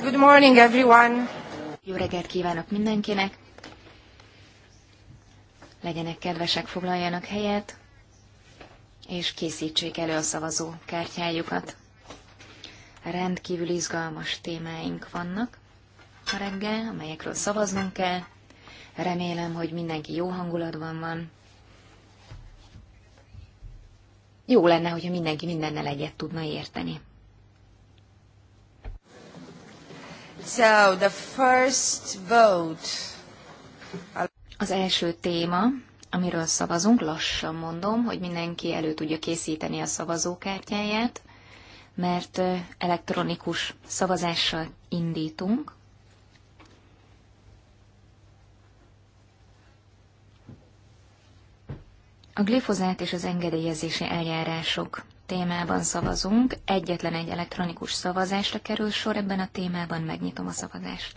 Good morning, everyone. Jó reggelt kívánok mindenkinek. Legyenek kedvesek, foglaljanak helyet, és készítsék elő a szavazó kártyájukat. Rendkívül izgalmas témáink vannak a reggel, amelyekről szavaznunk kell. Remélem, hogy mindenki jó hangulatban van. Jó lenne, hogyha mindenki mindennel egyet tudna érteni. So, the first vote. Az első téma, amiről szavazunk, lassan mondom, hogy mindenki elő tudja készíteni a szavazókártyáját, mert elektronikus szavazással indítunk. A glifozát és az engedélyezési eljárások témában szavazunk. Egyetlen egy elektronikus szavazásra kerül sor ebben a témában. Megnyitom a szavazást.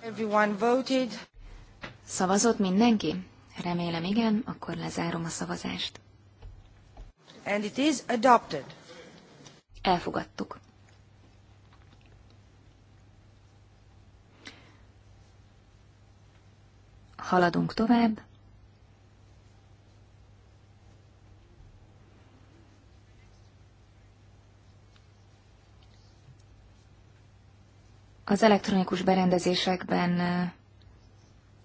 Everyone voted. Szavazott mindenki? Remélem igen, akkor lezárom a szavazást. And it is adopted. Elfogadtuk. Haladunk tovább. az elektronikus berendezésekben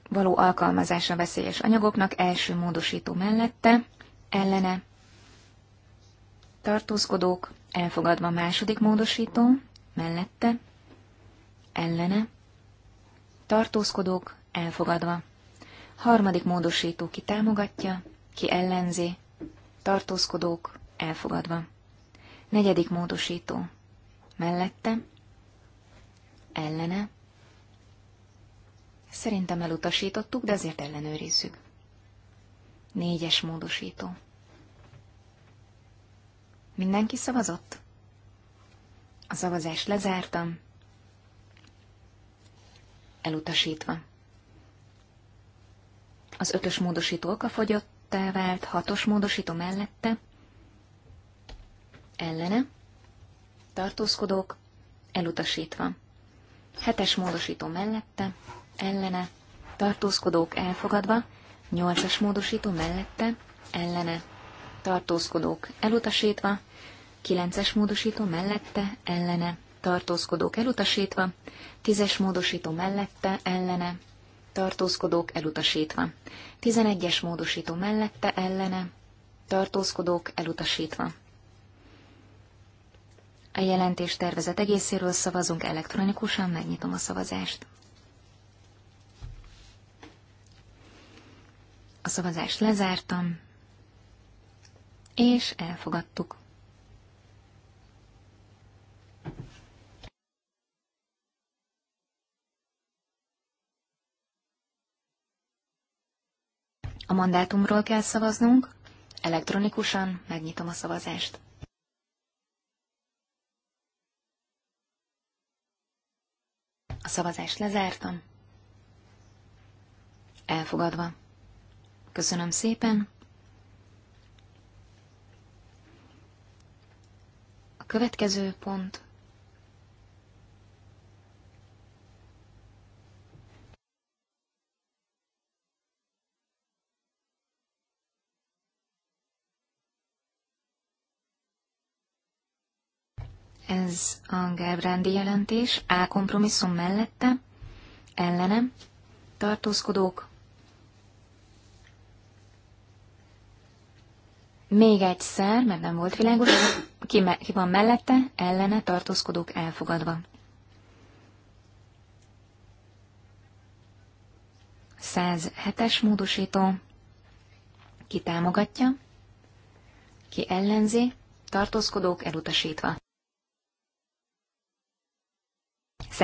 való alkalmazása veszélyes anyagoknak első módosító mellette, ellene tartózkodók, elfogadva második módosító, mellette, ellene, tartózkodók, elfogadva. Harmadik módosító ki támogatja, ki ellenzi, tartózkodók, elfogadva. Negyedik módosító, mellette, ellene. Szerintem elutasítottuk, de azért ellenőrizzük. Négyes módosító. Mindenki szavazott? A szavazást lezártam. Elutasítva. Az ötös módosító fogyott vált, hatos módosító mellette. Ellene. Tartózkodók. Elutasítva. Hetes módosító mellette, ellene, tartózkodók elfogadva, nyolcas módosító mellette, ellene, tartózkodók elutasítva, kilences módosító mellette, ellene, tartózkodók elutasítva, tízes módosító mellette, ellene, tartózkodók elutasítva, tizenegyes módosító mellette, ellene, tartózkodók elutasítva. A jelentés tervezet egészéről szavazunk elektronikusan, megnyitom a szavazást. A szavazást lezártam, és elfogadtuk. A mandátumról kell szavaznunk, elektronikusan megnyitom a szavazást. A szavazást lezártam. Elfogadva. Köszönöm szépen. A következő pont ez a Gábrándi jelentés, A kompromisszum mellette, ellenem, tartózkodók. Még egyszer, mert nem volt világos, ki, me- ki van mellette, ellene, tartózkodók elfogadva. 107-es módosító, ki támogatja, ki ellenzi, tartózkodók elutasítva.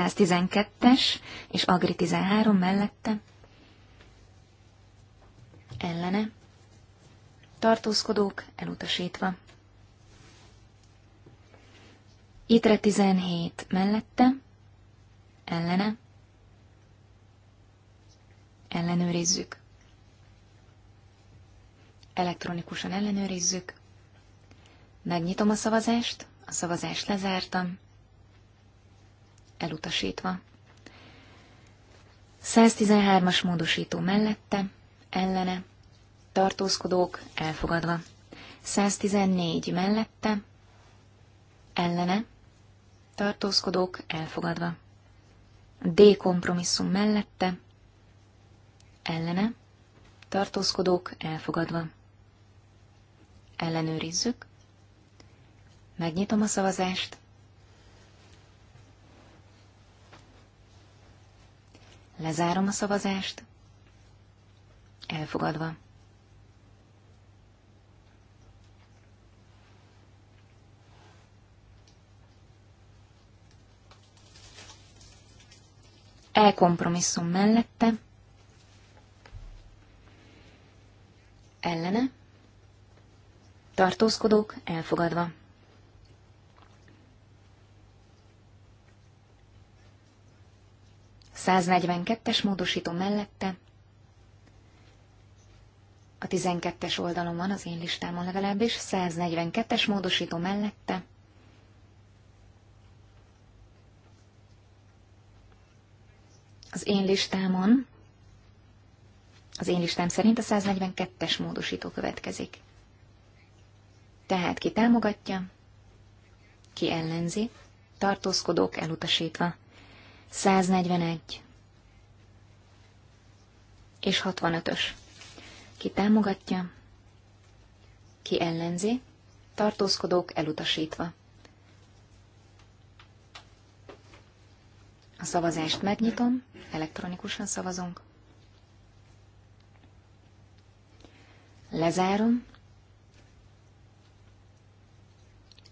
112-es és Agri 13 mellette ellene tartózkodók elutasítva. Itre 17 mellette ellene ellenőrizzük. Elektronikusan ellenőrizzük. Megnyitom a szavazást, a szavazást lezártam elutasítva. 113-as módosító mellette, ellene, tartózkodók elfogadva. 114 mellette, ellene, tartózkodók elfogadva. D kompromisszum mellette, ellene, tartózkodók elfogadva. Ellenőrizzük. Megnyitom a szavazást. Lezárom a szavazást. Elfogadva. elkompromisszum mellette, ellene, tartózkodók elfogadva. 142-es módosító mellette, a 12-es oldalon van az én listámon legalábbis, 142-es módosító mellette, az én listámon, az én listám szerint a 142-es módosító következik. Tehát ki támogatja, ki ellenzi, tartózkodók elutasítva. 141 és 65-ös. Ki támogatja, ki ellenzi, tartózkodók elutasítva. A szavazást megnyitom, elektronikusan szavazunk. Lezárom,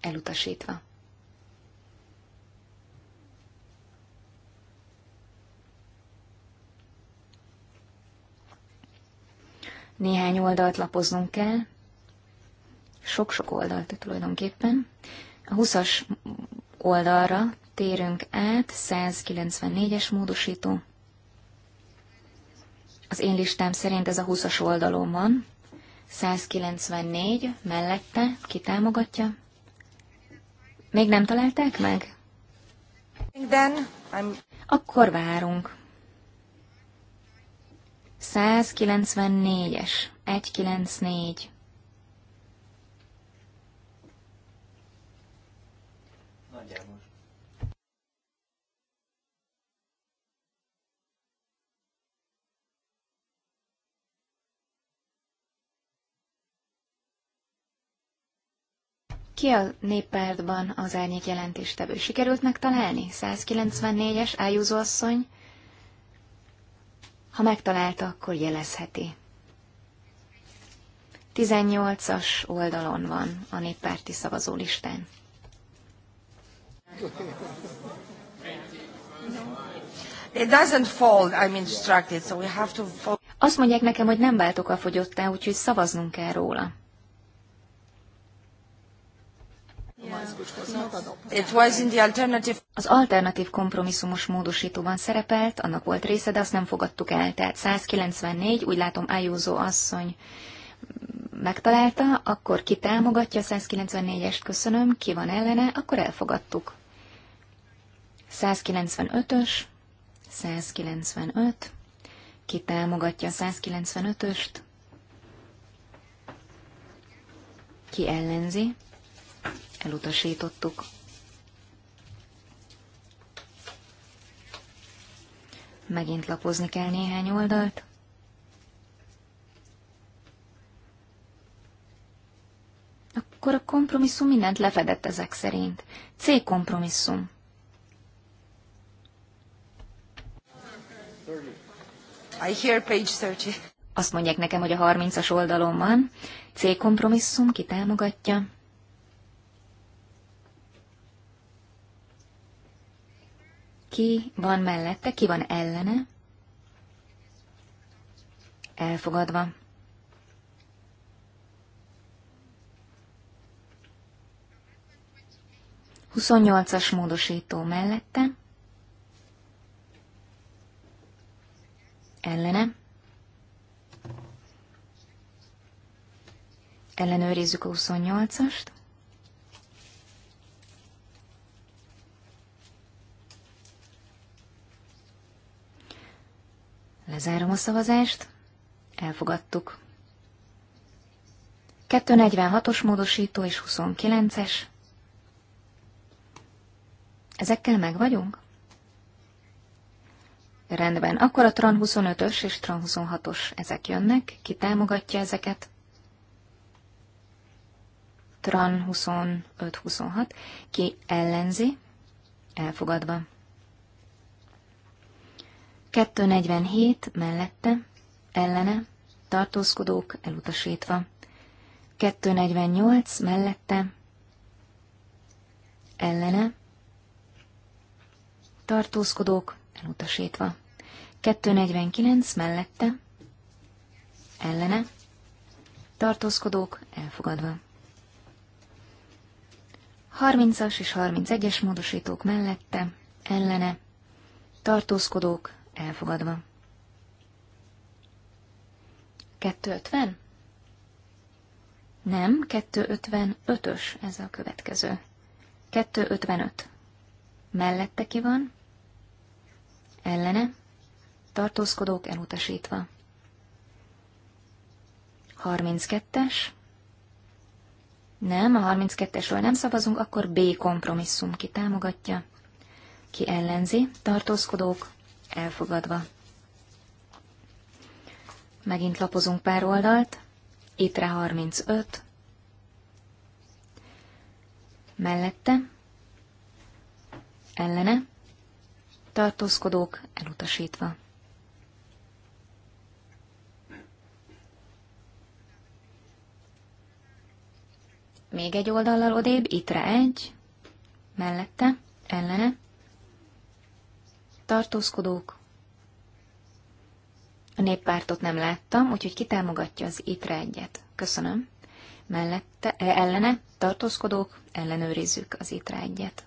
elutasítva. néhány oldalt lapoznunk kell, sok-sok oldalt tulajdonképpen. A 20-as oldalra térünk át, 194-es módosító. Az én listám szerint ez a 20-as oldalon van. 194 mellette ki támogatja? Még nem találták meg? Then I'm... Akkor várunk. 194-es. 194. Ki a néppártban az árnyék jelentéstevő? Sikerült megtalálni? 194-es Ájúzó asszony? Ha megtalálta, akkor jelezheti. 18-as oldalon van a néppárti szavazólistán. It doesn't fold, I'm instructed, so we have to fold. Azt mondják nekem, hogy nem váltok a fogyottá, úgyhogy szavaznunk kell róla. Az alternatív kompromisszumos módosítóban szerepelt, annak volt része, de azt nem fogadtuk el. Tehát 194, úgy látom Ájúzó asszony megtalálta, akkor ki támogatja 194-est, köszönöm, ki van ellene, akkor elfogadtuk. 195-ös, 195, ki támogatja 195-öst, ki ellenzi, Elutasítottuk. Megint lapozni kell néhány oldalt. Akkor a kompromisszum mindent lefedett ezek szerint. C kompromisszum. I hear page 30. Azt mondják nekem, hogy a 30-as oldalon van. C kompromisszum, ki támogatja? ki van mellette, ki van ellene, elfogadva. Huszonnyolcas módosító mellette, ellene, ellenőrizzük a 28-ast, Lezárom a szavazást. Elfogadtuk. 246-os módosító és 29-es. Ezekkel meg vagyunk? Rendben, akkor a TRAN 25-ös és TRAN 26-os ezek jönnek. Ki támogatja ezeket? TRAN 25-26. Ki ellenzi? Elfogadva. 247 mellette, ellene, tartózkodók elutasítva. 248 mellette, ellene, tartózkodók elutasítva. 249 mellette, ellene, tartózkodók elfogadva. 30-as és 31-es módosítók mellette, ellene, tartózkodók Elfogadva. 250? Nem, 255-ös ez a következő. 255. Mellette ki van? Ellene? Tartózkodók elutasítva. 32-es? Nem, a 32-esről nem szavazunk, akkor B kompromisszum ki támogatja. Ki ellenzi? Tartózkodók elfogadva. Megint lapozunk pár oldalt, ittre 35, mellette, ellene, tartózkodók elutasítva. Még egy oldallal odébb, ittre egy, mellette, ellene, tartózkodók. A néppártot nem láttam, úgyhogy ki támogatja az ITRE egyet. Köszönöm. Mellette, e, ellene, tartózkodók, ellenőrizzük az ITRE egyet.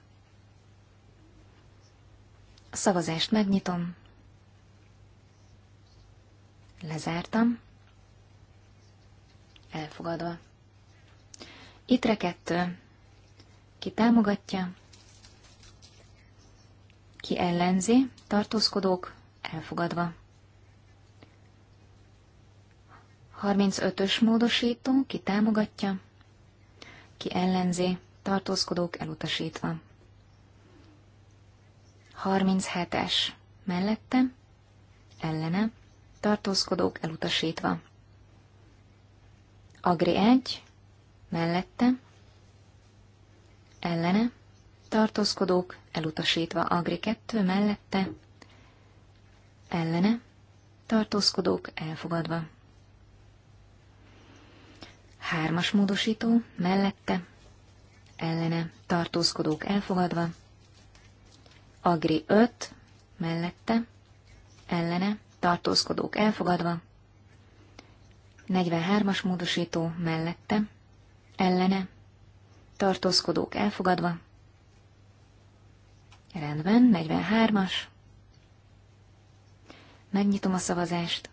A szavazást megnyitom. Lezártam. Elfogadva. Itre kettő. Ki támogatja, ki ellenzi, tartózkodók elfogadva. 35-ös módosító, ki támogatja, ki ellenzi, tartózkodók elutasítva. 37-es, mellette, ellene, tartózkodók elutasítva. Agri 1, mellette, ellene, tartózkodók, elutasítva Agri kettő mellette, ellene, tartózkodók, elfogadva. Hármas módosító, mellette, ellene, tartózkodók, elfogadva. Agri 5, mellette, ellene, tartózkodók, elfogadva. 43-as módosító, mellette, ellene, tartózkodók, elfogadva. Rendben, 43-as. Megnyitom a szavazást.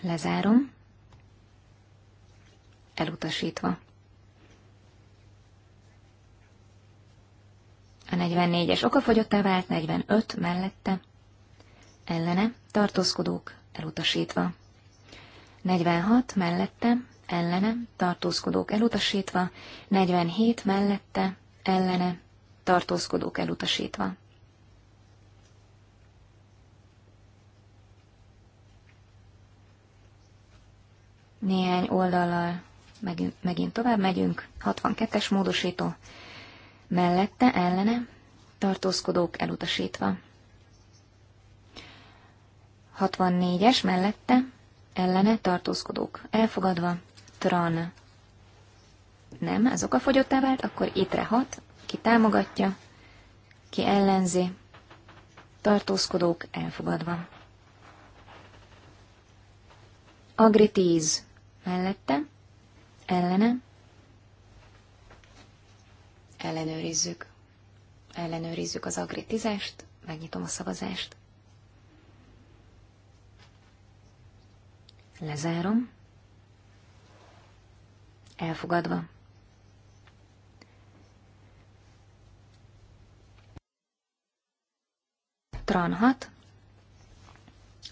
Lezárom. Elutasítva. A 44-es okafogyottá vált, 45 mellette. Ellene, tartózkodók, elutasítva. 46 mellette, ellene, tartózkodók elutasítva, 47 mellette, ellene tartózkodók elutasítva. Néhány oldallal megint, megint tovább megyünk, 62-es módosító, mellette ellene tartózkodók elutasítva. 64-es mellette ellene tartózkodók elfogadva, tran nem, ez okafogyottá vált, akkor ittre hat, ki támogatja, ki ellenzi, tartózkodók elfogadva. Agri 10 mellette, ellene, ellenőrizzük. Ellenőrizzük az Agri 10-est, megnyitom a szavazást. Lezárom. Elfogadva. Tran 6,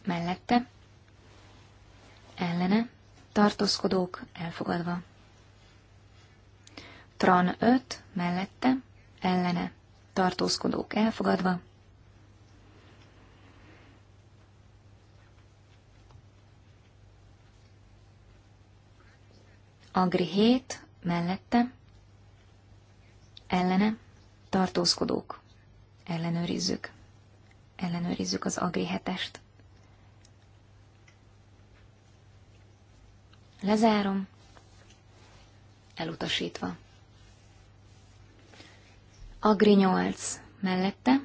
mellette, ellene, tartózkodók elfogadva. Tran 5, mellette, ellene, tartózkodók elfogadva. Agri 7, mellette, ellene, tartózkodók, ellenőrizzük ellenőrizzük az Agri 7-est. Lezárom. Elutasítva. Agri 8 mellette.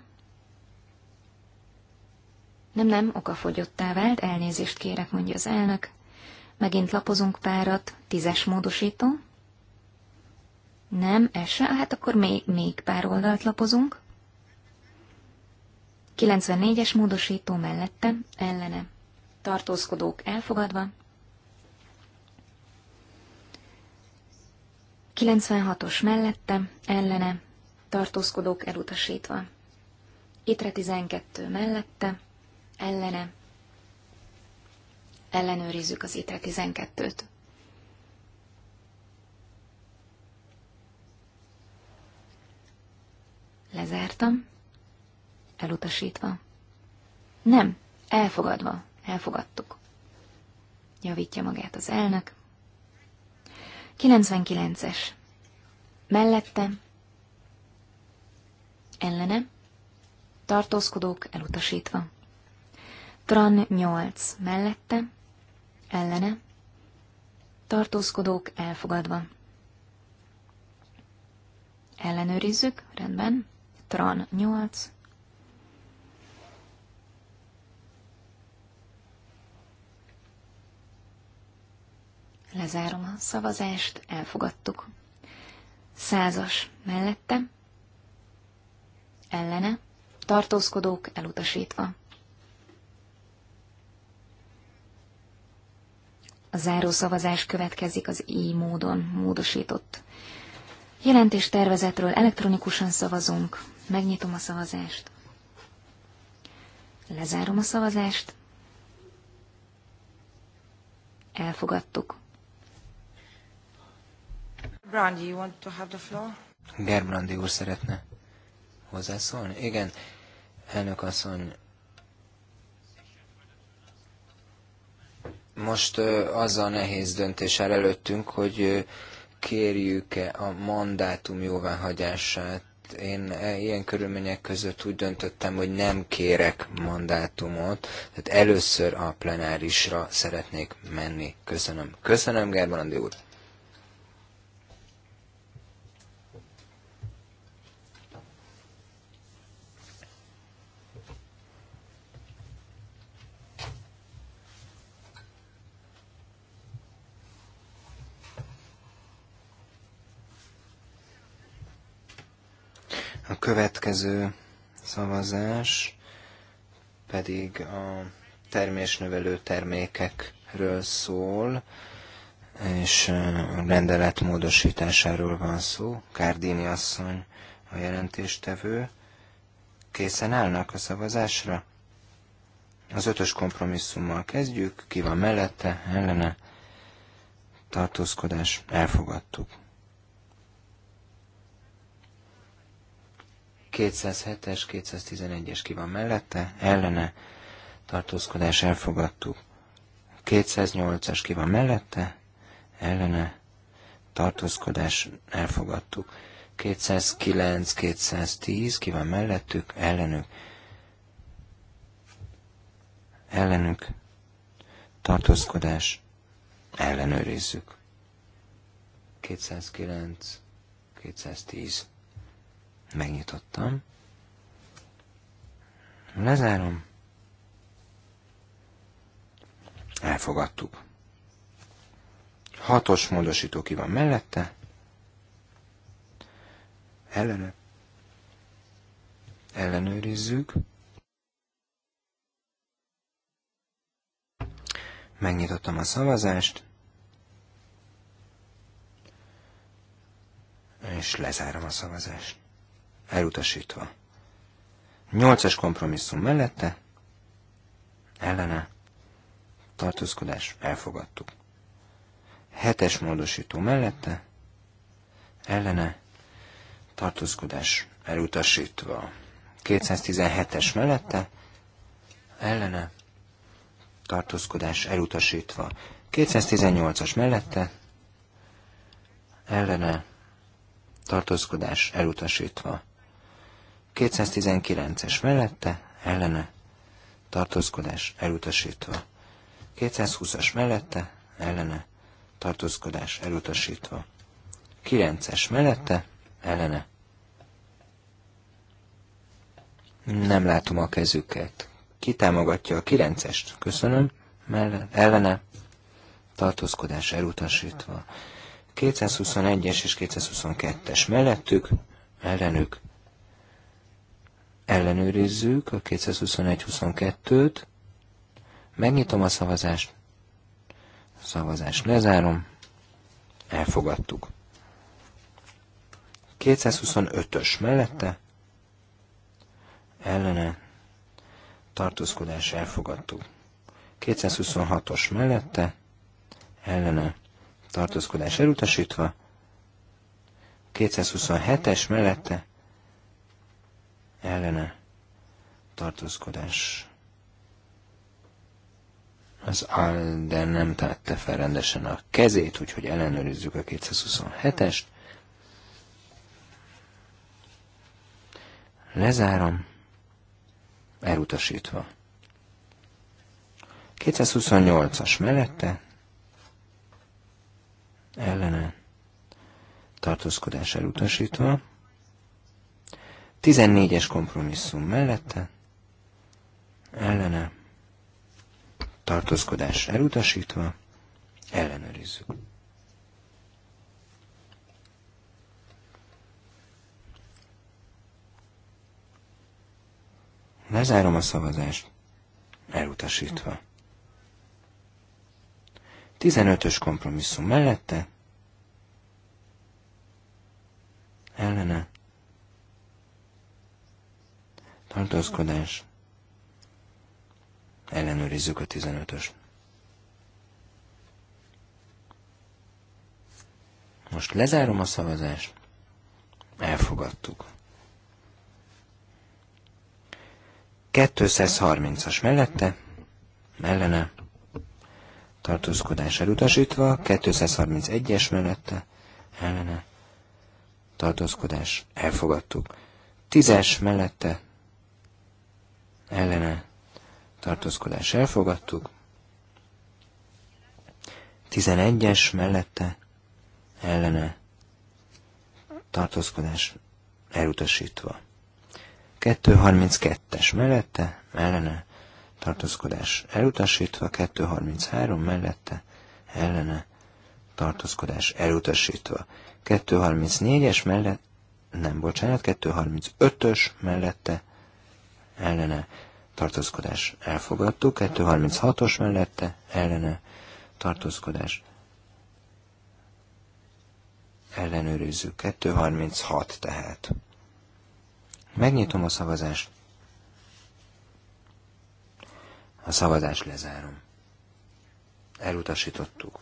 Nem, nem, okafogyottá vált, elnézést kérek, mondja az elnök. Megint lapozunk párat, tízes módosító. Nem, ez se, hát akkor még, még pár oldalt lapozunk. 94-es módosító mellette, ellene, tartózkodók elfogadva, 96-os mellette, ellene, tartózkodók elutasítva. Itre 12 mellette, ellene, ellenőrizzük az Itre 12-t. Lezártam. Elutasítva. Nem, elfogadva. Elfogadtuk. Javítja magát az elnök. 99-es. Mellette. Ellene. Tartózkodók elutasítva. Tran 8. Mellette. Ellene. Tartózkodók elfogadva. Ellenőrizzük, rendben. Tran 8. Lezárom a szavazást, elfogadtuk. Százas mellette, ellene, tartózkodók elutasítva. A záró szavazás következik az így módon módosított. Jelentés tervezetről elektronikusan szavazunk. Megnyitom a szavazást. Lezárom a szavazást. Elfogadtuk. Brandy, you want to have the floor? Gerbrandi úr szeretne hozzászólni? Igen, elnök asszony, most ö, a nehéz döntés el előttünk, hogy kérjük-e a mandátum jóváhagyását. Én e, ilyen körülmények között úgy döntöttem, hogy nem kérek mandátumot, tehát először a plenárisra szeretnék menni. Köszönöm. Köszönöm, Gerbrandi úr. következő szavazás pedig a termésnövelő termékekről szól, és rendelet módosításáról van szó. Kárdini asszony a jelentéstevő. Készen állnak a szavazásra? Az ötös kompromisszummal kezdjük, ki van mellette, ellene, tartózkodás, elfogadtuk. 207-es, 211-es ki van mellette, ellene, tartózkodás elfogadtuk. 208-as ki van mellette, ellene, tartózkodás elfogadtuk. 209, 210 ki van mellettük, ellenük, ellenük, tartózkodás, ellenőrizzük. 209, 210. Megnyitottam. Lezárom. Elfogadtuk. Hatos módosító ki van mellette. Ellene. Ellenőrizzük. Megnyitottam a szavazást. És lezárom a szavazást elutasítva. Nyolcas kompromisszum mellette, ellene, tartózkodás, elfogadtuk. Hetes módosító mellette, ellene, tartózkodás, elutasítva. 217-es mellette, ellene, tartózkodás, elutasítva. 218-as mellette, ellene, tartózkodás, elutasítva. 219-es mellette, ellene, tartózkodás elutasítva. 220-as mellette, ellene, tartózkodás elutasítva. 9-es mellette, ellene. Nem látom a kezüket. Ki támogatja a 9-est? Köszönöm. Melle, ellene, tartózkodás elutasítva. 221-es és 222-es mellettük, ellenük, ellenőrizzük a 221-22-t, megnyitom a szavazást, a szavazást lezárom, elfogadtuk. 225-ös mellette, ellene, tartózkodás elfogadtuk. 226-os mellette, ellene, tartózkodás elutasítva, 227-es mellette, ellene tartózkodás. Az Alde nem tette fel rendesen a kezét, úgyhogy ellenőrizzük a 227-est. Lezárom, elutasítva. 228-as mellette, ellene tartózkodás elutasítva. 14-es kompromisszum mellette, ellene, tartózkodás elutasítva, ellenőrizzük. Lezárom a szavazást, elutasítva. 15-ös kompromisszum mellette, ellene, tartózkodás, ellenőrizzük a 15-ös. Most lezárom a szavazást, elfogadtuk. 230-as mellette, ellene, tartózkodás elutasítva, 231-es mellette, ellene, tartózkodás elfogadtuk. 10-es mellette, ellene tartózkodás elfogadtuk. 11-es mellette ellene tartózkodás elutasítva. 232-es mellette ellene tartózkodás elutasítva, 233 mellette ellene tartózkodás elutasítva. 234-es mellett, nem bocsánat, 235-ös mellette ellene tartózkodás elfogadtuk, 236-os mellette ellene tartózkodás ellenőrizzük, 236 tehát. Megnyitom a szavazást, a szavazást lezárom. Elutasítottuk.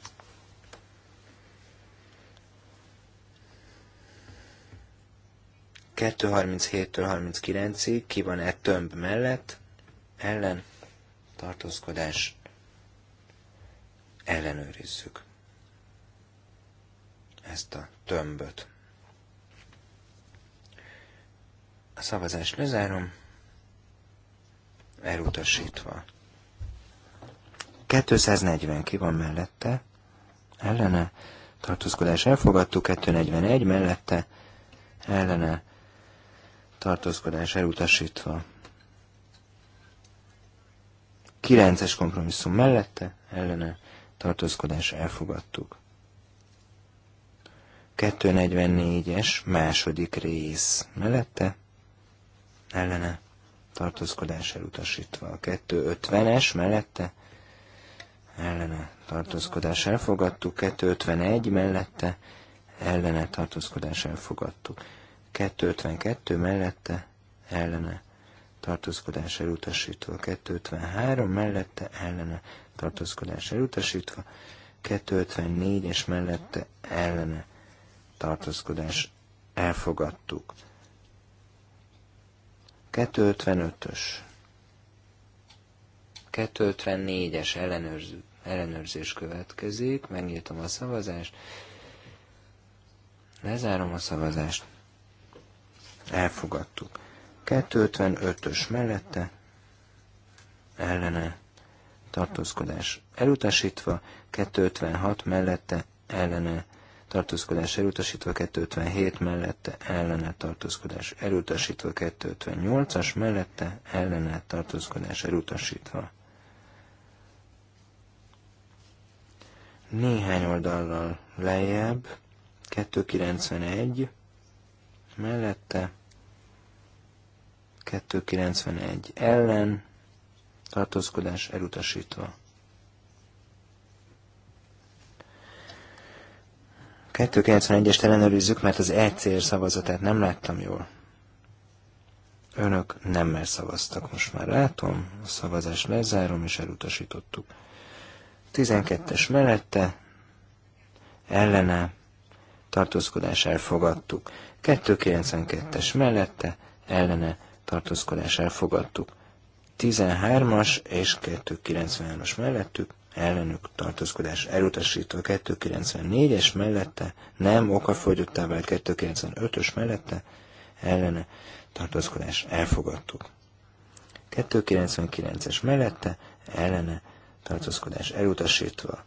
2.37-től 39-ig ki van-e tömb mellett, ellen, tartózkodás, ellenőrizzük ezt a tömböt. A szavazást lezárom, elutasítva. 240 ki van mellette, ellene, tartózkodás elfogadtuk, 241 mellette, ellene, tartózkodás elutasítva. Kilences kompromisszum mellette, ellene tartózkodás elfogadtuk. 244-es második rész mellette, ellene tartózkodás elutasítva. 250-es mellette, ellene tartózkodás elfogadtuk, 251 mellette, ellene tartózkodás elfogadtuk. 252 mellette ellene tartózkodás elutasítva, 253 mellette ellene tartózkodás elutasítva, 254 és mellette ellene tartózkodás elfogadtuk. 255-ös, 254-es ellenőrző, ellenőrzés következik, megnyitom a szavazást, lezárom a szavazást, elfogadtuk. 255-ös mellette ellene tartózkodás elutasítva, 256 mellette ellene tartózkodás elutasítva, 257 mellette ellene tartózkodás elutasítva, 258-as mellette ellene tartózkodás elutasítva. Néhány oldallal lejjebb, 291, mellette, 291 ellen, tartózkodás elutasítva. 291-est ellenőrizzük, mert az ECR szavazatát nem láttam jól. Önök nem mer szavaztak, most már látom, a szavazást lezárom és elutasítottuk. 12-es mellette, ellene, tartózkodás elfogadtuk. 292-es mellette ellene tartózkodás elfogadtuk. 13-as és 293-as mellettük ellenük tartózkodás elutasítva 294-es mellette, nem okafogyottá vált 295-ös mellette, ellene tartózkodás elfogadtuk. 299-es mellette, ellene tartózkodás elutasítva.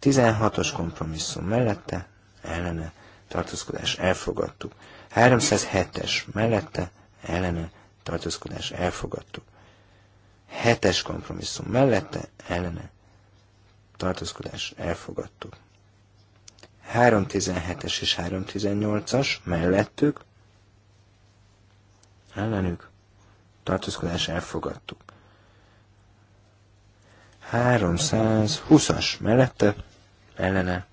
16-os kompromisszum mellette, ellene tartózkodás elfogadtuk. 307-es mellette ellene tartózkodás elfogadtuk. 7-es kompromisszum mellette ellene tartózkodás elfogadtuk. 317-es és 318-as mellettük ellenük tartózkodás elfogadtuk. 320-as mellette ellene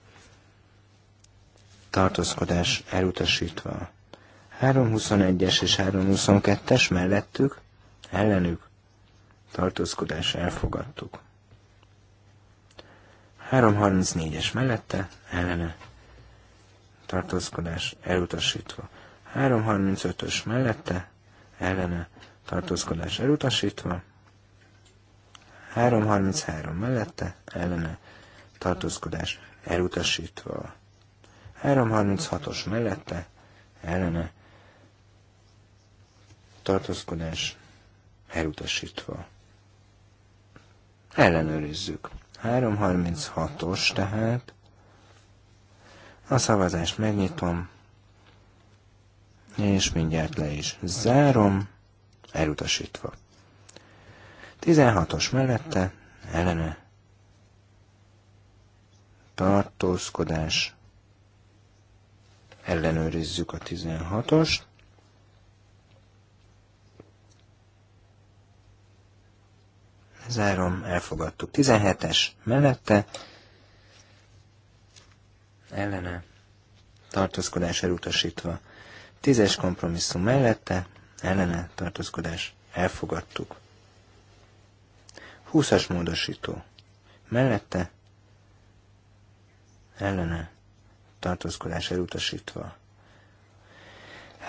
tartózkodás elutasítva. 321-es és 322-es mellettük, ellenük tartózkodás elfogadtuk. 334-es mellette, ellene tartózkodás elutasítva. 335-ös mellette, ellene tartózkodás elutasítva. 333 mellette, ellene tartózkodás elutasítva. 336-os mellette ellene tartózkodás elutasítva. Ellenőrizzük. 336-os tehát. A szavazást megnyitom, és mindjárt le is zárom, elutasítva. 16-os mellette ellene tartózkodás ellenőrizzük a 16-ost. Zárom, elfogadtuk. 17-es mellette, ellene, tartózkodás elutasítva. 10-es kompromisszum mellette, ellene, tartózkodás, elfogadtuk. 20-as módosító mellette, ellene, tartózkodás elutasítva.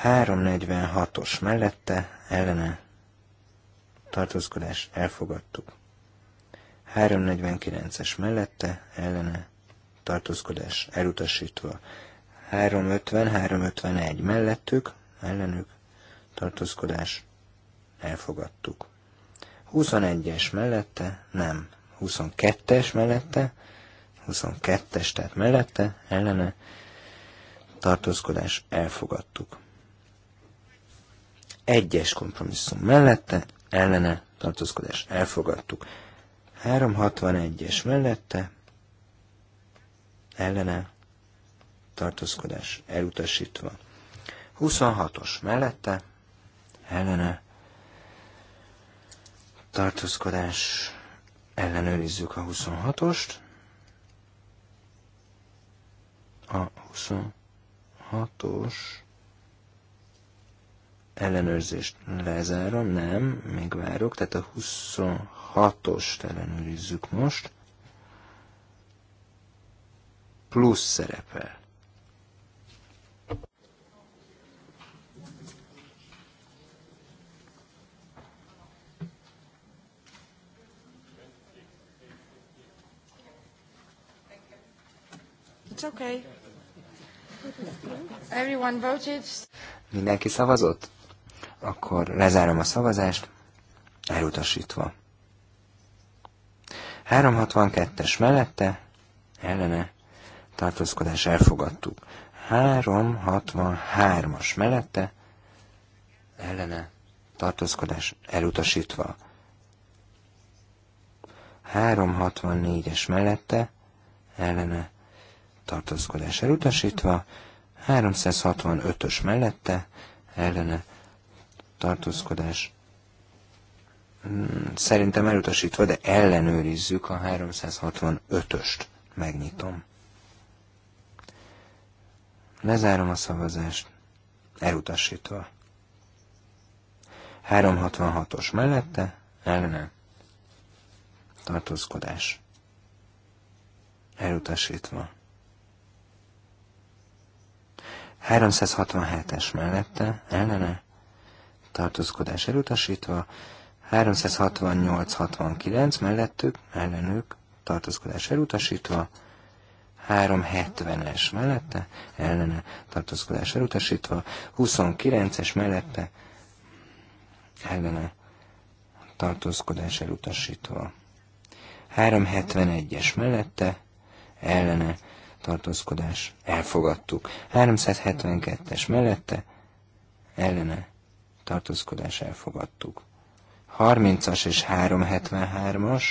346-os mellette ellene tartózkodás elfogadtuk. 349-es mellette ellene tartózkodás elutasítva. 350-351 mellettük, ellenük tartózkodás elfogadtuk. 21-es mellette nem, 22-es mellette 22-es, tehát mellette, ellene, tartózkodás, elfogadtuk. Egyes kompromisszum mellette, ellene, tartózkodás, elfogadtuk. 361-es mellette, ellene, tartózkodás, elutasítva. 26-os mellette, ellene, tartózkodás, ellenőrizzük a 26-ost. A 26-os ellenőrzést lezárom, nem, még várok, tehát a 26-ost ellenőrizzük most. Plusz szerepel. It's okay. Mindenki szavazott? Akkor lezárom a szavazást, elutasítva. 362-es mellette, ellene, tartózkodás elfogadtuk. 363-as mellette, ellene, tartózkodás elutasítva. 364-es mellette, ellene, tartózkodás elutasítva, 365-ös mellette ellene tartózkodás mm, szerintem elutasítva, de ellenőrizzük a 365-öst. Megnyitom. Lezárom a szavazást. Elutasítva. 366-os mellette ellene tartózkodás. Elutasítva. 367-es mellette, ellene, tartózkodás elutasítva, 368-69 mellettük, ellenük, tartózkodás elutasítva, 370-es mellette, ellene, tartózkodás elutasítva, 29-es mellette, ellene, tartózkodás elutasítva, 371-es mellette, ellene, tartózkodás, elfogadtuk. 372-es mellette, ellene, tartózkodás, elfogadtuk. 30-as és 373-as,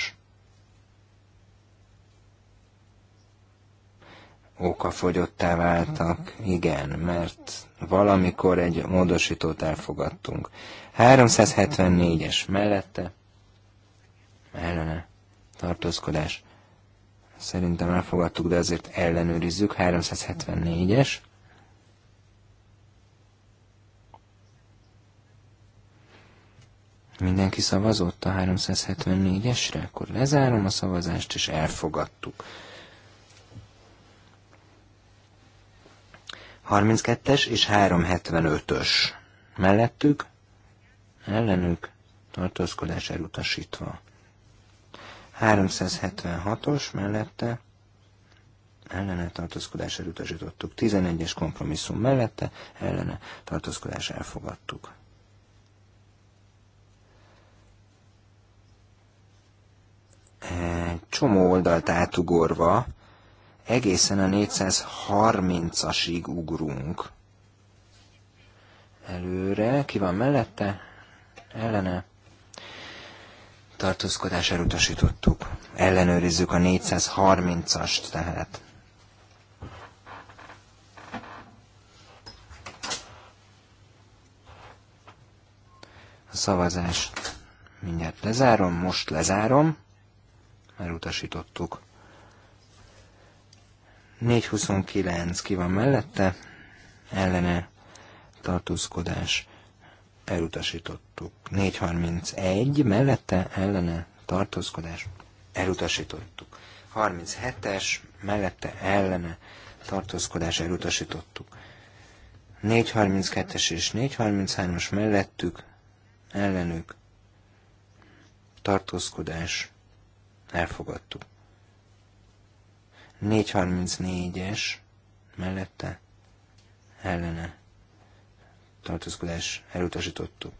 okafogyottá váltak, igen, mert valamikor egy módosítót elfogadtunk. 374-es mellette, ellene, tartózkodás, Szerintem elfogadtuk, de azért ellenőrizzük. 374-es. Mindenki szavazott a 374-esre? Akkor lezárom a szavazást, és elfogadtuk. 32-es és 375-ös. Mellettük, ellenük, tartózkodás elutasítva. 376-os mellette ellene tartózkodás elutasítottuk. 11-es kompromisszum mellette ellene tartózkodás elfogadtuk. csomó oldalt átugorva egészen a 430-asig ugrunk. Előre, ki van mellette? Ellene tartózkodás elutasítottuk. Ellenőrizzük a 430-ast tehát. A szavazást mindjárt lezárom, most lezárom, elutasítottuk. 429 ki van mellette, ellene tartózkodás elutasítottuk. 431 mellette ellene tartózkodás elutasítottuk. 37-es mellette ellene tartózkodás elutasítottuk. 432-es és 433-as mellettük ellenük tartózkodás elfogadtuk. 434-es mellette ellene tartózkodás elutasítottuk.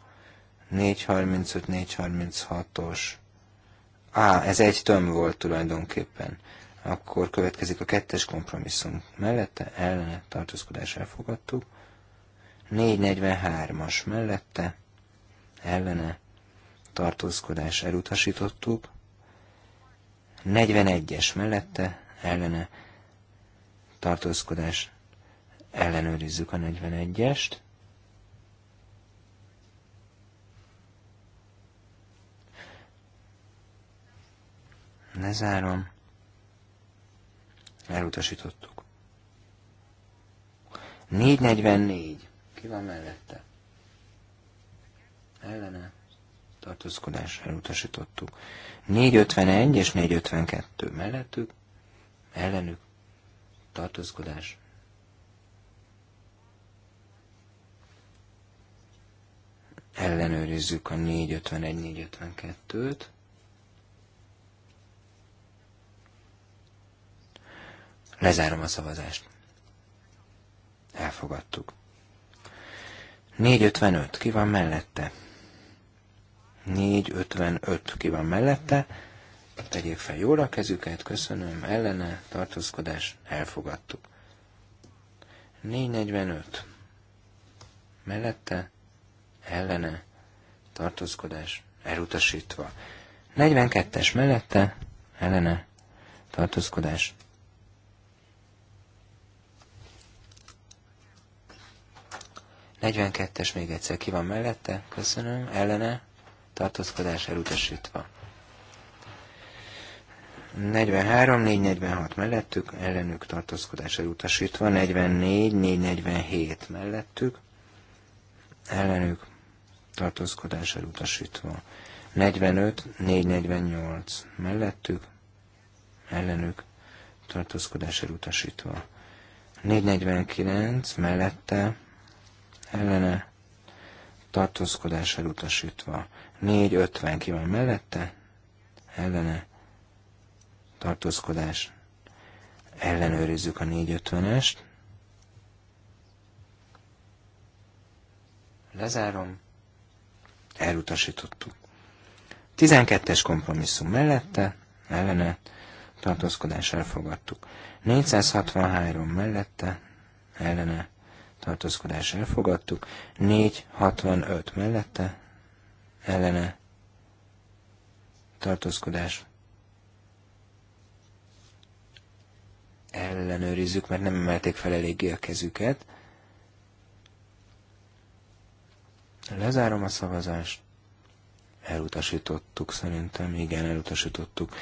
435, 436-os. Á, ez egy töm volt tulajdonképpen. Akkor következik a kettes kompromisszum. Mellette ellene tartózkodás elfogadtuk. 443-as mellette ellene tartózkodás elutasítottuk. 41-es mellette ellene tartózkodás ellenőrizzük a 41-est. Lezárom. Elutasítottuk. 444. Ki van mellette? Ellene. Tartózkodás elutasítottuk. 451 és 452 mellettük. Ellenük. Tartózkodás ellenőrizzük a 451-452-t. Lezárom a szavazást. Elfogadtuk. 4.55, ki van mellette? 4.55, ki van mellette? Tegyék fel jóra a kezüket, köszönöm, ellene, tartózkodás, elfogadtuk. 4.45, mellette, ellene, tartózkodás, elutasítva. 42-es mellette, ellene, tartózkodás, 42-es még egyszer ki van mellette, köszönöm, ellene, tartózkodás elutasítva. 43, 446 mellettük, ellenük tartózkodás elutasítva, 44, 447 mellettük, ellenük tartózkodás elutasítva, 45, 448 mellettük, ellenük tartózkodás elutasítva, 449 mellette, ellene tartózkodás elutasítva. 4.50 ki van mellette, ellene tartózkodás. Ellenőrizzük a 4.50-est. Lezárom. Elutasítottuk. 12-es kompromisszum mellette, ellene tartózkodás elfogadtuk. 463 mellette, ellene tartózkodás elfogadtuk, 465 mellette, ellene tartózkodás ellenőrizzük, mert nem emelték fel eléggé a kezüket. Lezárom a szavazást. Elutasítottuk szerintem, igen, elutasítottuk.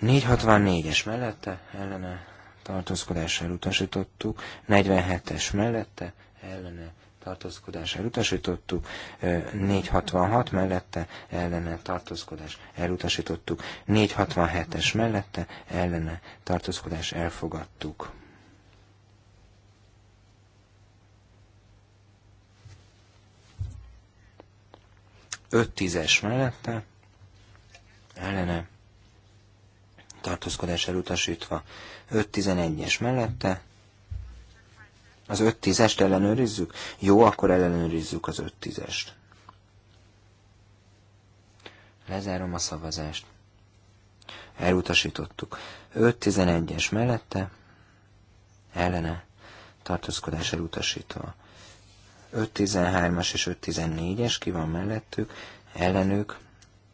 464-es mellette ellene tartózkodás elutasítottuk, 47-es mellette ellene tartózkodás elutasítottuk, 466 mellette ellene tartózkodás elutasítottuk, 467-es mellette ellene tartózkodás elfogadtuk. Öt tízes mellette ellene tartózkodás elutasítva. 5.11-es mellette. Az 5.10-est ellenőrizzük? Jó, akkor ellenőrizzük az 5.10-est. Lezárom a szavazást. Elutasítottuk. 5.11-es mellette. Ellene. Tartózkodás elutasítva. 5.13-as és 5.14-es ki van mellettük. Ellenők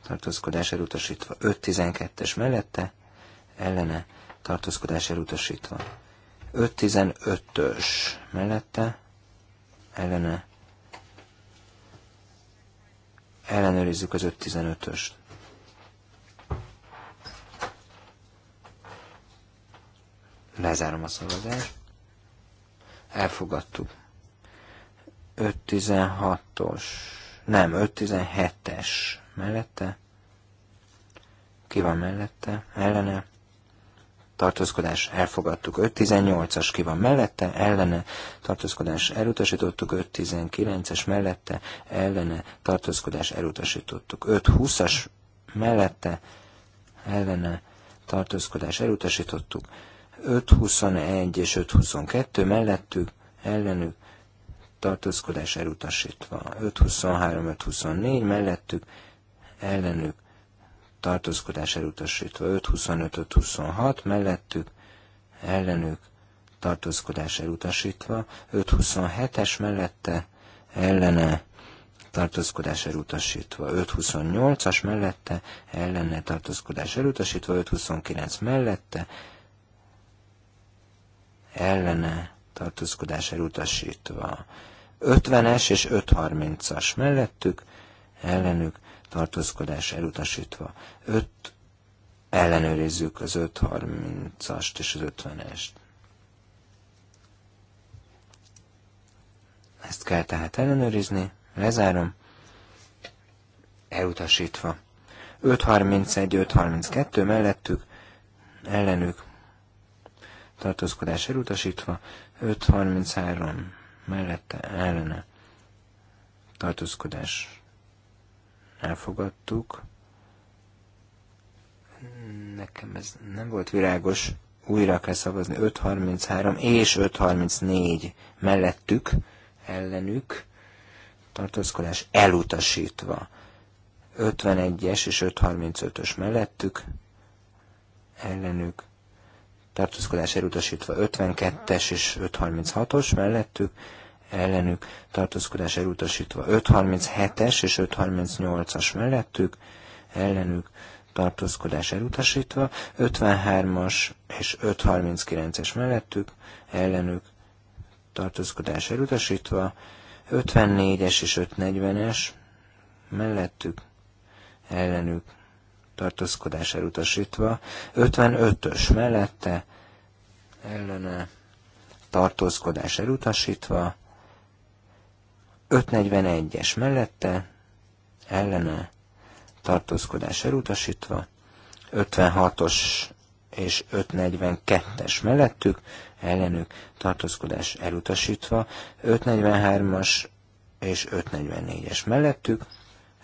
tartózkodás elutasítva 5.12-es mellette, ellene tartózkodás elutasítva. 5.15-ös mellette ellene ellenőrizzük az 5.15-öst. Lezárom a szavazást. Elfogadtuk. 5.16-os nem, 5.17-es mellette ki van mellette, ellene tartózkodás elfogadtuk. 5.18-as ki van mellette, ellene tartózkodás elutasítottuk. 5.19-es mellette, ellene tartózkodás elutasítottuk. 5.20-as mellette, ellene tartózkodás elutasítottuk. 5.21 és 5.22 mellettük, ellenük tartózkodás elutasítva. 5.23, 5.24 mellettük, ellenük tartózkodás elutasítva 5 25 5, 26, mellettük ellenük tartózkodás elutasítva, 5-27-es mellette ellene tartózkodás elutasítva, 5-28-as mellette ellene tartózkodás elutasítva, 5-29 mellette ellene tartózkodás elutasítva, 50-es és 530 as mellettük ellenük tartózkodás elutasítva. öt ellenőrizzük az 5.30-ast és az 50-est. Ezt kell tehát ellenőrizni, lezárom, elutasítva. 5.31, 5.32 mellettük, ellenük, tartózkodás elutasítva, 5.33 mellette, ellene, tartózkodás elfogadtuk. Nekem ez nem volt világos, újra kell szavazni 5.33 és 5.34 mellettük, ellenük, tartózkodás elutasítva. 51-es és 5.35-ös mellettük, ellenük, tartózkodás elutasítva. 52-es és 5.36-os mellettük, ellenük tartózkodás elutasítva. 537-es és 538-as mellettük ellenük tartózkodás elutasítva. 53-as és 539-es mellettük ellenük tartózkodás elutasítva. 54-es és 540-es mellettük ellenük tartózkodás elutasítva, 55-ös mellette ellene tartózkodás elutasítva, 541-es mellette, ellene, tartózkodás elutasítva, 56-os és 542-es mellettük, ellenük tartózkodás elutasítva, 543-as és 544-es mellettük,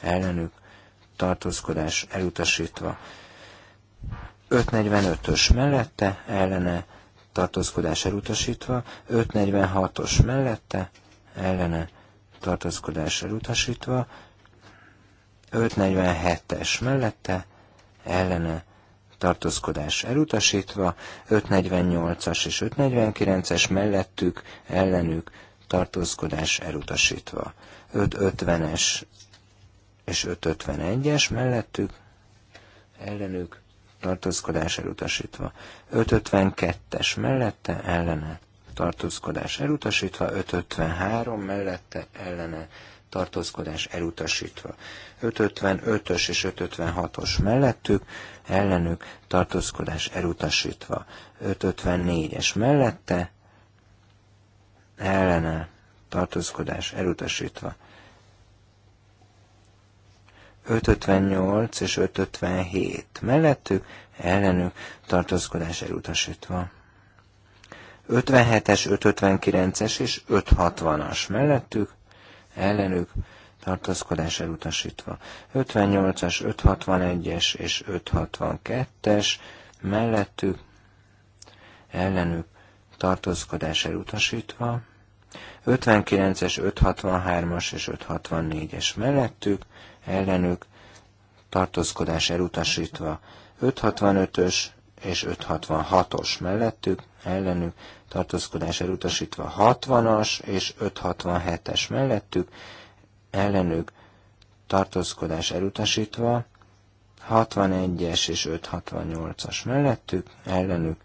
ellenük tartózkodás elutasítva, 545-ös mellette, ellene tartózkodás elutasítva, 546-os mellette, ellene tartózkodás elutasítva, 547-es mellette, ellene tartózkodás elutasítva, 548-as és 549-es mellettük, ellenük tartózkodás elutasítva, 550-es és 551-es mellettük, ellenük tartózkodás elutasítva, 552-es mellette, ellene tartózkodás elutasítva, 553 mellette ellene tartózkodás elutasítva. 555-ös és 556-os mellettük, ellenük tartózkodás elutasítva. 554-es mellette, ellene tartózkodás elutasítva. 558 és 557 mellettük, ellenük tartózkodás elutasítva. 57-es, 559-es és 560-as mellettük, ellenük tartózkodás elutasítva. 58-as, 561-es és 562-es mellettük, ellenük tartózkodás elutasítva. 59-es, 563-as és 564-es mellettük, ellenük tartózkodás elutasítva. 565-ös és 566-os mellettük, ellenük, tartózkodás elutasítva 60-as és 567-es mellettük, ellenük, tartózkodás elutasítva 61-es és 568-as mellettük, ellenük,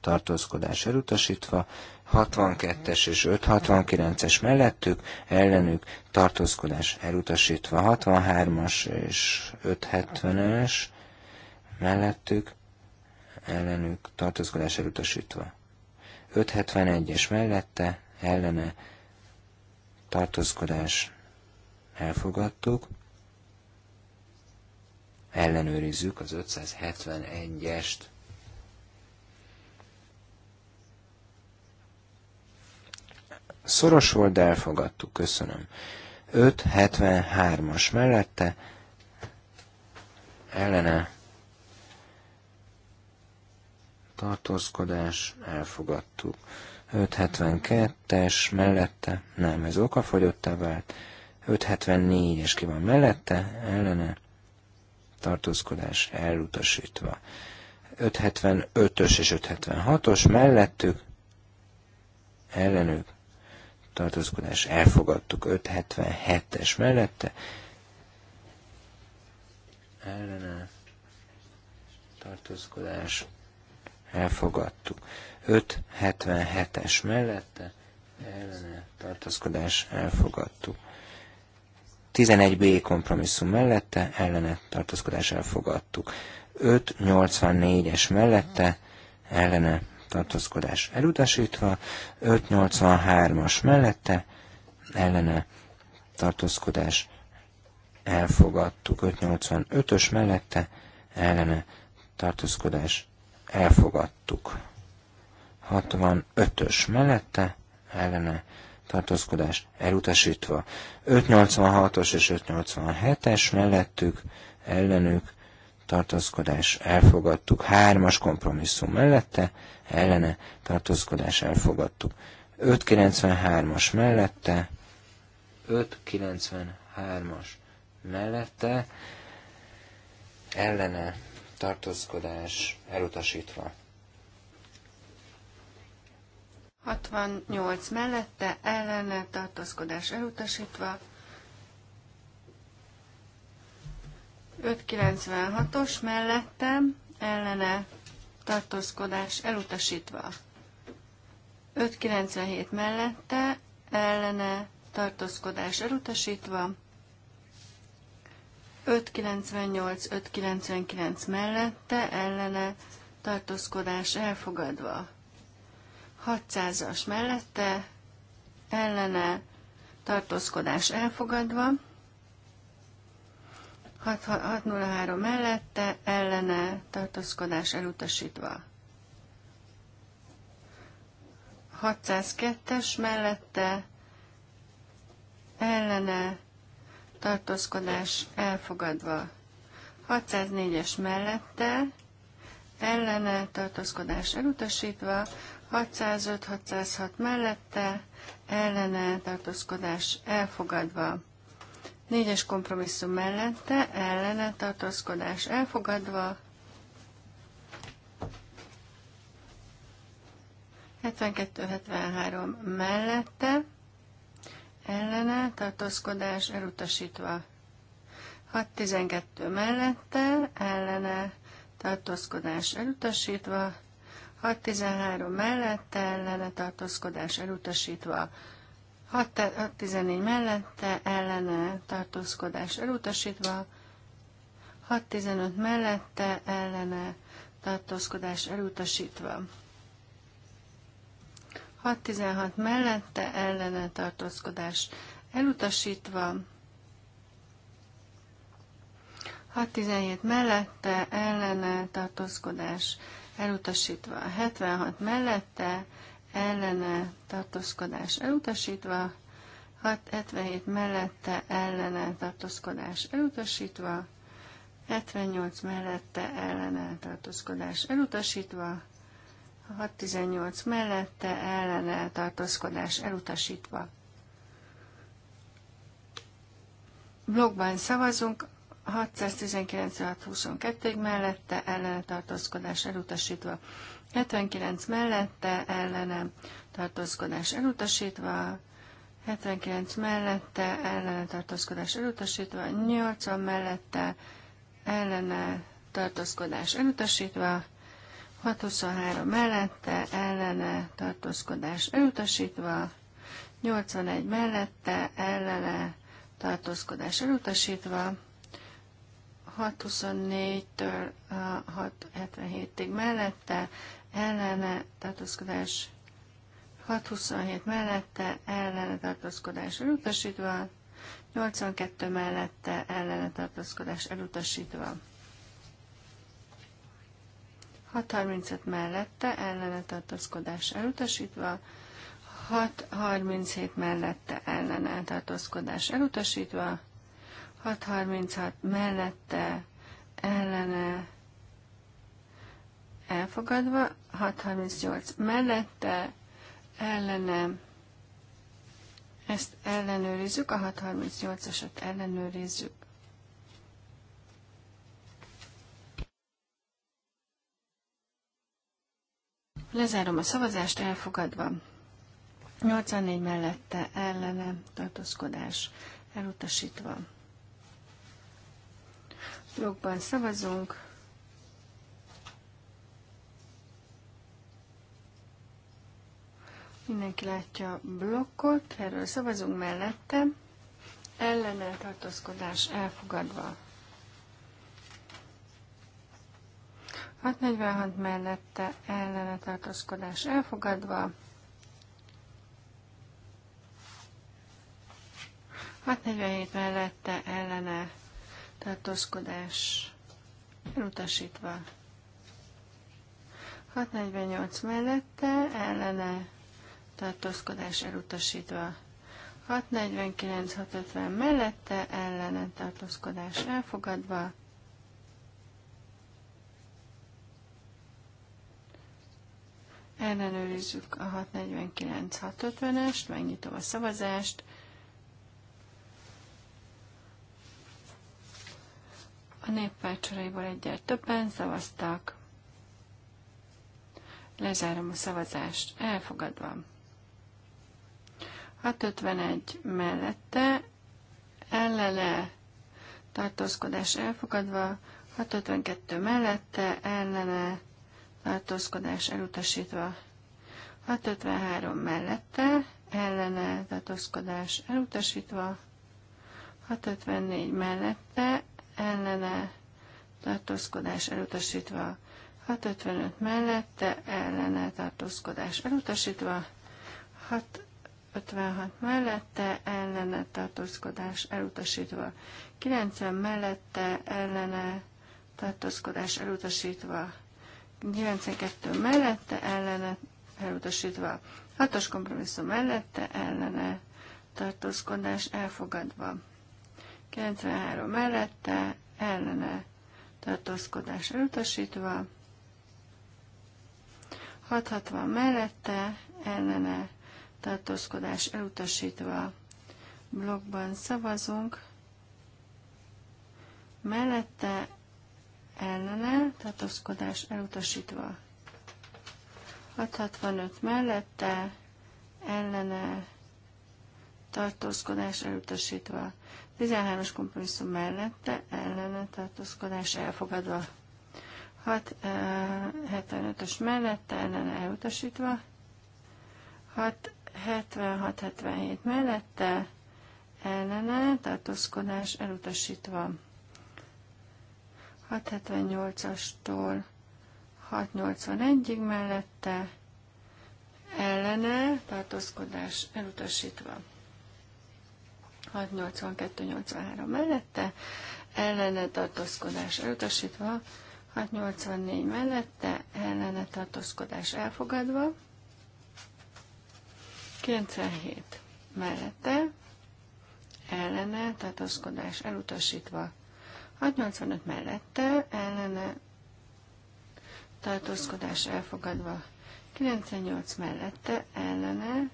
tartózkodás elutasítva, 62-es és 569-es mellettük, ellenük tartózkodás elutasítva, 63-as és 570-es mellettük, ellenük tartózkodás elutasítva. 571-es mellette ellene tartózkodás elfogadtuk. Ellenőrizzük az 571-est. Szoros volt, de elfogadtuk, köszönöm. 573-as mellette ellene tartózkodás, elfogadtuk. 572-es mellette, nem, ez okafogyottá vált. 574-es ki van mellette, ellene, tartózkodás elutasítva. 575-ös és 576-os mellettük, ellenük, tartózkodás elfogadtuk. 577-es mellette, ellene, tartózkodás elfogadtuk. 577-es mellette ellene tartózkodás elfogadtuk. 11B kompromisszum mellette ellene tartózkodás elfogadtuk. 584-es mellette ellene tartózkodás elutasítva, 583-as mellette ellene tartózkodás elfogadtuk, 585-ös mellette ellene tartózkodás elfogadtuk. 65-ös mellette ellene tartózkodás elutasítva. 586-os és 587-es mellettük ellenük tartózkodás elfogadtuk. as kompromisszum mellette ellene tartózkodás elfogadtuk. 593-as mellette 593-as mellette ellene tartózkodás elutasítva. 68 mellette ellene tartózkodás elutasítva. 596-os mellette, ellene tartózkodás elutasítva. 597 mellette ellene tartózkodás elutasítva. 598-599 mellette ellene tartózkodás elfogadva. 600-as mellette ellene tartózkodás elfogadva. 603 mellette ellene tartózkodás elutasítva. 602-es mellette ellene tartózkodás elfogadva. 604-es mellette, ellene tartózkodás elutasítva, 605-606 mellette, ellene tartózkodás elfogadva. 4-es kompromisszum mellette, ellene tartózkodás elfogadva. 72-73 mellette, ellene, tartózkodás elutasítva. 612 mellette, ellene, tartózkodás elutasítva. 613 mellette, ellene, tartózkodás elutasítva. 614 mellette, ellene, tartózkodás elutasítva. 615 mellette, ellene, tartózkodás elutasítva. 616 mellette ellene tartózkodás elutasítva, 617 mellette ellene tartózkodás elutasítva, 76 mellette ellene tartózkodás elutasítva, 677 mellette ellene tartózkodás elutasítva, 78 mellette ellene tartózkodás elutasítva, 618 mellette ellene tartózkodás elutasítva. Blogban szavazunk, 619-622 mellette ellene tartózkodás elutasítva. 79 mellette ellene tartózkodás elutasítva, 79 mellette ellene tartózkodás elutasítva, 80 mellette ellene tartózkodás elutasítva, 623 mellette, ellene, tartózkodás elutasítva, 81 mellette, ellene, tartózkodás elutasítva, 624-től 677-ig mellette, ellene, tartózkodás 627 mellette, ellene tartózkodás elutasítva, 82 mellette, ellene tartózkodás elutasítva. 6.35 mellette ellene tartózkodás elutasítva, 6.37 mellette ellene tartózkodás elutasítva, 6.36 mellette ellene elfogadva, 6.38 mellette ellene ezt ellenőrizzük, a 638-asat ellenőrizzük. Lezárom a szavazást elfogadva. 84 mellette ellene tartózkodás elutasítva. Blogban szavazunk. Mindenki látja a blokkot, erről szavazunk mellette. Ellene tartózkodás elfogadva. 646 mellette ellene tartózkodás elfogadva. 647 mellette ellene tartózkodás elutasítva. 648 mellette ellene tartózkodás elutasítva. 649-650 mellette ellene tartózkodás elfogadva. Ellenőrizzük a 649-650-est, megnyitom a szavazást. A néppárcsoraiból egyel többen szavaztak. Lezárom a szavazást. Elfogadva. 651 mellette, ellene, tartózkodás elfogadva, 652 mellette, ellene, tartózkodás elutasítva. 653 mellette, ellene tartózkodás elutasítva. 654 mellette, ellene tartózkodás elutasítva. 655 mellette, ellene tartózkodás elutasítva. 656 mellette, ellene tartózkodás elutasítva. 90 mellette, ellene tartózkodás elutasítva. 92 mellette ellene elutasítva. 6-os kompromisszum mellette ellene tartózkodás elfogadva. 93 mellette ellene tartózkodás elutasítva. 660 mellette ellene tartózkodás elutasítva. Blogban szavazunk mellette ellene, tartózkodás elutasítva. 665 mellette, ellene, tartózkodás elutasítva. 13-as kompromisszum mellette, ellene, tartózkodás elfogadva. 675-ös eh, mellette, ellene elutasítva. 676-77 mellette, ellene, tartózkodás elutasítva. 678-astól 681-ig mellette ellene tartózkodás elutasítva. 682-83 mellette ellene tartózkodás elutasítva, 684 mellette ellene tartózkodás elfogadva, 97 mellette ellene tartózkodás elutasítva, 685 mellette ellene tartózkodás elfogadva, 98 mellette ellene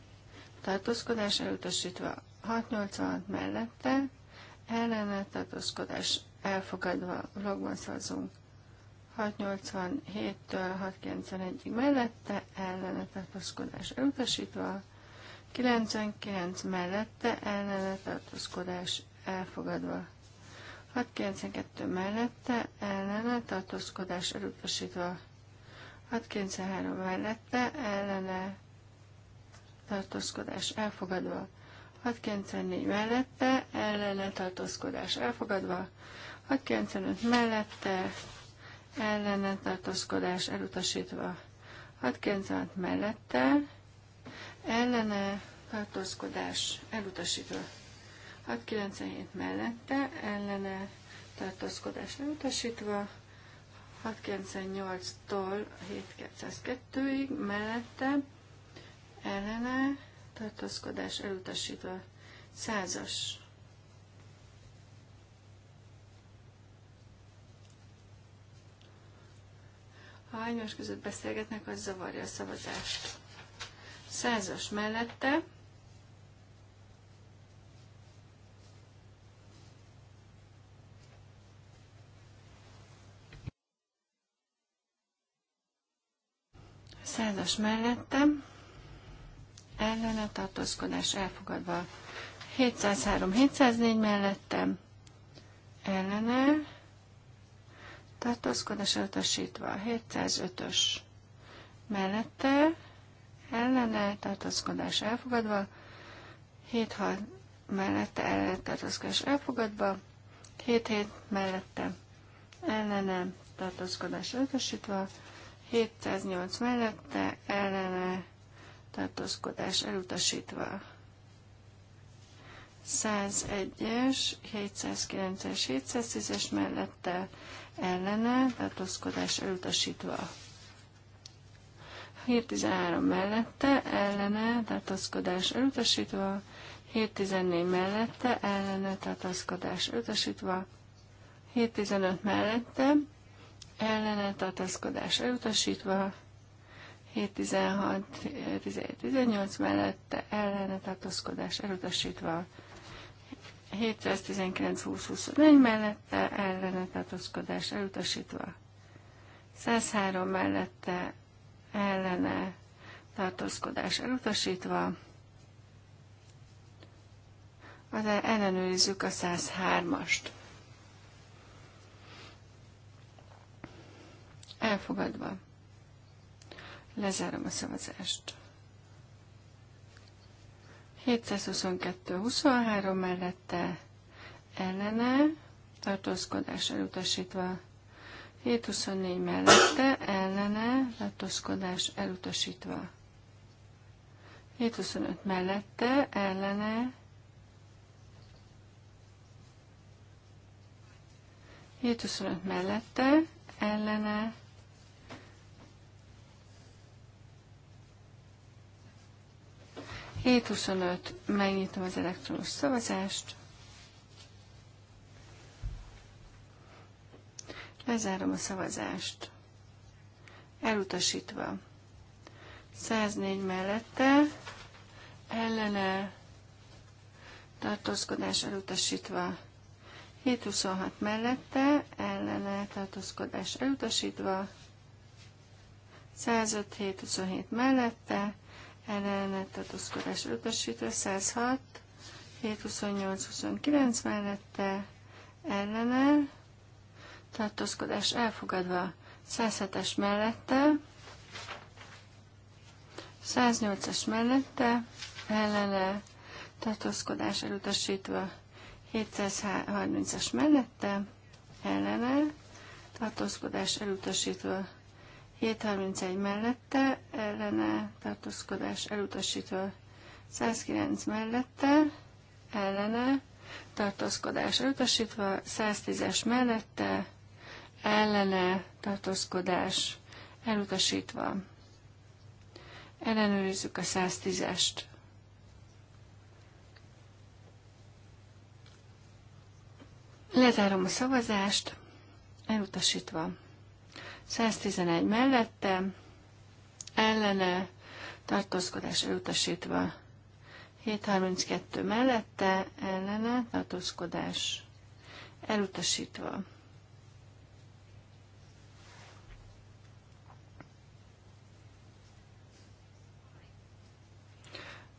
tartózkodás elutasítva, 686 mellette ellene tartózkodás elfogadva, blogban szavazunk. 687-től 691-ig mellette ellene tartózkodás elutasítva, 99 mellette ellene tartózkodás elfogadva. 692 mellette ellene tartózkodás elutasítva. 693 mellette ellene tartózkodás elfogadva. 694 mellette ellene tartózkodás elfogadva. 695 mellette ellene tartózkodás elutasítva. 696 mellette ellene tartózkodás elutasítva. 697 mellette ellene tartózkodás utasítva, 698-tól 7202-ig mellette ellene tartózkodás elutasítva, százas. Ha egymás között beszélgetnek, az zavarja a szavazást. Százas mellette Százas mellettem, ellene tartózkodás elfogadva. 703, 704 mellettem, ellene tartózkodás elutasítva. 705-ös mellette, ellene tartózkodás elfogadva. 76 mellette, ellene tartózkodás elfogadva. 77 mellette, ellene tartózkodás elutasítva. 708 mellette ellene tartózkodás elutasítva. 101-es, 709-es, 710-es mellette ellene tartózkodás elutasítva. Hír 13 mellette ellene tartózkodás elutasítva. 714 mellette ellene tartózkodás elutasítva. 715 mellette ellene tartaszkodás elutasítva, 716 18 mellette ellene tartaszkodás elutasítva, 719-20-21 mellette ellene tartaszkodás elutasítva, 103 mellette ellene tartózkodás elutasítva, az ellenőrizzük a 103-ast. Elfogadva. Lezárom a szavazást. 722-23 mellette ellene, tartózkodás elutasítva. 724 mellette ellene, tartózkodás elutasítva. 725 mellette ellene, 725 mellette ellene, 7.25, megnyitom az elektronos szavazást. Lezárom a szavazást. Elutasítva. 104 mellette, ellene, tartózkodás elutasítva. 726 mellette, ellene, tartózkodás elutasítva. 105 727 mellette, tehát tartózkodás elutasítva, 106, 728, 29 mellette ellene tartózkodás elfogadva, 107-es mellette, 108-as mellette ellene tartózkodás elutasítva, 730-as mellette ellene tartózkodás elutasítva, 731 mellette, ellene tartózkodás elutasítva 109 mellette, ellene tartózkodás elutasítva, 110-es mellette, ellene tartózkodás elutasítva. Ellenőrizzük a 110-est. Lezárom a szavazást, elutasítva. 111 mellette, ellene, tartózkodás elutasítva. 732 mellette, ellene, tartózkodás elutasítva.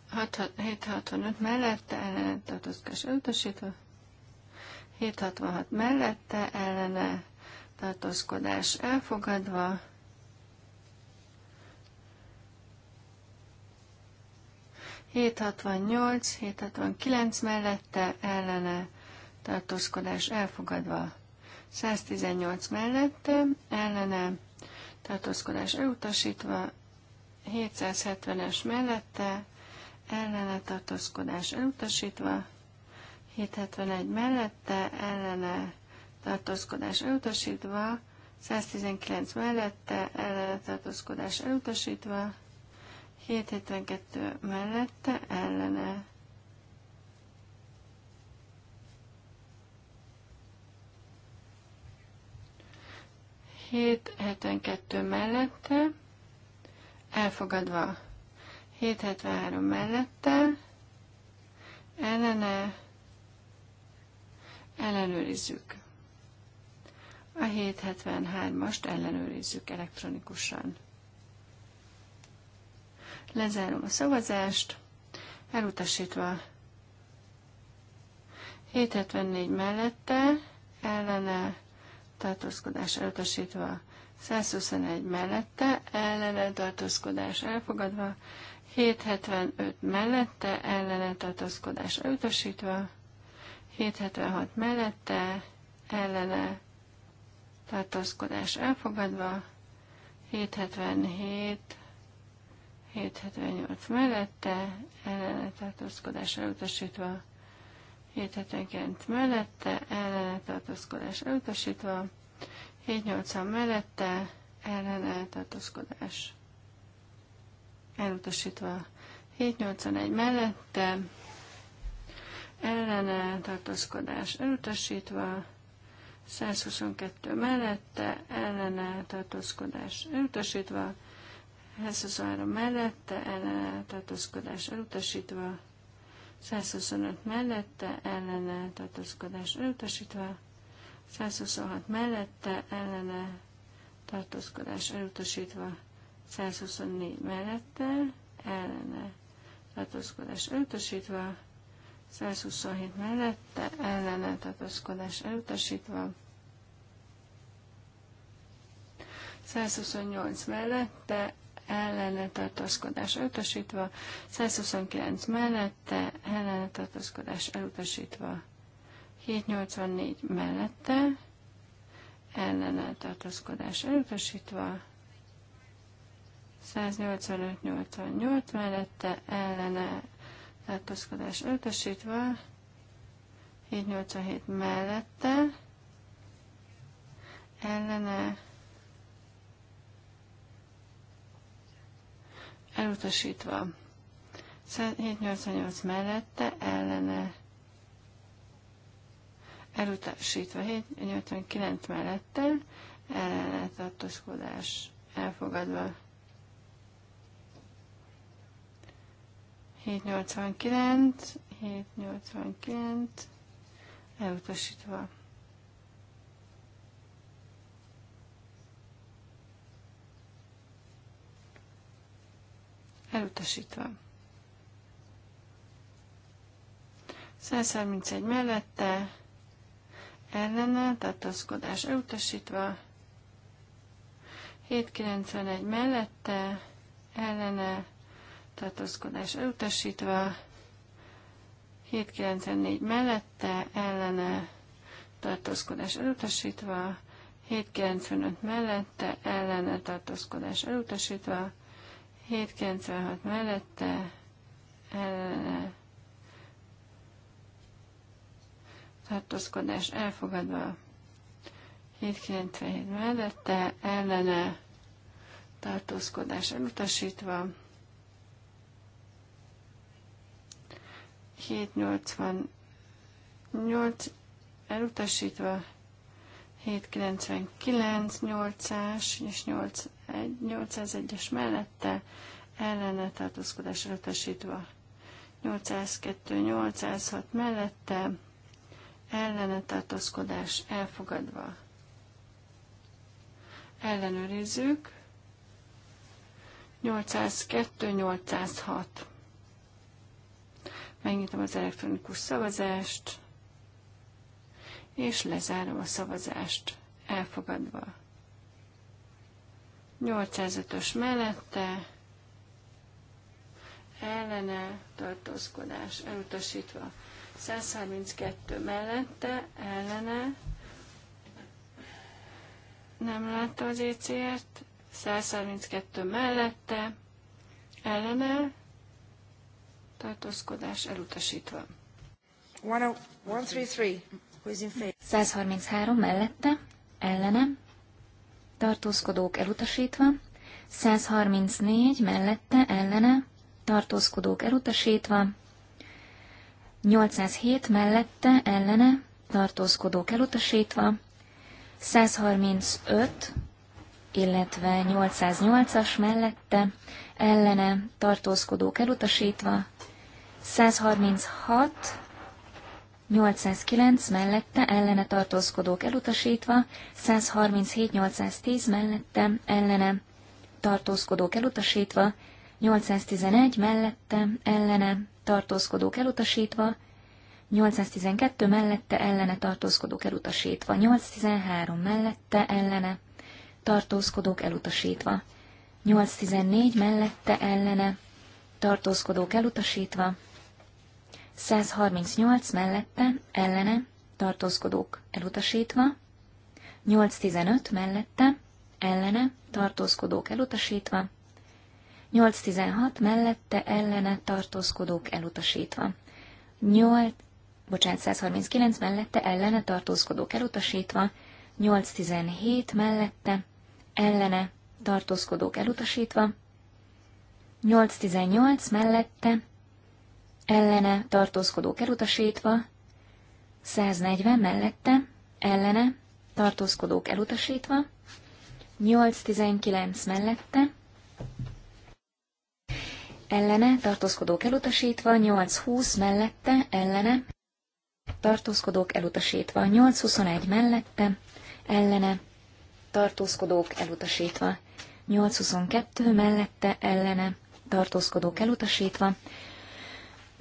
Hat, 765 mellette, ellene, tartózkodás elutasítva. 766 mellette, ellene, tartózkodás elfogadva, Hét hatvan nyolc, hét hatvan kilenc mellette ellene tartózkodás elfogadva. 118 mellette ellene tartózkodás elutasítva, 770-es mellette ellene tartózkodás elutasítva, 771 mellette ellene tartózkodás elutasítva, 119 mellette, ellene elutasítva, 772 mellette, ellene Hét kettő mellette, elfogadva. hét három mellette, ellene ellenőrizzük. A 773-ast ellenőrizzük elektronikusan. Lezárom a szavazást, elutasítva 774 mellette, ellene tartózkodás elutasítva 121 mellette, ellene tartózkodás elfogadva, 775 mellette, ellene tartózkodás elutasítva, 776 mellette, ellene tartózkodás elfogadva, 777, 778 mellette, ellene tartózkodás elutasítva, 779 mellette, ellene tartózkodás elutasítva, 780 mellette, ellene tartózkodás elutasítva, 781 mellette, ellene tartózkodás elutasítva, 122 mellette, ellene tartózkodás elutasítva, 123 mellette, ellene tartózkodás elutasítva, 125 mellette, ellene tartózkodás elutasítva, 126 mellette, ellene tartózkodás elutasítva, 124 mellette, ellene tartózkodás elutasítva, 127 mellette, ellene tartózkodás elutasítva, 128 mellette ellene tartózkodás elutasítva, 129 mellette ellene tartózkodás elutasítva, 784 mellette ellene tartózkodás elutasítva, 185-88 mellette ellene tartózkodás elutasítva, 787 mellette ellene elutasítva. 788 mellette ellene elutasítva. 789 mellette ellene tartózkodás elfogadva. 789, 789 elutasítva. Elutasítva. 131 mellette, ellene, tartózkodás elutasítva. 791 mellette, ellene, tartózkodás elutasítva. 794 mellette, ellene, tartózkodás elutasítva. 795 mellette, ellene, tartózkodás elutasítva. 796 mellette ellene tartózkodás elfogadva 797 mellette ellene tartózkodás elutasítva 788 elutasítva 799, 800 és 8 801-es mellette ellene tartózkodás elutasítva. 802, 806 mellette ellene tartózkodás elfogadva. Ellenőrizzük. 802, 806. Megnyitom az elektronikus szavazást, és lezárom a szavazást elfogadva. 805-ös mellette ellene tartózkodás elutasítva. 132 mellette ellene nem látta az ECR-t, 132 mellette ellene tartózkodás elutasítva. 133 mellette ellene tartózkodók elutasítva, 134 mellette ellene, tartózkodók elutasítva, 807 mellette ellene, tartózkodók elutasítva, 135, illetve 808-as mellette ellene, tartózkodók elutasítva, 136 809 mellette ellene tartózkodók elutasítva, 137-810 mellette ellene tartózkodók elutasítva, 811 mellette ellene tartózkodók elutasítva, 812 mellette ellene tartózkodók elutasítva, 813 mellette ellene tartózkodók elutasítva, 814 mellette ellene tartózkodók elutasítva, 138 mellette, ellene, tartózkodók elutasítva, 815 mellette, ellene, tartózkodók elutasítva, 816 mellette, ellene, tartózkodók elutasítva, 8, bocsánat, 139 mellette, ellene, tartózkodók elutasítva, 817 mellette, ellene, tartózkodók elutasítva, 818 mellette, ellene tartózkodók elutasítva, 140 mellette, ellene tartózkodók elutasítva, 819 mellette, ellene tartózkodók elutasítva, 820 mellette, ellene tartózkodók elutasítva, 821 mellette, ellene tartózkodók elutasítva, 822 mellette, ellene tartózkodók elutasítva,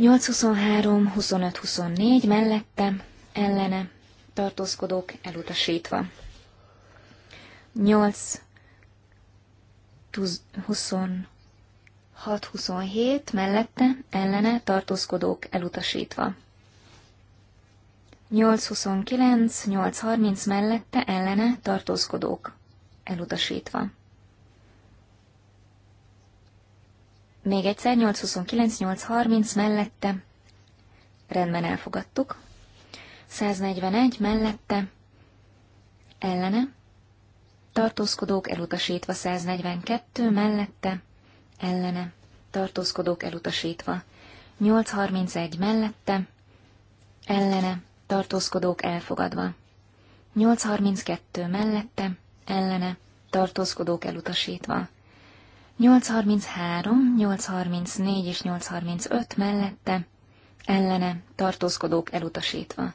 823, 25, 24 mellette, ellene, tartózkodók elutasítva. 8, 26, 27 mellette, ellene, tartózkodók elutasítva. 8, 29, 8, 30 mellette, ellene, tartózkodók elutasítva. Még egyszer 829-830 mellette. Rendben elfogadtuk. 141 mellette. Ellene. Tartózkodók elutasítva 142 mellette. Ellene. Tartózkodók elutasítva. 831 mellette. Ellene. Tartózkodók elfogadva. 832 mellette. Ellene. Tartózkodók elutasítva. 833, 834 és 835 mellette, ellene, tartózkodók elutasítva.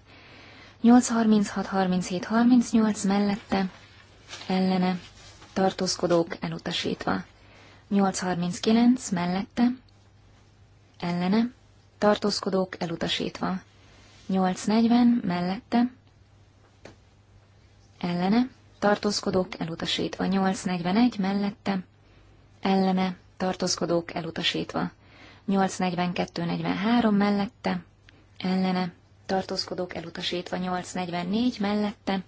836, 37, 38 mellette, ellene, tartózkodók elutasítva. 839 mellette, ellene, tartózkodók elutasítva. 840 mellette, ellene, tartózkodók elutasítva. 841 mellette, ellene, tartózkodók elutasítva. 842-43 mellette, ellene, tartózkodók elutasítva 844 mellette,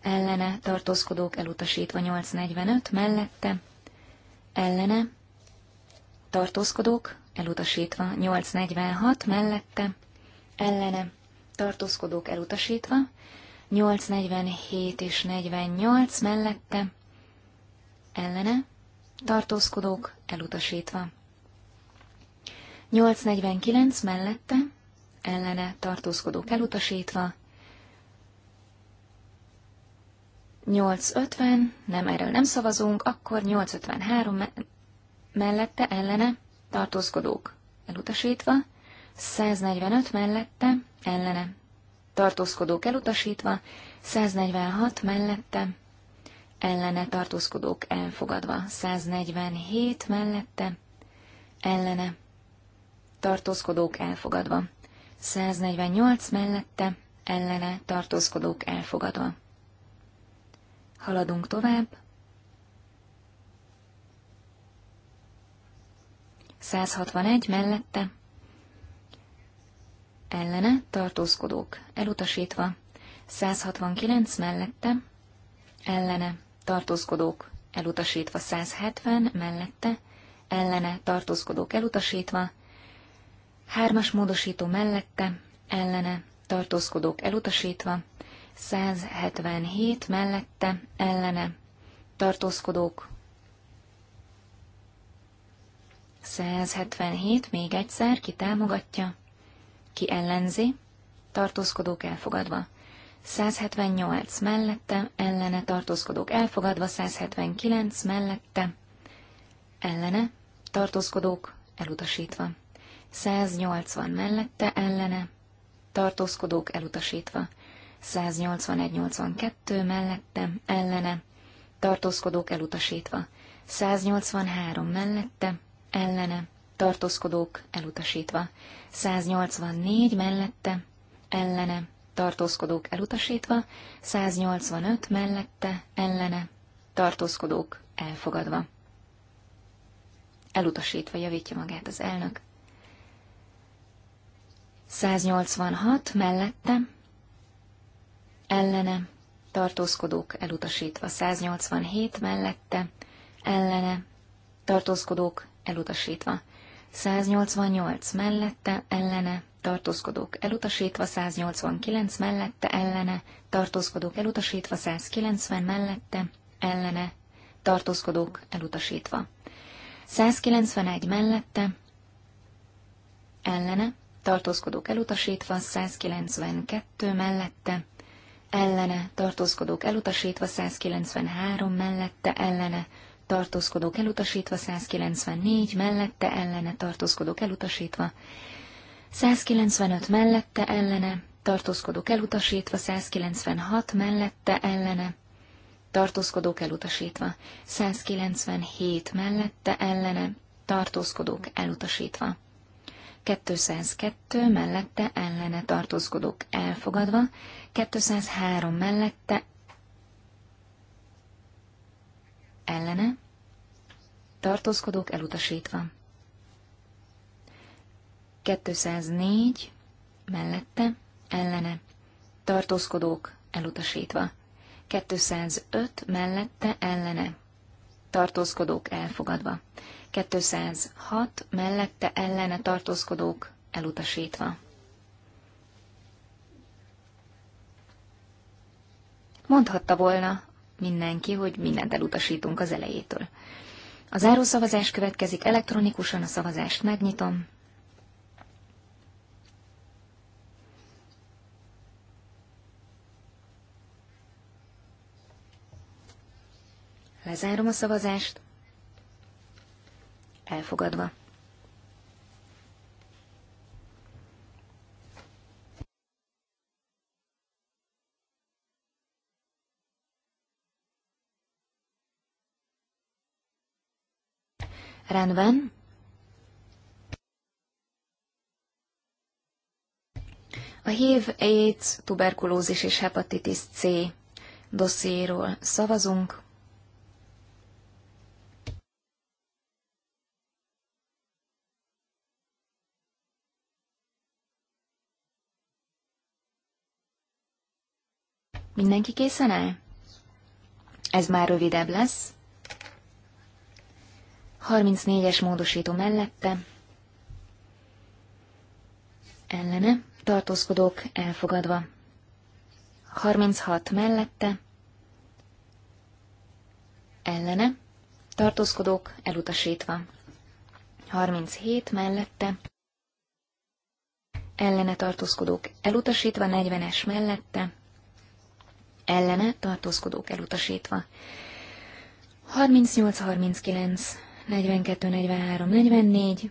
ellene, tartózkodók elutasítva 845 mellette, ellene, tartózkodók elutasítva 846 mellette, ellene, tartózkodók elutasítva 847 és 48 mellette, ellene, tartózkodók elutasítva. 849 mellette, ellene tartózkodók elutasítva, 850, nem erről nem szavazunk, akkor 853 me mellette, ellene tartózkodók elutasítva, 145 mellette, ellene tartózkodók elutasítva, 146 mellette, ellene tartózkodók elfogadva 147 mellette, ellene tartózkodók elfogadva 148 mellette, ellene tartózkodók elfogadva. Haladunk tovább. 161 mellette, ellene tartózkodók elutasítva, 169 mellette, ellene tartózkodók elutasítva 170, mellette, ellene tartózkodók elutasítva, hármas módosító mellette, ellene tartózkodók elutasítva, 177 mellette, ellene tartózkodók 177 még egyszer, ki támogatja, ki ellenzi, tartózkodók elfogadva. 178 mellette, ellene tartózkodók elfogadva, 179 mellette, ellene tartózkodók elutasítva, 180 mellette, ellene tartózkodók elutasítva, 181-82 mellette, ellene tartózkodók elutasítva, 183 mellette, ellene tartózkodók elutasítva, 184 mellette, ellene tartózkodók elutasítva, 185 mellette, ellene, tartózkodók elfogadva. Elutasítva javítja magát az elnök. 186 mellette, ellene, tartózkodók elutasítva, 187 mellette, ellene, tartózkodók elutasítva, 188 mellette, ellene, tartózkodók elutasítva, 189 mellette, ellene, tartózkodók elutasítva, 190 mellette, ellene, tartózkodók elutasítva. 191 mellette, ellene, tartózkodók elutasítva, 192 mellette, ellene, tartózkodók elutasítva, 193 mellette, ellene, tartózkodók elutasítva, 194 mellette ellene tartózkodók elutasítva, 195 mellette ellene tartózkodók elutasítva, 196 mellette ellene tartózkodók elutasítva, 197 mellette ellene tartózkodók elutasítva. 202 mellette ellene tartózkodók elfogadva, 203 mellette ellene, tartózkodók elutasítva. 204 mellette, ellene, tartózkodók elutasítva. 205 mellette, ellene, tartózkodók elfogadva. 206 mellette, ellene, tartózkodók elutasítva. Mondhatta volna mindenki, hogy mindent elutasítunk az elejétől. A zárószavazás következik elektronikusan, a szavazást megnyitom. Lezárom a szavazást. Elfogadva. Rendben. A HIV, AIDS, tuberkulózis és hepatitis C dossziéról szavazunk. Mindenki készen áll? Ez már rövidebb lesz. 34-es módosító mellette, ellene, tartózkodók elfogadva. 36 mellette, ellene, tartózkodók elutasítva. 37 mellette, ellene tartózkodók elutasítva, 40-es mellette, ellene tartózkodók elutasítva. 38-39 42, 43, 44.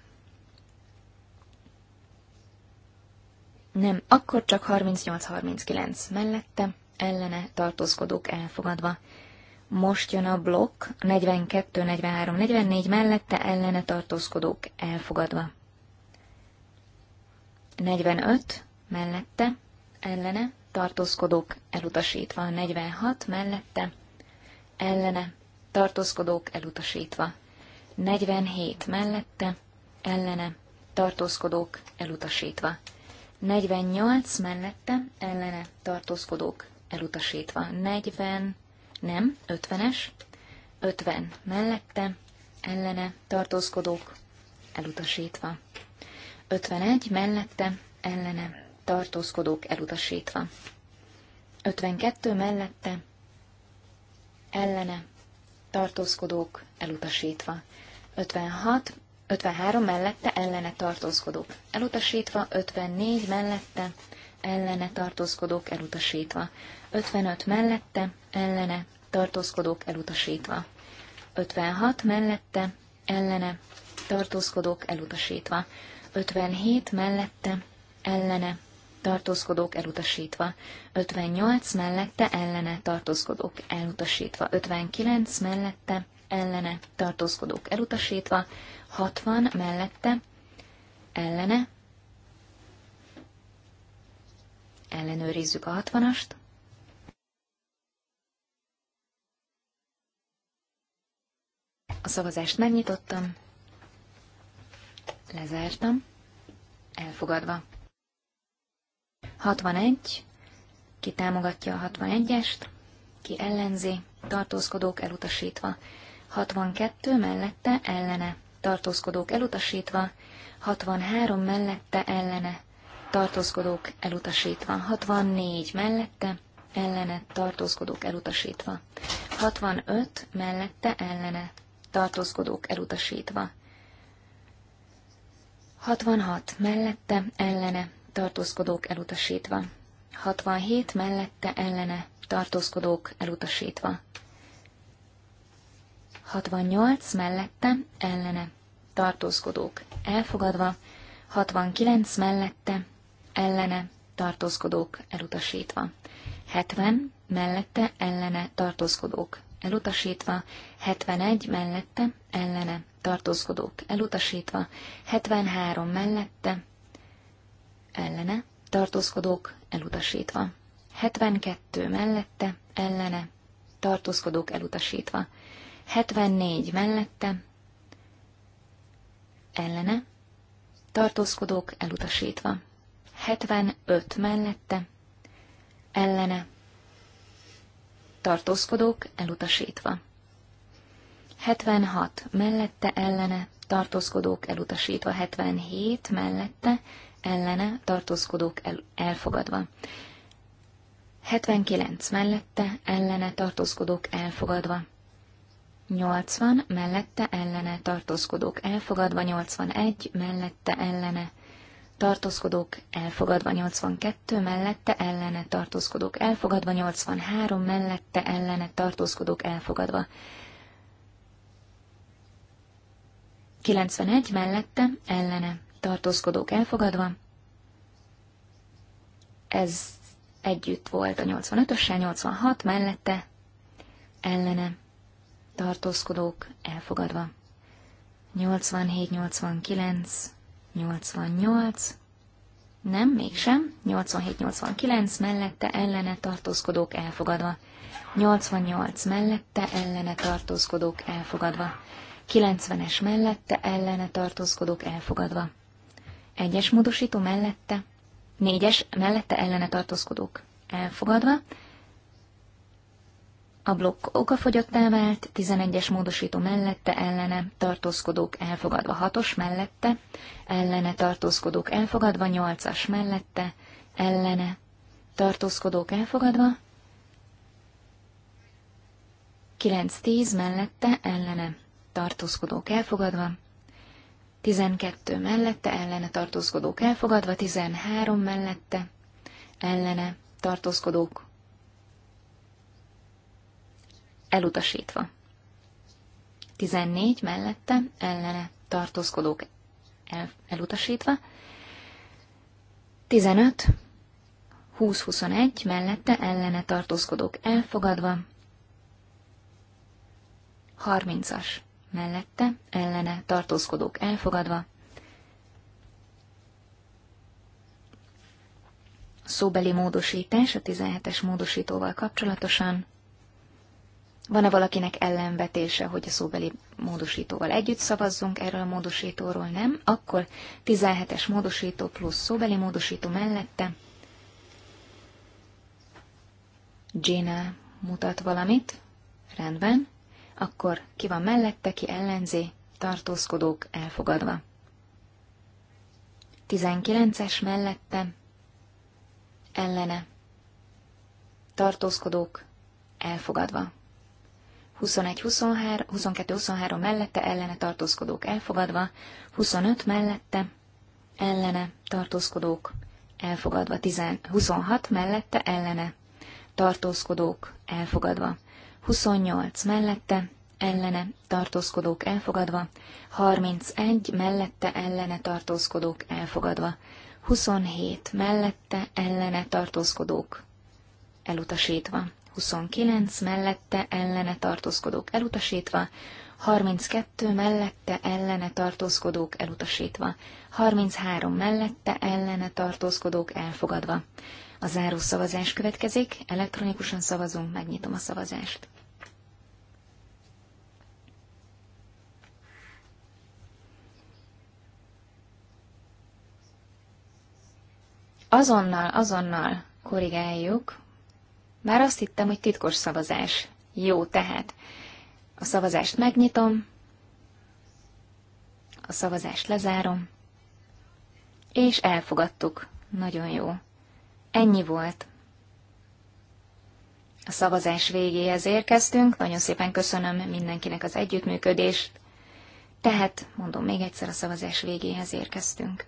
Nem, akkor csak 38-39 mellette, ellene tartózkodók elfogadva. Most jön a blokk, 42, 43, 44 mellette, ellene tartózkodók elfogadva. 45 mellette, ellene tartózkodók elutasítva. 46 mellette, ellene tartózkodók elutasítva. 47 mellette, ellene, tartózkodók elutasítva. 48 mellette, ellene, tartózkodók elutasítva. 40, nem, 50-es, 50 mellette, ellene, tartózkodók elutasítva. 51 mellette, ellene, tartózkodók elutasítva. 52 mellette, ellene, tartózkodók elutasítva. 56, 53 mellette ellene tartózkodók elutasítva, 54 mellette ellene tartózkodók elutasítva, 55 mellette ellene tartózkodók elutasítva, 56 mellette ellene tartózkodók elutasítva, 57 mellette ellene tartózkodók elutasítva, 58 mellette ellene tartózkodók elutasítva, 59 mellette ellene tartózkodók elutasítva, 60 mellette ellene ellenőrizzük a 60-ast, A szavazást megnyitottam, lezártam, elfogadva. 61, ki támogatja a 61-est, ki ellenzi, tartózkodók elutasítva. 62 mellette ellene, tartózkodók elutasítva, 63 mellette ellene, tartózkodók elutasítva, 64 mellette ellene, tartózkodók elutasítva, 65 mellette ellene, tartózkodók elutasítva, 66 mellette ellene, tartózkodók elutasítva, 67 mellette ellene, tartózkodók elutasítva, 68 mellette ellene tartózkodók elfogadva, 69 mellette ellene tartózkodók elutasítva, 70 mellette ellene tartózkodók elutasítva, 71 mellette ellene tartózkodók elutasítva, 73 mellette ellene tartózkodók elutasítva, 72 mellette ellene tartózkodók elutasítva, 74 mellette, ellene, tartózkodók elutasítva. 75 mellette, ellene, tartózkodók elutasítva. 76 mellette, ellene, tartózkodók elutasítva. 77 mellette, ellene, tartózkodók el, elfogadva. 79 mellette, ellene, tartózkodók elfogadva. 80 mellette ellene tartózkodók elfogadva, 81 mellette ellene tartózkodók elfogadva, 82 mellette ellene tartózkodók elfogadva, 83 mellette ellene tartózkodók elfogadva. 91 mellette ellene tartózkodók elfogadva. Ez együtt volt a 85-össel, 86 mellette ellene tartózkodók elfogadva. 87, 89, 88, nem, mégsem, 87-89 mellette ellene tartózkodók elfogadva, 88 mellette ellene tartózkodók elfogadva, 90-es mellette ellene tartózkodók elfogadva, egyes módosító mellette, négyes mellette ellene tartózkodók elfogadva, a blokk okafogyottá vált, 11-es módosító mellette ellene tartózkodók elfogadva 6-os mellette, ellene tartózkodók elfogadva 8-as mellette, ellene tartózkodók elfogadva 9-10 mellette ellene tartózkodók elfogadva 12 mellette ellene tartózkodók elfogadva, 13 mellette ellene tartózkodók elutasítva. 14 mellette ellene tartózkodók el, elutasítva. 15 20-21 mellette ellene tartózkodók elfogadva. 30-as mellette ellene tartózkodók elfogadva. Szóbeli módosítás a 17-es módosítóval kapcsolatosan. Van-e valakinek ellenvetése, hogy a szóbeli módosítóval együtt szavazzunk, erről a módosítóról nem, akkor 17-es módosító plusz szóbeli módosító mellette Gina mutat valamit, rendben, akkor ki van mellette, ki ellenzi, tartózkodók elfogadva. 19-es mellette, ellene, tartózkodók elfogadva. 21 22-23 mellette ellene tartózkodók elfogadva, 25 mellette ellene tartózkodók elfogadva, 26 mellette ellene tartózkodók elfogadva, 28 mellette ellene tartózkodók elfogadva, 31 mellette ellene tartózkodók elfogadva, 27 mellette ellene tartózkodók elutasítva. 29 mellette ellene tartózkodók elutasítva, 32 mellette ellene tartózkodók elutasítva, 33 mellette ellene tartózkodók elfogadva. A záró szavazás következik, elektronikusan szavazunk, megnyitom a szavazást. Azonnal, azonnal korrigáljuk már azt hittem, hogy titkos szavazás. Jó, tehát a szavazást megnyitom, a szavazást lezárom, és elfogadtuk. Nagyon jó. Ennyi volt. A szavazás végéhez érkeztünk, nagyon szépen köszönöm mindenkinek az együttműködést, tehát mondom még egyszer, a szavazás végéhez érkeztünk.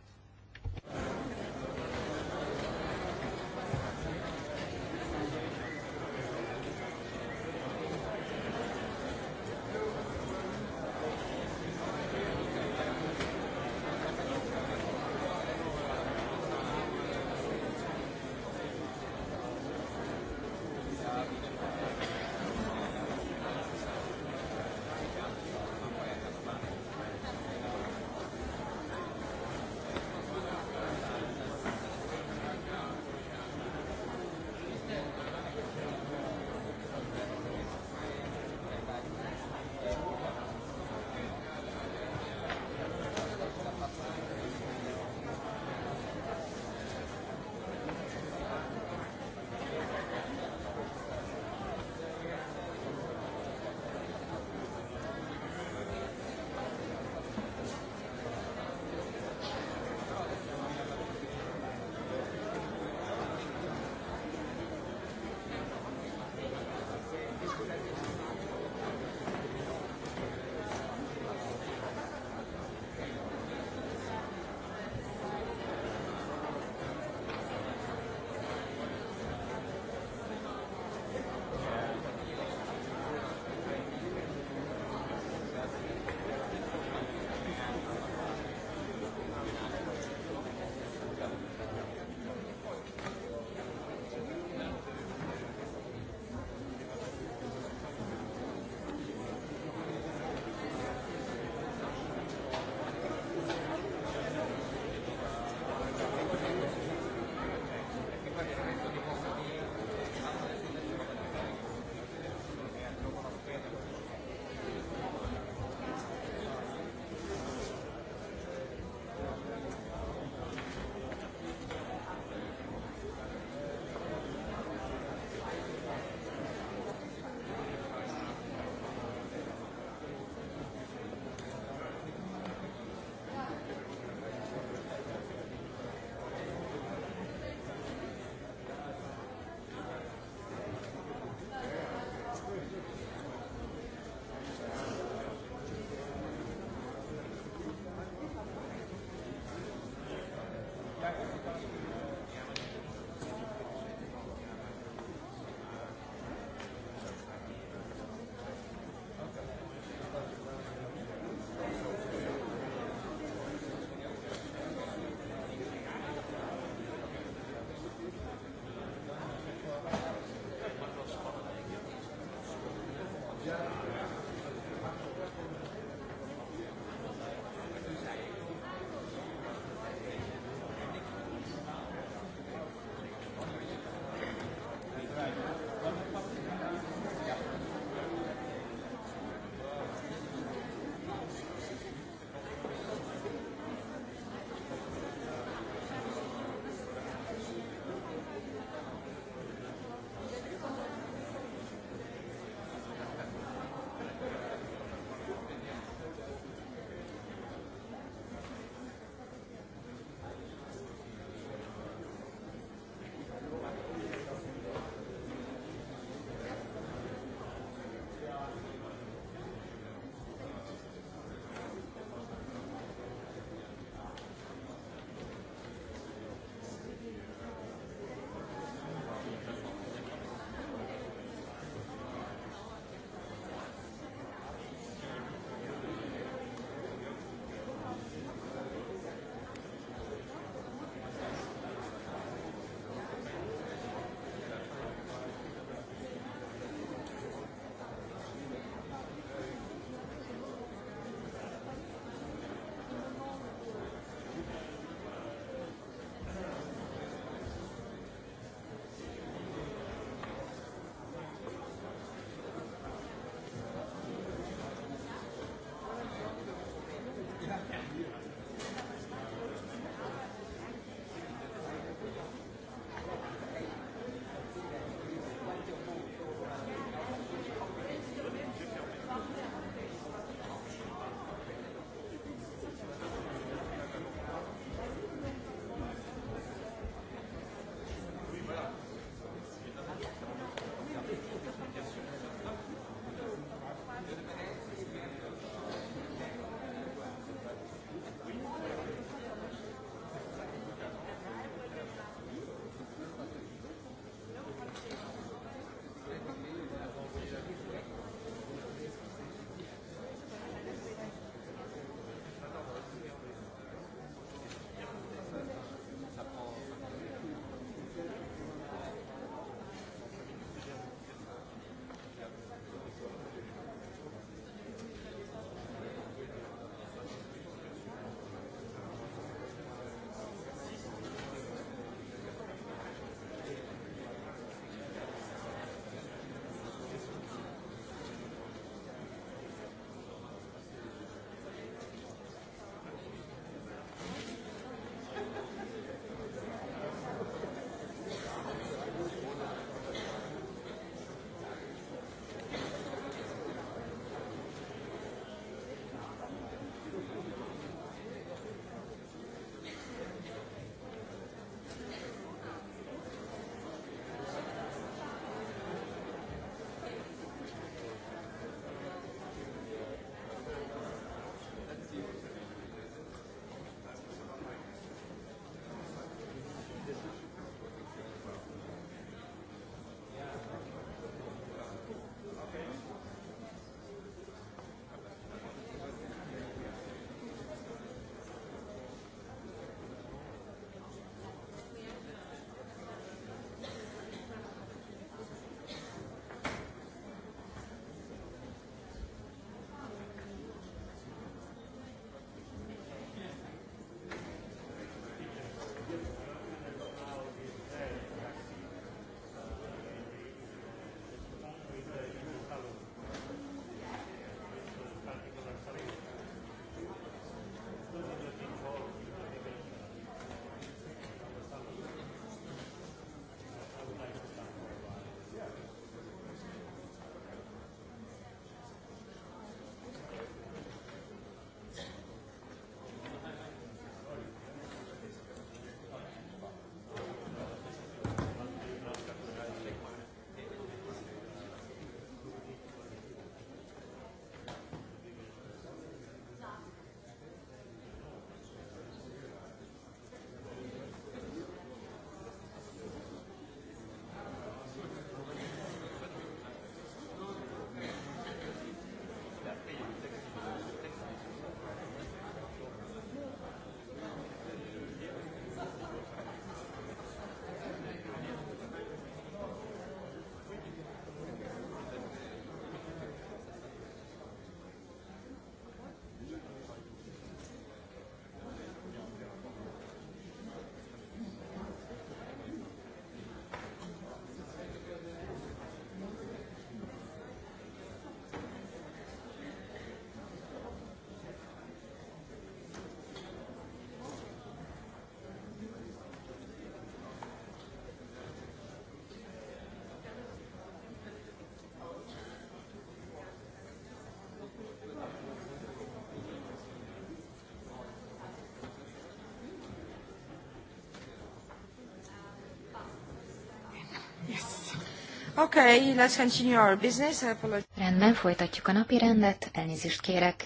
Okay, let's continue our business. I apologize. Rendben, folytatjuk a napi rendet. Elnézést kérek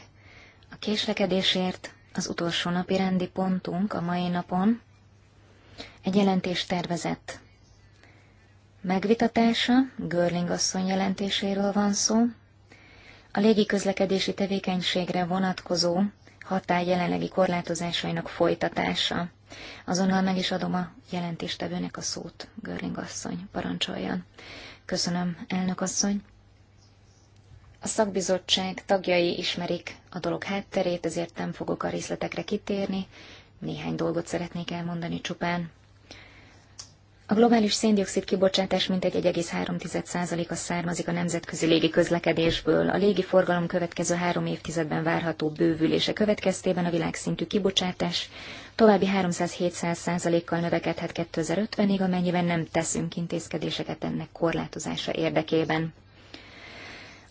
a késlekedésért. Az utolsó napi rendi pontunk a mai napon egy jelentés tervezett megvitatása, Görling asszony jelentéséről van szó, a közlekedési tevékenységre vonatkozó hatály jelenlegi korlátozásainak folytatása. Azonnal meg is adom a jelentéstevőnek a szót, Görling asszony, parancsoljon. Köszönöm, elnök asszony. A szakbizottság tagjai ismerik a dolog hátterét, ezért nem fogok a részletekre kitérni. Néhány dolgot szeretnék elmondani csupán. A globális széndiokszid kibocsátás mintegy 1,3%-a származik a nemzetközi légi közlekedésből. A légi forgalom következő három évtizedben várható bővülése következtében a világszintű kibocsátás további 300-700%-kal növekedhet 2050-ig, amennyiben nem teszünk intézkedéseket ennek korlátozása érdekében.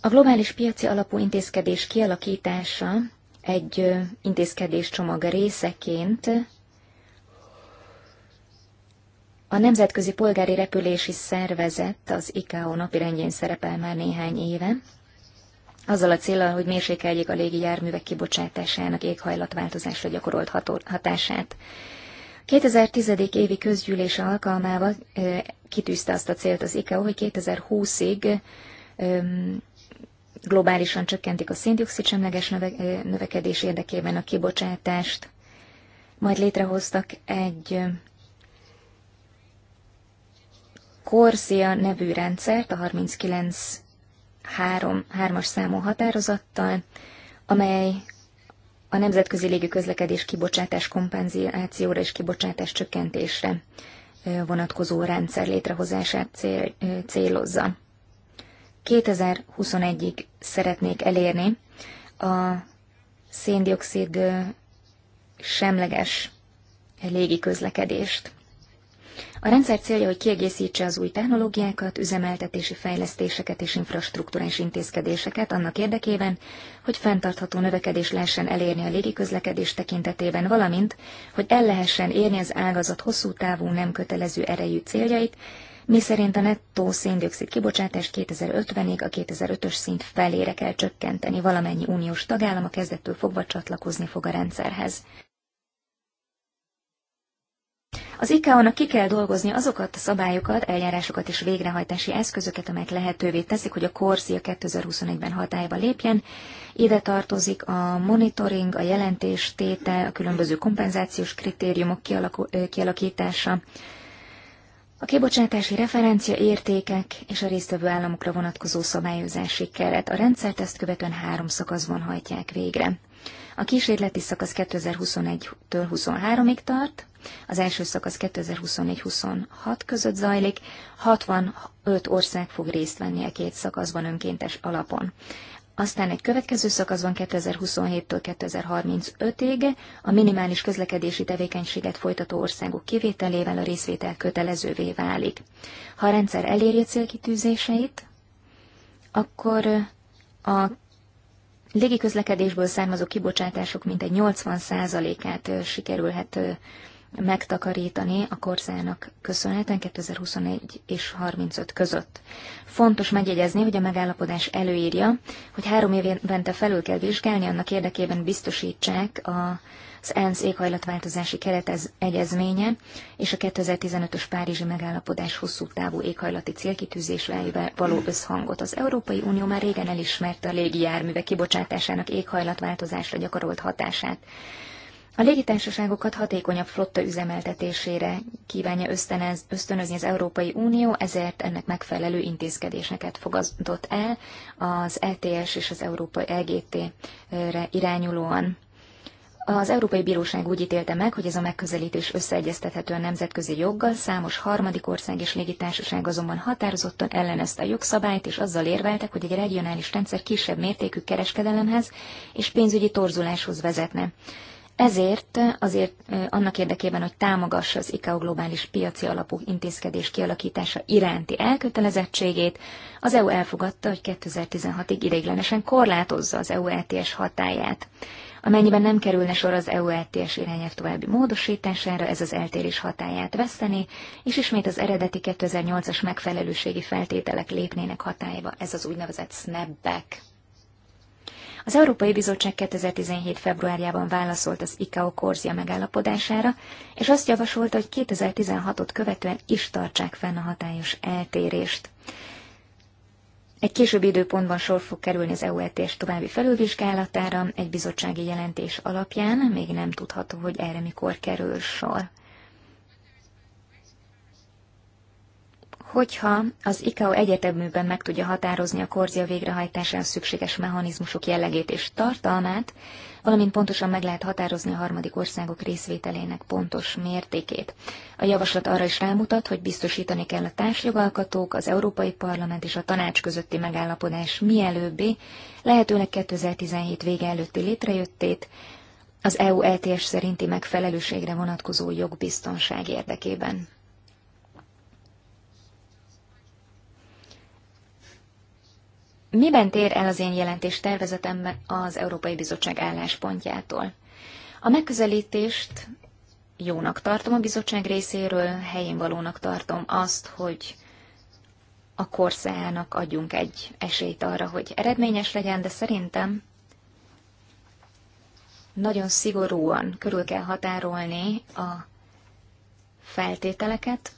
A globális piaci alapú intézkedés kialakítása egy intézkedés csomaga részeként a Nemzetközi Polgári Repülési Szervezet, az ICAO napirendjén szerepel már néhány éve, azzal a célral, hogy mérsékeljék a légi járművek kibocsátásának éghajlatváltozásra gyakorolt hatását. 2010. évi közgyűlése alkalmával e, kitűzte azt a célt az ICAO, hogy 2020-ig e, globálisan csökkentik a széndiokszid semleges növe, növekedés érdekében a kibocsátást, majd létrehoztak egy Korzia nevű rendszert a 39 3-as számú határozattal, amely a nemzetközi légi közlekedés kibocsátás kompenzációra és kibocsátás csökkentésre vonatkozó rendszer létrehozását cél, célozza. 2021-ig szeretnék elérni a széndiokszid semleges légi közlekedést. A rendszer célja, hogy kiegészítse az új technológiákat, üzemeltetési fejlesztéseket és infrastruktúrás intézkedéseket annak érdekében, hogy fenntartható növekedés lehessen elérni a légiközlekedés tekintetében, valamint, hogy el lehessen érni az ágazat hosszú távú nem kötelező erejű céljait, miszerint a nettó széndiokszid kibocsátást 2050-ig a 2005-ös szint felére kell csökkenteni, valamennyi uniós tagállam a kezdettől fogva csatlakozni fog a rendszerhez. Az ICAO-nak ki kell dolgozni azokat a szabályokat, eljárásokat és végrehajtási eszközöket, amelyek lehetővé teszik, hogy a Corsia 2021-ben hatályba lépjen. Ide tartozik a monitoring, a jelentés téte, a különböző kompenzációs kritériumok kialakítása, a kibocsátási referencia értékek és a résztvevő államokra vonatkozó szabályozási keret a rendszert ezt követően három szakaszban hajtják végre. A kísérleti szakasz 2021-től 23-ig tart, az első szakasz 2024-26 között zajlik, 65 ország fog részt venni a e két szakaszban önkéntes alapon. Aztán egy következő szakaszban 2027-től 2035-ig a minimális közlekedési tevékenységet folytató országok kivételével a részvétel kötelezővé válik. Ha a rendszer eléri a célkitűzéseit, akkor a Légi közlekedésből származó kibocsátások mintegy 80%-át sikerülhet megtakarítani a korszának köszönhetően 2021 és 35 között. Fontos megjegyezni, hogy a megállapodás előírja, hogy három évente felül kell vizsgálni, annak érdekében biztosítsák a az ENSZ éghajlatváltozási keretez egyezménye és a 2015-ös Párizsi megállapodás hosszú távú éghajlati célkitűzéseivel való összhangot. Az Európai Unió már régen elismerte a légi járművek kibocsátásának éghajlatváltozásra gyakorolt hatását. A légitársaságokat hatékonyabb flotta üzemeltetésére kívánja ösztönöz, ösztönözni az Európai Unió, ezért ennek megfelelő intézkedéseket fogadott el az ETS és az Európai LGT-re e irányulóan. Az Európai Bíróság úgy ítélte meg, hogy ez a megközelítés összeegyeztethető a nemzetközi joggal, számos harmadik ország és légitársaság azonban határozottan ellenezte a jogszabályt, és azzal érveltek, hogy egy regionális rendszer kisebb mértékű kereskedelemhez és pénzügyi torzuláshoz vezetne. Ezért azért annak érdekében, hogy támogassa az ICAO globális piaci alapú intézkedés kialakítása iránti elkötelezettségét, az EU elfogadta, hogy 2016-ig ideiglenesen korlátozza az EU ETS hatáját. Amennyiben nem kerülne sor az EU LTS e irányelv további módosítására, ez az eltérés hatáját veszteni, és ismét az eredeti 2008-as megfelelőségi feltételek lépnének hatályba, ez az úgynevezett snapback. Az Európai Bizottság 2017. februárjában válaszolt az ICAO korzia megállapodására, és azt javasolta, hogy 2016-ot követően is tartsák fenn a hatályos eltérést. Egy későbbi időpontban sor fog kerülni az EUETS további felülvizsgálatára egy bizottsági jelentés alapján, még nem tudható, hogy erre mikor kerül sor. Hogyha az ICAO egyeteműben meg tudja határozni a korzia végrehajtásán szükséges mechanizmusok jellegét és tartalmát, valamint pontosan meg lehet határozni a harmadik országok részvételének pontos mértékét. A javaslat arra is rámutat, hogy biztosítani kell a társjogalkatók, az Európai Parlament és a tanács közötti megállapodás mielőbbi, lehetőleg 2017 vége előtti létrejöttét, az EU LTS szerinti megfelelőségre vonatkozó jogbiztonság érdekében. miben tér el az én jelentés tervezetem az Európai Bizottság álláspontjától? A megközelítést jónak tartom a bizottság részéről, helyén valónak tartom azt, hogy a korszájának adjunk egy esélyt arra, hogy eredményes legyen, de szerintem nagyon szigorúan körül kell határolni a feltételeket,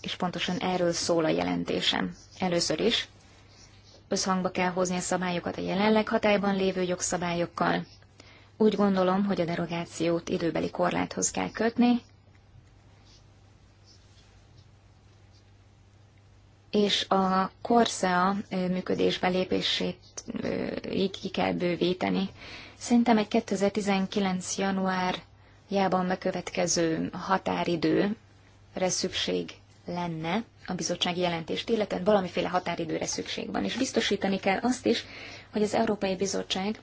és pontosan erről szól a jelentésem. Először is összhangba kell hozni a szabályokat a jelenleg hatályban lévő jogszabályokkal. Úgy gondolom, hogy a derogációt időbeli korláthoz kell kötni, és a korszea működésbe lépését így ki kell bővíteni. Szerintem egy 2019. januárjában bekövetkező határidőre szükség lenne a bizottsági jelentést, illetően valamiféle határidőre szükség van. És biztosítani kell azt is, hogy az Európai Bizottság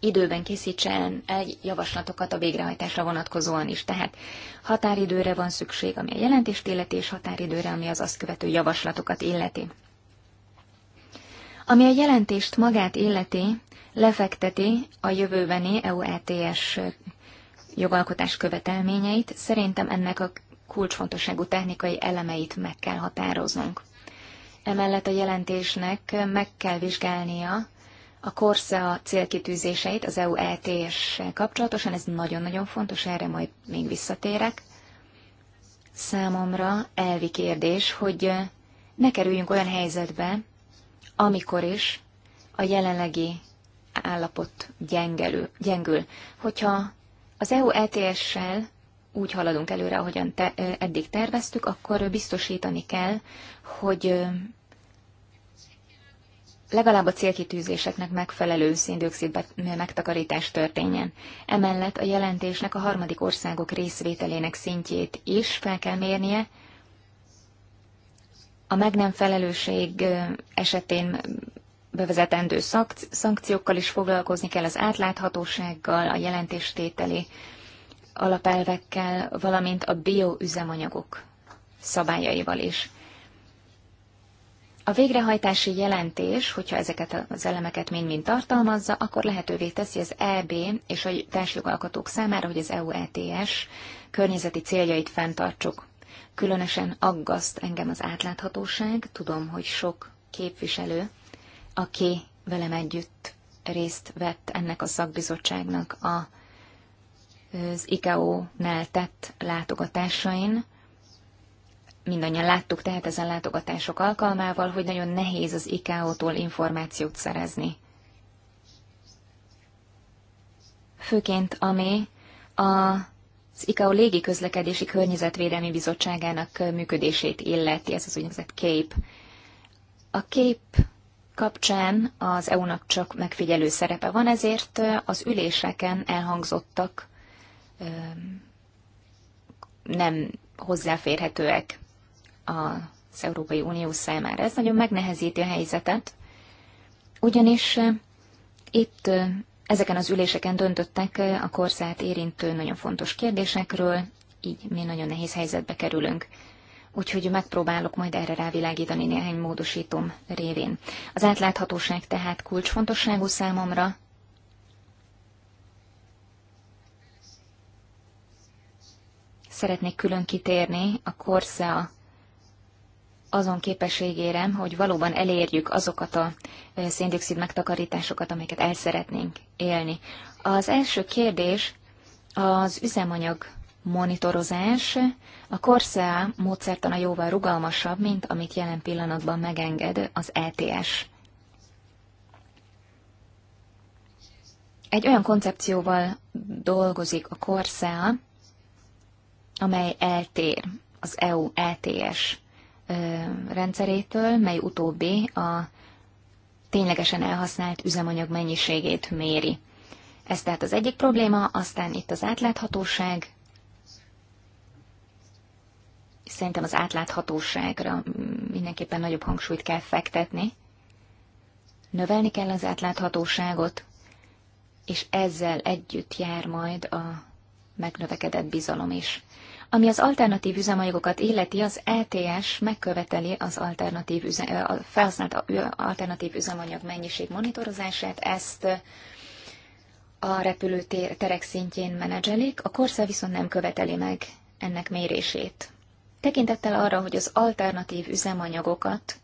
időben készítsen egy javaslatokat a végrehajtásra vonatkozóan is. Tehát határidőre van szükség, ami a jelentést illeti, és határidőre, ami az azt követő javaslatokat illeti. Ami a jelentést magát illeti, lefekteti a jövőbeni EU ETS jogalkotás követelményeit. Szerintem ennek a kulcsfontosságú technikai elemeit meg kell határoznunk. Emellett a jelentésnek meg kell vizsgálnia a Korsza célkitűzéseit az EU ets kapcsolatosan, ez nagyon-nagyon fontos, erre majd még visszatérek. Számomra elvi kérdés, hogy ne kerüljünk olyan helyzetbe, amikor is a jelenlegi állapot gyengelő, gyengül. Hogyha az EU ETS-sel úgy haladunk előre, ahogyan te, eddig terveztük, akkor biztosítani kell, hogy legalább a célkitűzéseknek megfelelő széndiokszid megtakarítás történjen. Emellett a jelentésnek a harmadik országok részvételének szintjét is fel kell mérnie, a meg nem felelőség esetén bevezetendő szankciókkal is foglalkozni kell, az átláthatósággal, a jelentéstételi alapelvekkel, valamint a bioüzemanyagok szabályaival is. A végrehajtási jelentés, hogyha ezeket az elemeket mind-mind tartalmazza, akkor lehetővé teszi az EB és a társjogalkotók számára, hogy az EU ETS környezeti céljait fenntartsuk. Különösen aggaszt engem az átláthatóság, tudom, hogy sok képviselő, aki velem együtt részt vett ennek a szakbizottságnak a az ICAO-nál tett látogatásain. Mindannyian láttuk tehát ezen látogatások alkalmával, hogy nagyon nehéz az ICAO-tól információt szerezni. Főként ami a az ICAO légiközlekedési környezetvédelmi bizottságának működését illeti, ez az úgynevezett CAPE. A CAPE kapcsán az EU-nak csak megfigyelő szerepe van, ezért az üléseken elhangzottak nem hozzáférhetőek az Európai Unió számára. Ez nagyon megnehezíti a helyzetet, ugyanis itt ezeken az üléseken döntöttek a korszát érintő nagyon fontos kérdésekről, így mi nagyon nehéz helyzetbe kerülünk. Úgyhogy megpróbálok majd erre rávilágítani néhány módosítom révén. Az átláthatóság tehát kulcsfontosságú számomra, szeretnék külön kitérni a Corsa azon képességére, hogy valóban elérjük azokat a széndiokszid megtakarításokat, amiket el szeretnénk élni. Az első kérdés az üzemanyag monitorozás. A Corsa módszertana jóval rugalmasabb, mint amit jelen pillanatban megenged az ETS. Egy olyan koncepcióval dolgozik a Corsa, amely eltér az EU ETS rendszerétől, mely utóbbi a ténylegesen elhasznált üzemanyag mennyiségét méri. Ez tehát az egyik probléma, aztán itt az átláthatóság. Szerintem az átláthatóságra mindenképpen nagyobb hangsúlyt kell fektetni. Növelni kell az átláthatóságot, és ezzel együtt jár majd a megnövekedett bizalom is. Ami az alternatív üzemanyagokat illeti, az ETS megköveteli az alternatív üze, a felhasznált alternatív üzemanyag mennyiség monitorozását, ezt a repülőterek szintjén menedzselik, a korsza viszont nem követeli meg ennek mérését. Tekintettel arra, hogy az alternatív üzemanyagokat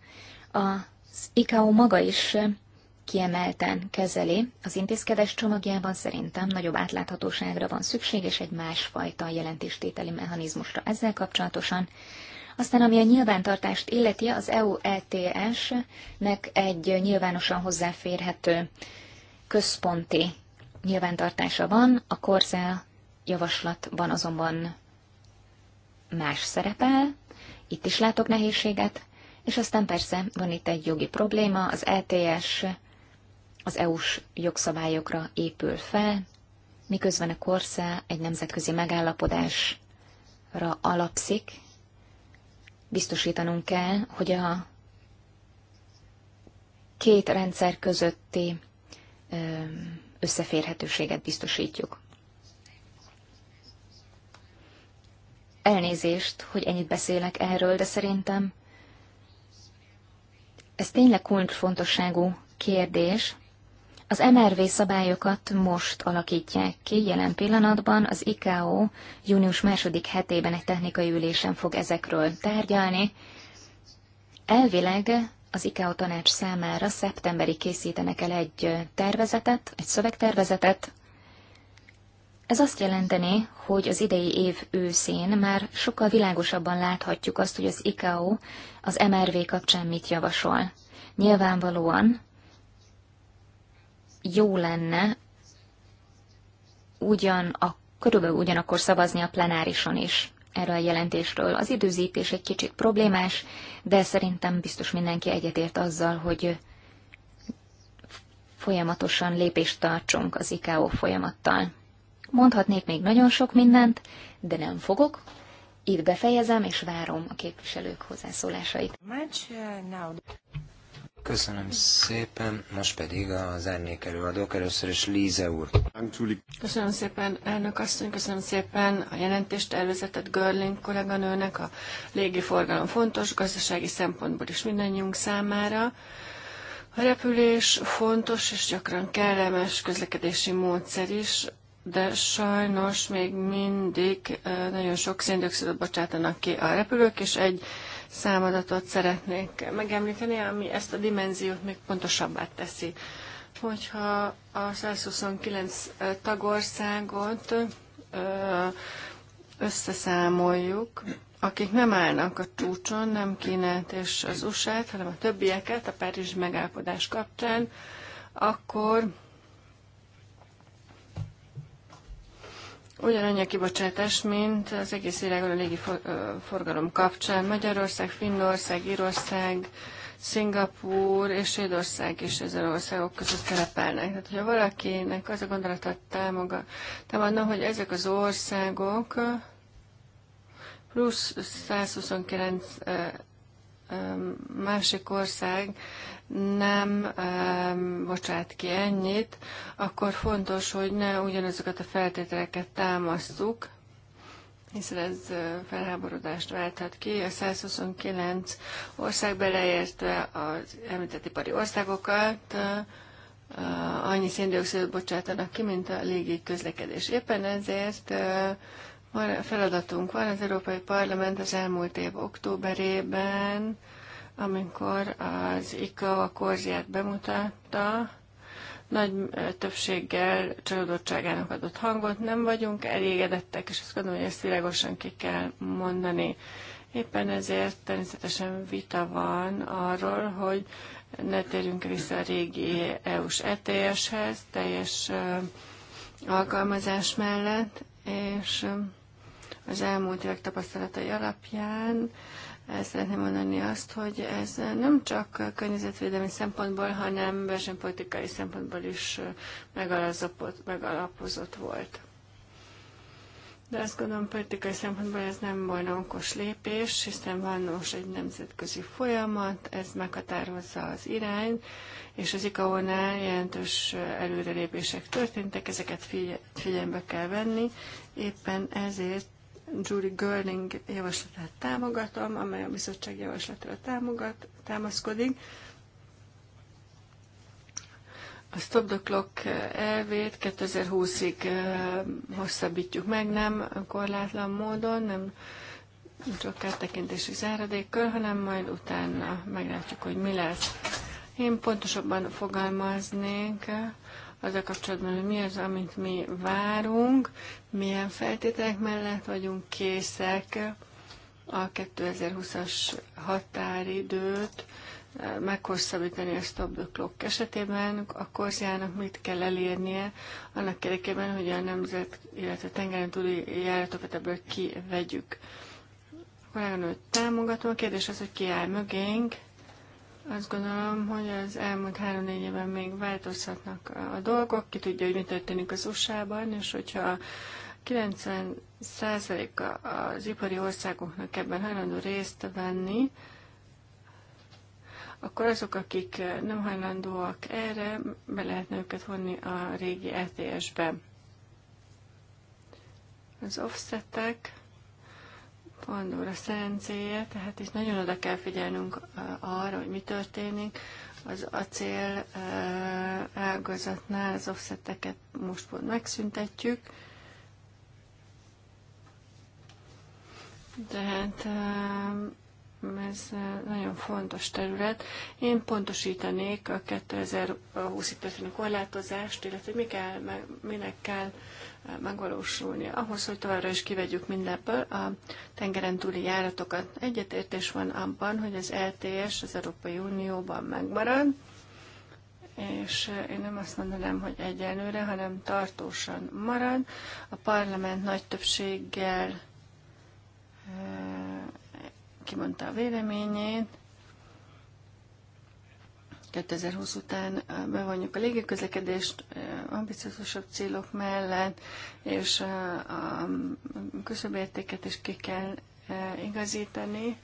az ICAO maga is kiemelten kezeli az intézkedés csomagjában, szerintem nagyobb átláthatóságra van szükség, és egy másfajta jelentéstételi mechanizmusra ezzel kapcsolatosan. Aztán, ami a nyilvántartást illeti, az EU ETS-nek egy nyilvánosan hozzáférhető központi nyilvántartása van, a Corsair javaslatban azonban más szerepel, itt is látok nehézséget, és aztán persze van itt egy jogi probléma, az ETS az EU-s jogszabályokra épül fel, miközben a Korszá egy nemzetközi megállapodásra alapszik. Biztosítanunk kell, hogy a két rendszer közötti összeférhetőséget biztosítjuk. Elnézést, hogy ennyit beszélek erről, de szerintem ez tényleg kulcsfontosságú kérdés, az MRV szabályokat most alakítják ki, jelen pillanatban az ICAO június második hetében egy technikai ülésen fog ezekről tárgyalni. Elvileg az ICAO tanács számára szeptemberi készítenek el egy tervezetet, egy szövegtervezetet. Ez azt jelenteni, hogy az idei év őszén már sokkal világosabban láthatjuk azt, hogy az ICAO az MRV kapcsán mit javasol. Nyilvánvalóan jó lenne ugyan a, körülbelül ugyanakkor szavazni a plenárison is erről a jelentésről. Az időzítés egy kicsit problémás, de szerintem biztos mindenki egyetért azzal, hogy folyamatosan lépést tartsunk az iko folyamattal. Mondhatnék még nagyon sok mindent, de nem fogok. Itt befejezem, és várom a képviselők hozzászólásait. Uh, Köszönöm szépen, most pedig az árnyék előadók, először is Líze úr. Köszönöm szépen, elnök asszony, köszönöm szépen a jelentést elvezetett Görling kolléganőnek, a légiforgalom fontos, gazdasági szempontból is mindannyiunk számára. A repülés fontos és gyakran kellemes közlekedési módszer is, de sajnos még mindig nagyon sok széndiokszidot bocsátanak ki a repülők, és egy számadatot szeretnék megemlíteni, ami ezt a dimenziót még pontosabbá teszi. Hogyha a 129 tagországot összeszámoljuk, akik nem állnak a csúcson, nem Kínát és az USA-t, hanem a többieket a Párizsi megállapodás kapcsán, akkor ugyanannyi a kibocsátás, mint az egész világon a légi forgalom kapcsán. Magyarország, Finnország, Írország, Szingapúr és Svédország is ezen országok között szerepelnek. Tehát, hogyha valakinek az a gondolatot támogat, támadna, hogy ezek az országok plusz 129 másik ország nem um, bocsát ki ennyit, akkor fontos, hogy ne ugyanazokat a feltételeket támasztjuk, hiszen ez felháborodást válthat ki. A 129 ország beleértve az említett ipari országokat annyi széndiokszidot bocsátanak ki, mint a légi közlekedés. Éppen ezért van, feladatunk van az Európai Parlament az elmúlt év októberében, amikor az IKA a korziát bemutatta, nagy többséggel csalódottságának adott hangot, nem vagyunk elégedettek, és azt gondolom, hogy ezt világosan ki kell mondani. Éppen ezért természetesen vita van arról, hogy ne térjünk vissza a régi EU-s ETS-hez, teljes alkalmazás mellett, és az elmúlt évek tapasztalatai alapján szeretném mondani azt, hogy ez nem csak környezetvédelmi szempontból, hanem versenypolitikai szempontból is megalapozott, megalapozott volt. De azt gondolom, politikai szempontból ez nem volna okos lépés, hiszen van most egy nemzetközi folyamat, ez meghatározza az irány, és az ICAO-nál jelentős előrelépések történtek, ezeket figy- figyelembe kell venni, éppen ezért Julie Görling javaslatát támogatom, amely a bizottság javaslatára támogat, támaszkodik. A stop the clock eh, elvét 2020-ig eh, hosszabbítjuk meg, nem korlátlan módon, nem csak kártekintési záradékkal, hanem majd utána meglátjuk, hogy mi lesz. Én pontosabban fogalmaznék azzal kapcsolatban, hogy mi az, amit mi várunk, milyen feltételek mellett vagyunk készek a 2020-as határidőt eh, meghosszabbítani a stop the clock esetében, a korziának mit kell elérnie annak érdekében, hogy a nemzet, illetve tengeren túli járatokat ebből kivegyük. Akkor támogatom, a kérdés az, hogy ki áll mögénk, azt gondolom, hogy az elmúlt három-négy évben még változhatnak a dolgok. Ki tudja, hogy mi történik az USA-ban, és hogyha 90%-a az ipari országoknak ebben hajlandó részt venni, akkor azok, akik nem hajlandóak erre, be lehetne őket vonni a régi ETS-be. Az offsetek Pandora szerencéje, tehát is nagyon oda kell figyelnünk arra, hogy mi történik. Az acél ágazatnál az offseteket most pont megszüntetjük, tehát ez nagyon fontos terület. Én pontosítanék a 2020 i történő korlátozást, illetve mi kell, minek kell megvalósulni. Ahhoz, hogy továbbra is kivegyük mindebből a tengeren túli járatokat. Egyetértés van abban, hogy az LTS e az Európai Unióban megmarad, és én nem azt mondanám, hogy egyenlőre, hanem tartósan marad. A parlament nagy többséggel eh, kimondta a véleményét, 2020 után bevonjuk a légiközlekedést ambiciózusabb célok mellett, és a küszöbértéket is ki kell igazítani.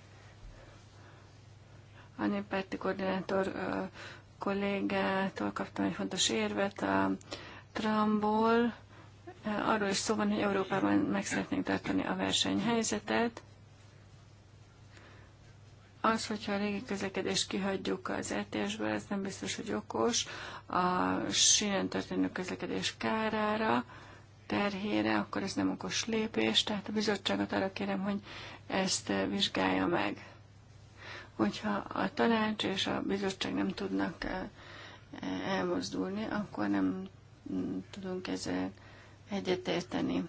A néppárti koordinátor kollégától kaptam egy fontos érvet a Trumpból. Arról is szó van, hogy Európában meg szeretnénk tartani a versenyhelyzetet, az, hogyha a régi közlekedést kihagyjuk az ETS-ből, ez nem biztos, hogy okos. A sínen történő közlekedés kárára, terhére, akkor ez nem okos lépés. Tehát a bizottságot arra kérem, hogy ezt vizsgálja meg. Hogyha a tanács és a bizottság nem tudnak eh, elmozdulni, akkor nem mm, tudunk ezzel egyetérteni.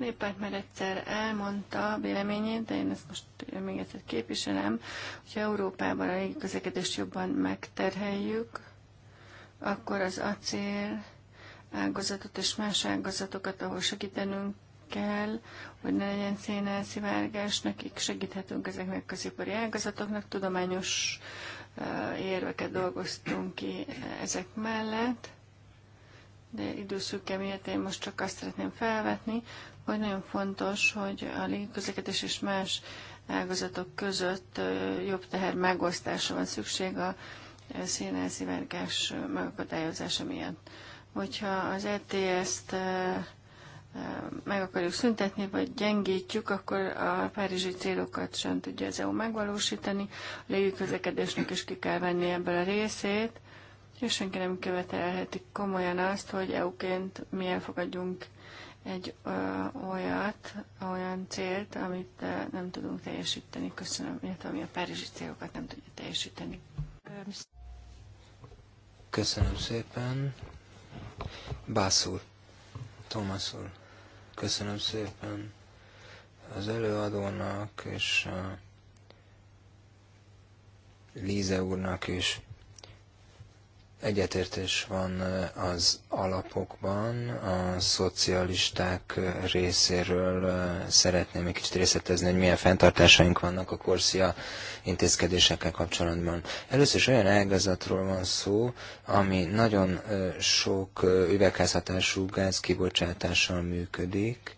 néppárt már egyszer elmondta véleményét, de én ezt most még egyszer képviselem, hogy Európában a légiközlekedést jobban megterheljük, akkor az acél ágazatot és más ágazatokat, ahol segítenünk kell, hogy ne legyen szénelszivárgás, nekik segíthetünk ezeknek a ipari ágazatoknak, tudományos érveket dolgoztunk ki ezek mellett, de időszüke miatt én most csak azt szeretném felvetni, hogy nagyon fontos, hogy a légiközlekedés és más ágazatok között jobb teher megosztása van szükség a szénelszivárgás megakadályozása miatt. Hogyha az ETS-t meg akarjuk szüntetni, vagy gyengítjük, akkor a párizsi célokat sem tudja az EU megvalósítani, a légiközlekedésnek is ki kell venni ebből a részét, és senki nem követelheti komolyan azt, hogy EU-ként mi elfogadjunk egy ö, olyat, olyan célt, amit ö, nem tudunk teljesíteni. Köszönöm, illetve ami a párizsi célokat nem tudja teljesíteni. Köszönöm szépen. Bászul, Thomas úr, köszönöm szépen az előadónak és a Líze úrnak is Egyetértés van az alapokban, a szocialisták részéről szeretném egy kicsit részletezni, hogy milyen fenntartásaink vannak a korszia intézkedésekkel kapcsolatban. Először is olyan ágazatról van szó, ami nagyon sok üvegházhatású gázkibocsátással működik,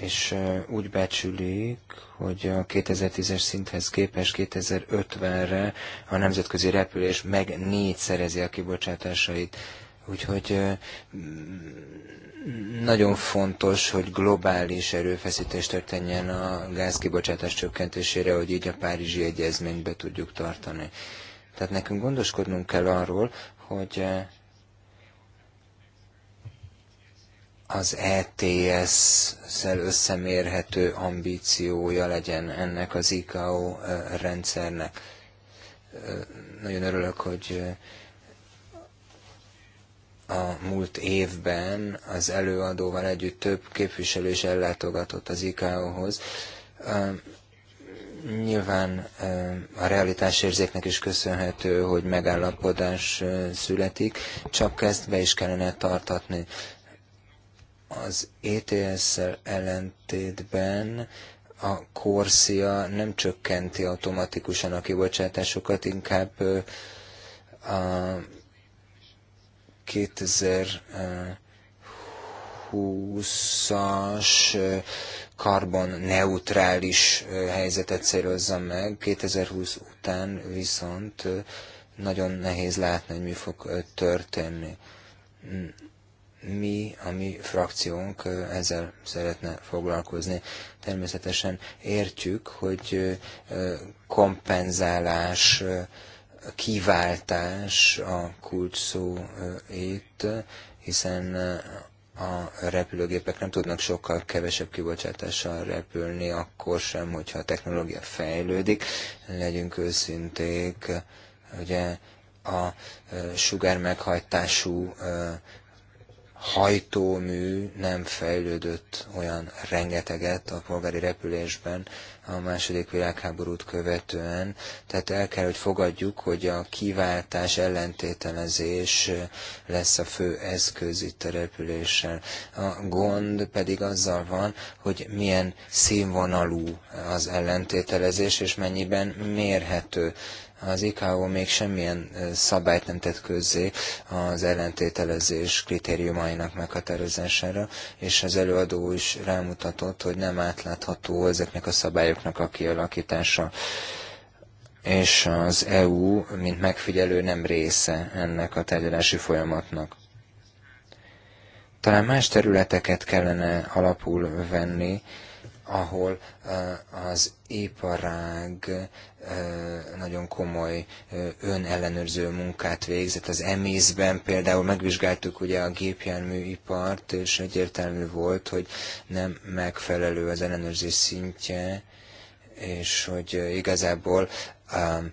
és úgy becsülik, hogy a 2010-es szinthez képest 2050-re a nemzetközi repülés meg szerezi a kibocsátásait. Úgyhogy nagyon fontos, hogy globális erőfeszítés történjen a gázkibocsátás csökkentésére, hogy így a Párizsi Egyezményt be tudjuk tartani. Tehát nekünk gondoskodnunk kell arról, hogy az ETS-szel összemérhető ambíciója legyen ennek az ICAO rendszernek. Nagyon örülök, hogy a múlt évben az előadóval együtt több képviselő is ellátogatott az ICAO-hoz. Nyilván a realitásérzéknek is köszönhető, hogy megállapodás születik, csak ezt be is kellene tartatni. Az ETS-szel ellentétben a korszia nem csökkenti automatikusan a kibocsátásokat, inkább a 2020-as karbonneutrális helyzetet célozza meg. 2020 után viszont nagyon nehéz látni, hogy mi fog történni mi, a mi frakciónk ezzel szeretne foglalkozni. Természetesen értjük, hogy kompenzálás, kiváltás a kulcs szó itt, hiszen a repülőgépek nem tudnak sokkal kevesebb kibocsátással repülni, akkor sem, hogyha a technológia fejlődik. Legyünk őszinték, ugye a sugár meghajtású hajtómű nem fejlődött olyan rengeteget a polgári repülésben a második világháborút követően, tehát el kell, hogy fogadjuk, hogy a kiváltás ellentételezés lesz a fő eszköz itt a repüléssel. A gond pedig azzal van, hogy milyen színvonalú az ellentételezés, és mennyiben mérhető az ICAO még semmilyen szabályt nem tett közzé az ellentételezés kritériumainak meghatározására, és az előadó is rámutatott, hogy nem átlátható ezeknek a szabályoknak a kialakítása és az EU, mint megfigyelő nem része ennek a tárgyalási folyamatnak. Talán más területeket kellene alapul venni, ahol az iparág nagyon komoly önellenőrző munkát végzett. Az emészben például megvizsgáltuk ugye a gépjárműipart, és egyértelmű volt, hogy nem megfelelő az ellenőrzés szintje, és hogy igazából um,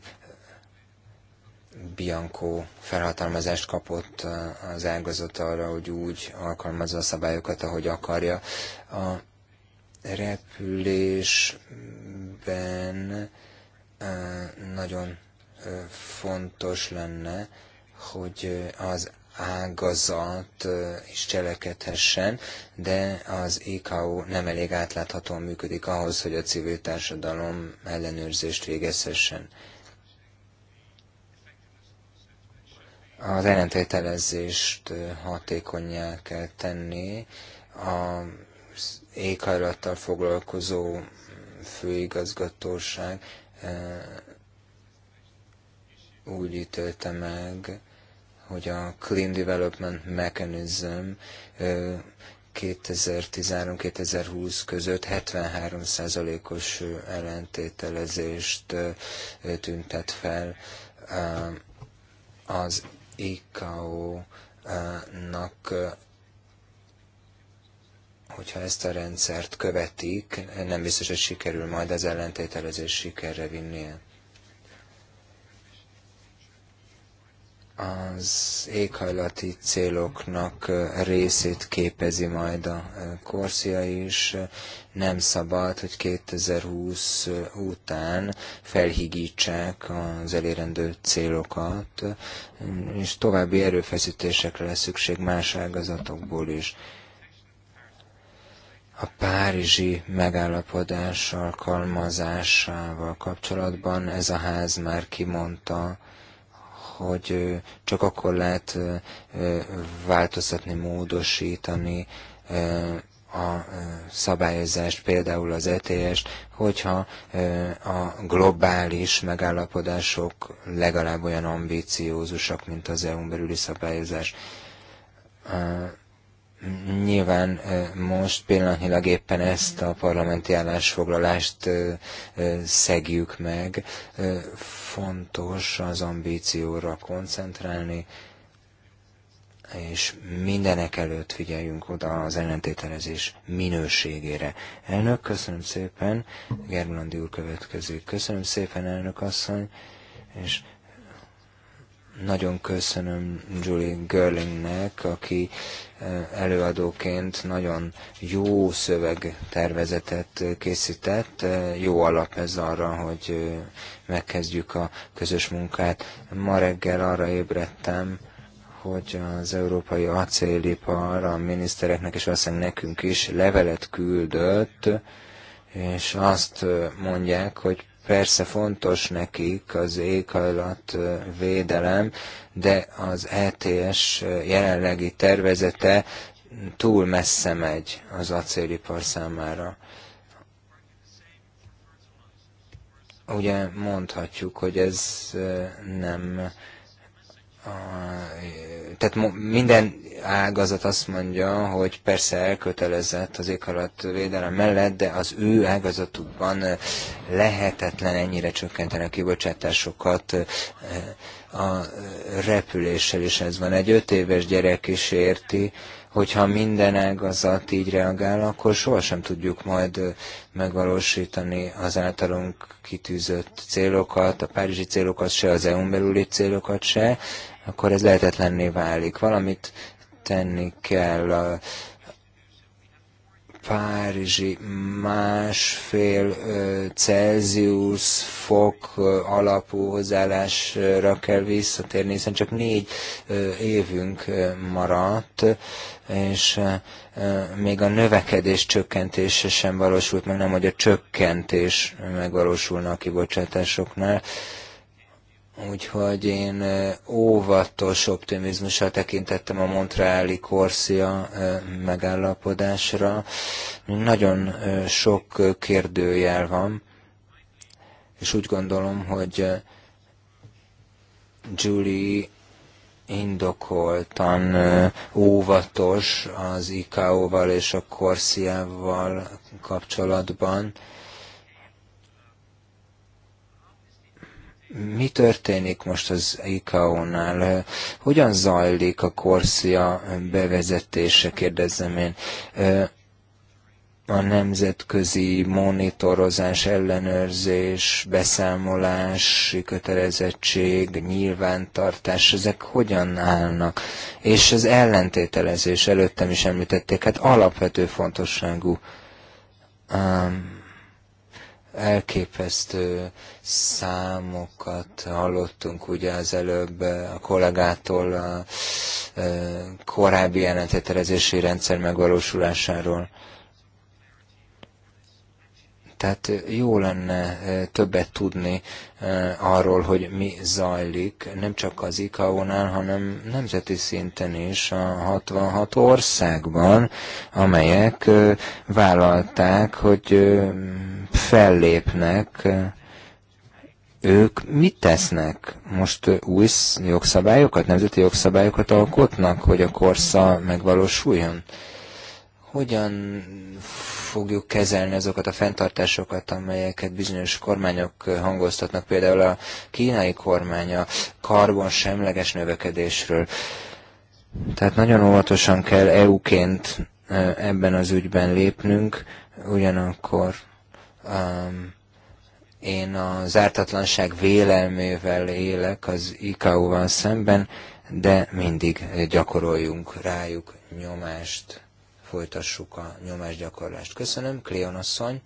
Bianco felhatalmazást kapott az ágazat arra, hogy úgy alkalmazza a szabályokat, ahogy akarja. A repülésben nagyon fontos lenne, hogy az ágazat is cselekedhessen, de az IKO nem elég átláthatóan működik ahhoz, hogy a civil társadalom ellenőrzést végezhessen. Az ellentételezést hatékonyá kell tenni, az éghajlattal foglalkozó főigazgatóság úgy ítélte meg, hogy a Clean Development Mechanism 2013-2020 között 73%-os ellentételezést tüntet fel az ICAO-nak hogyha ezt a rendszert követik, nem biztos, hogy sikerül majd az ellentételezés sikerre vinnie. Az éghajlati céloknak részét képezi majd a korszia is. Nem szabad, hogy 2020 után felhigítsák az elérendő célokat, és további erőfeszítésekre lesz szükség más ágazatokból is a párizsi megállapodás alkalmazásával kapcsolatban ez a ház már kimondta, hogy csak akkor lehet változtatni, módosítani a szabályozást, például az ETS-t, hogyha a globális megállapodások legalább olyan ambíciózusak, mint az EU-n belüli szabályozás Nyilván most pillanatnyilag éppen ezt a parlamenti állásfoglalást szegjük meg. Fontos az ambícióra koncentrálni, és mindenek előtt figyeljünk oda az ellentételezés minőségére. Elnök, köszönöm szépen, Gerbrandi úr következő. Köszönöm szépen, elnök asszony, és nagyon köszönöm Julie Görlingnek, aki eh, előadóként nagyon jó szövegtervezetet készített. Eh, jó alap ez arra, hogy eh, megkezdjük a közös munkát. Ma reggel arra ébredtem, hogy az európai acélipar a minisztereknek és valószínűleg nekünk is levelet küldött, és azt mondják, hogy Persze fontos nekik az éghajlat védelem, de az ETS jelenlegi tervezete túl messze megy az acélipar számára. Ugye mondhatjuk, hogy ez eh, nem tehát minden ágazat azt mondja, hogy persze elkötelezett az védelem mellett, de az ő ágazatukban lehetetlen ennyire csökkenteni a kibocsátásokat a repüléssel is ez van. Egy öt éves gyerek is érti, hogyha minden ágazat így reagál, akkor sohasem tudjuk majd megvalósítani az általunk kitűzött célokat, a párizsi célokat se, az EU-n belüli célokat se, akkor ez lehetetlenné válik. Valamit tenni kell a párizsi másfél Celsius fok alapú hozzáállásra kell visszatérni, hiszen csak négy évünk maradt, és még a növekedés csökkentése sem valósult meg, nem hogy a csökkentés megvalósulna a kibocsátásoknál. Úgyhogy én óvatos optimizmussal tekintettem a Montreali Korszia megállapodásra. Nagyon sok kérdőjel van, és úgy gondolom, hogy Julie indokoltan óvatos az ICAO-val és a Korsziával kapcsolatban. mi történik most az ICAO-nál? Hogyan zajlik a korszia bevezetése, kérdezem én. A nemzetközi monitorozás, ellenőrzés, beszámolási kötelezettség, nyilvántartás, ezek hogyan állnak? És az ellentételezés, előttem is említették, hát alapvető fontosságú. Um, elképesztő számokat hallottunk ugye az előbb eh, a kollégától a eh, korábbi jelentételezési rendszer megvalósulásáról. Tehát jó lenne e, többet tudni e, arról, hogy mi zajlik, nem csak az ICAO-nál, hanem nemzeti szinten is a 66 országban, amelyek e, vállalták, hogy fellépnek ők mit tesznek? Most új jogszabályokat, nemzeti jogszabályokat alkotnak, hogy a korsza megvalósuljon? hogyan fogjuk kezelni azokat a fenntartásokat, amelyeket bizonyos kormányok hangoztatnak, például a kínai kormány a karbon semleges növekedésről. Tehát nagyon óvatosan kell EU-ként ebben az ügyben lépnünk, ugyanakkor um, én az ártatlanság vélelmével élek az ICAO-val szemben, de mindig gyakoroljunk rájuk nyomást folytassuk a nyomásgyakorlást. Köszönöm, Kleon asszony.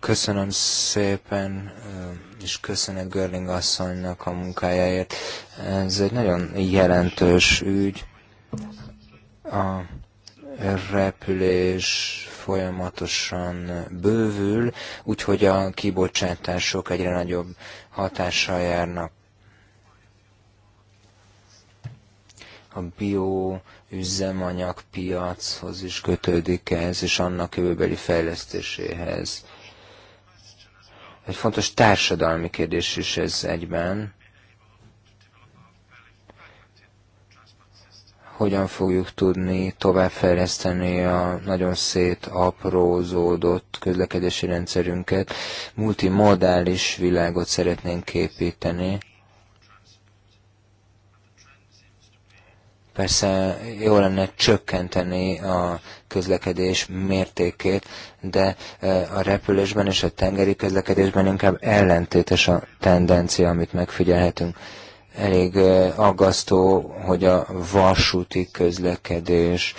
Köszönöm szépen, és köszönet Görling asszonynak a munkájáért. Ez egy nagyon jelentős ügy. A repülés folyamatosan bővül, úgyhogy a kibocsátások egyre nagyobb hatással járnak a bio üzemanyag piachoz is kötődik ez, és annak jövőbeli fejlesztéséhez. Egy fontos társadalmi kérdés is ez egyben. Hogyan fogjuk tudni továbbfejleszteni a nagyon szét aprózódott közlekedési rendszerünket? Multimodális világot szeretnénk képíteni Persze jó lenne csökkenteni a közlekedés mértékét, de e, a repülésben és a tengeri közlekedésben inkább ellentétes a tendencia, amit megfigyelhetünk. Elég e, aggasztó, hogy a vasúti közlekedés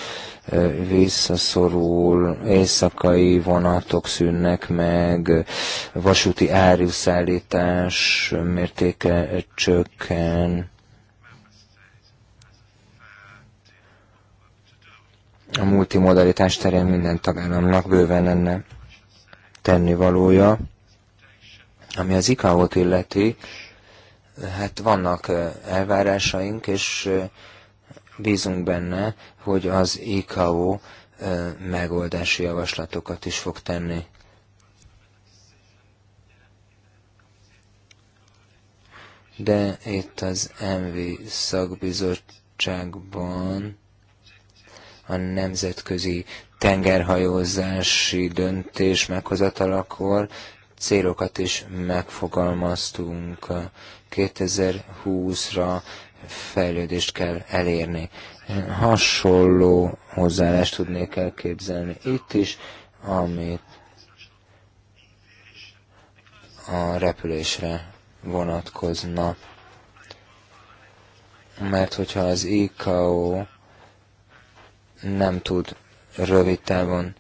e, visszaszorul, éjszakai vonatok szűnnek meg, vasúti áruszállítás mértéke csökken a multimodalitás terén minden tagállamnak bőven lenne tennivalója. Ami az ICAO-t illeti, hát vannak elvárásaink, és bízunk benne, hogy az ICAO megoldási javaslatokat is fog tenni. De itt az MV szakbizottságban a nemzetközi tengerhajózási döntés meghozatalakor célokat is megfogalmaztunk. 2020-ra fejlődést kell elérni. Hasonló hozzáállást tudnék elképzelni itt is, amit a repülésre vonatkozna. Mert hogyha az ICAO nem tud rövid távon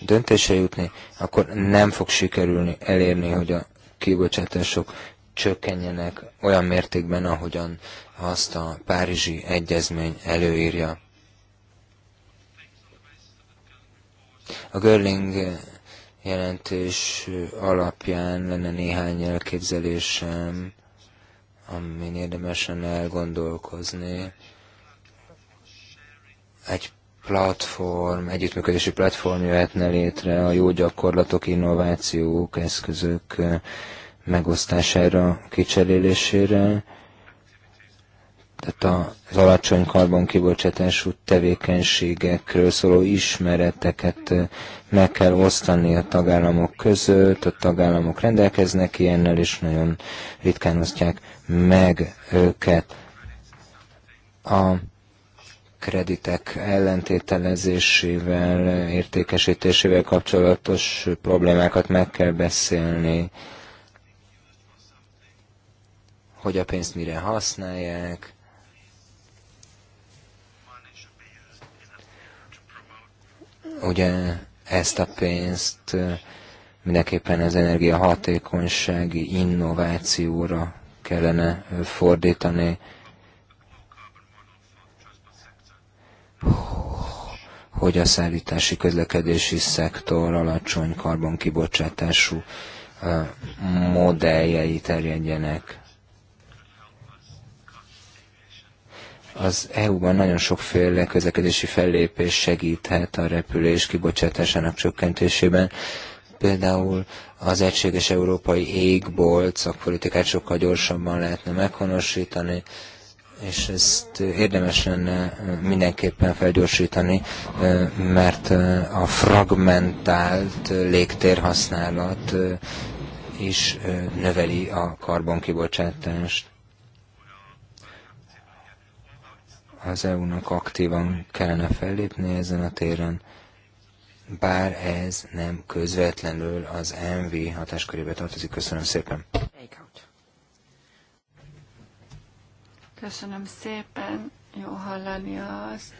döntése jutni, akkor nem fog sikerülni elérni, hogy a kibocsátások csökkenjenek olyan mértékben, ahogyan azt a Párizsi Egyezmény előírja. A Görling jelentés alapján lenne néhány elképzelésem, amin érdemesen elgondolkozni egy platform, együttműködési platform jöhetne létre a jó gyakorlatok, innovációk, eszközök megosztására, kicserélésére. Tehát az alacsony karbonkibocsátású tevékenységekről szóló ismereteket meg kell osztani a tagállamok között, a tagállamok rendelkeznek ilyennel, és nagyon ritkán osztják meg őket. A kreditek ellentételezésével, értékesítésével kapcsolatos problémákat meg kell beszélni, hogy a pénzt mire használják, ugye ezt a pénzt mindenképpen az energiahatékonysági innovációra kellene fordítani, hogy a szállítási közlekedési szektor alacsony karbonkibocsátású modelljei terjedjenek. Az EU-ban nagyon sokféle közlekedési fellépés segíthet a repülés kibocsátásának csökkentésében. Például az egységes európai égbolt szakpolitikát sokkal gyorsabban lehetne meghonosítani, és ezt érdemes lenne mindenképpen felgyorsítani, mert a fragmentált légtérhasználat is növeli a karbonkibocsátást. Az EU-nak aktívan kellene fellépni ezen a téren, bár ez nem közvetlenül az MV hatáskörébe tartozik. Köszönöm szépen. Köszönöm szépen, jó hallani azt,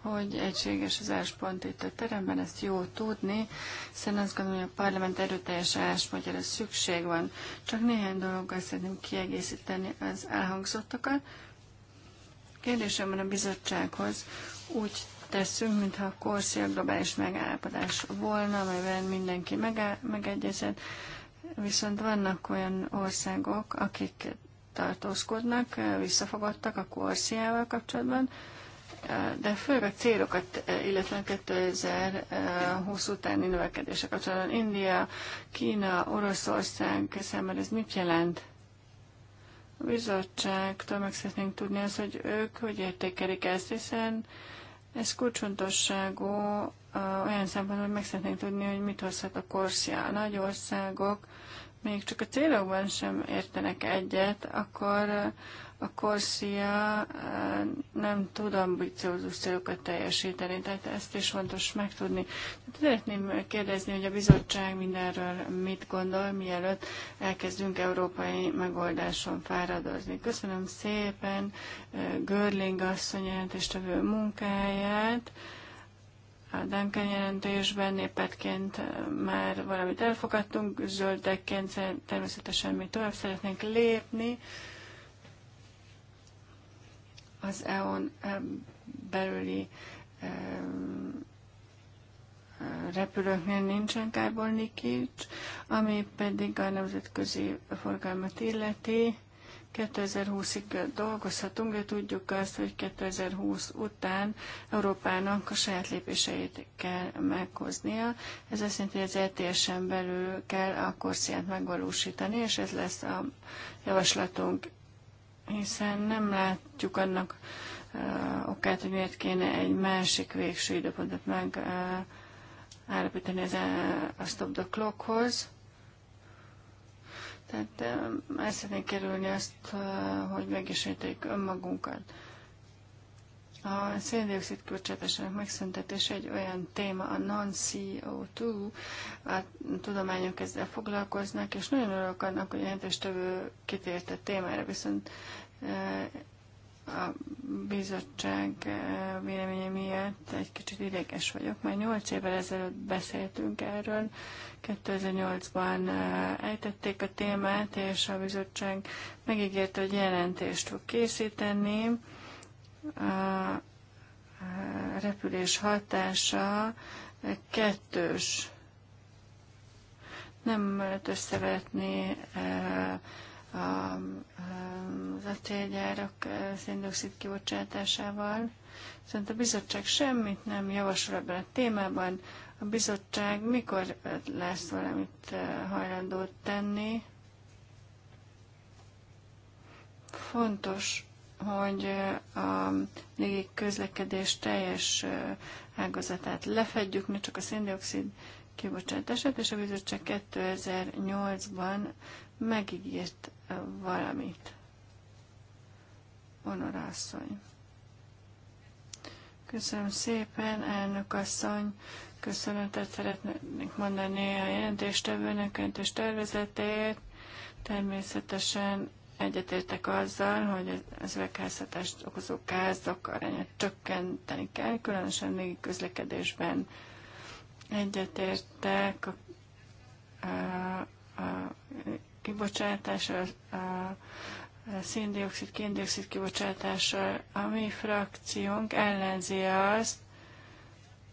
hogy egységes az álláspont itt a teremben, ezt jó tudni, hiszen azt gondolom, hogy a parlament erőteljes álláspontjára szükség van. Csak néhány dologgal szeretném kiegészíteni az elhangzottakat. Kérdésem van a bizottsághoz. Úgy teszünk, mintha a Corsia globális megállapodás volna, amelyben mindenki megáll, megegyezett, viszont vannak olyan országok, akik tartózkodnak, visszafogottak a korsziával kapcsolatban, de főleg a célokat, illetve 2020 utáni növekedése kapcsolatban India, Kína, Oroszország számára ez mit jelent? A bizottságtól meg szeretnénk tudni az, hogy ők hogy értékelik ezt, hiszen ez kulcsontosságú olyan szempontból, hogy meg szeretnénk tudni, hogy mit hozhat a korszia. A nagy országok még csak a célokban sem értenek egyet, akkor a korszia nem tud ambiciózus célokat teljesíteni, tehát ezt is fontos megtudni. Tehát szeretném kérdezni, hogy a bizottság mindenről mit gondol, mielőtt elkezdünk európai megoldáson fáradozni. Köszönöm szépen Görling asszony tevő munkáját a Duncan jelentésben népetként eh, már valamit elfogadtunk, zöldekként természetesen mi tovább szeretnénk lépni az EON eh, belüli eh, repülőknél nincsen kábor ami pedig a nemzetközi forgalmat illeti. 2020-ig dolgozhatunk, de tudjuk azt, hogy 2020 után Európának a saját lépéseit kell meghoznia. Ez azt jelenti, hogy az ETS-en belül kell a korsziát megvalósítani, és ez lesz a javaslatunk, hiszen nem látjuk annak uh, okát, hogy miért kéne egy másik végső időpontot megállapítani eh, uh, az, eh, a stop the clockhoz. Tehát el szeretnénk kerülni azt, hogy megismerjük önmagunkat. A széndiokszid kibocsátásának megszüntetés egy olyan téma, a non-CO2, a tudományok ezzel foglalkoznak, és nagyon örülök annak, hogy jelentős többő a témára, viszont a bizottság eh, véleménye miatt egy kicsit ideges vagyok. Már 8 évvel ezelőtt beszéltünk erről, 2008-ban eh, ejtették a témát, és a bizottság megígérte, hogy jelentést fog készíteni. A eh, repülés hatása kettős. Nem lehet összevetni a, um, az acélgyárak uh, széndiokszid kibocsátásával. Viszont a bizottság semmit nem javasol ebben a témában. A bizottság mikor uh, lesz valamit uh, hajlandó tenni? Fontos, hogy a légi közlekedés teljes ágazatát lefedjük, ne csak a széndiokszid kibocsátását, és a bizottság 2008-ban megígért valamit. Honorászony. Köszönöm szépen, elnök asszony. Köszönetet szeretnék mondani a jelentéstevőnek, és tervezetét. Természetesen egyetértek azzal, hogy az üvegházhatást okozó gázok arányát csökkenteni kell, különösen még közlekedésben egyetértek a, a, a kibocsátása, a széndiokszid, kéndiokszid kibocsátása. A mi frakciónk ellenzi azt,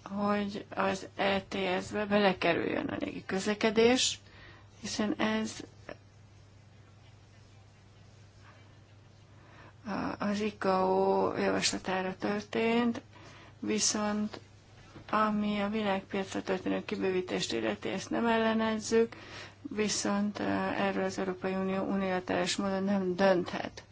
hogy az ETS-be belekerüljön a légi közlekedés, hiszen ez az ICAO javaslatára történt, viszont ami a világpiacra történő kibővítést illeti, ezt nem ellenezzük, viszont eh, erről az Európai Unió unilaterális módon nem dönthet.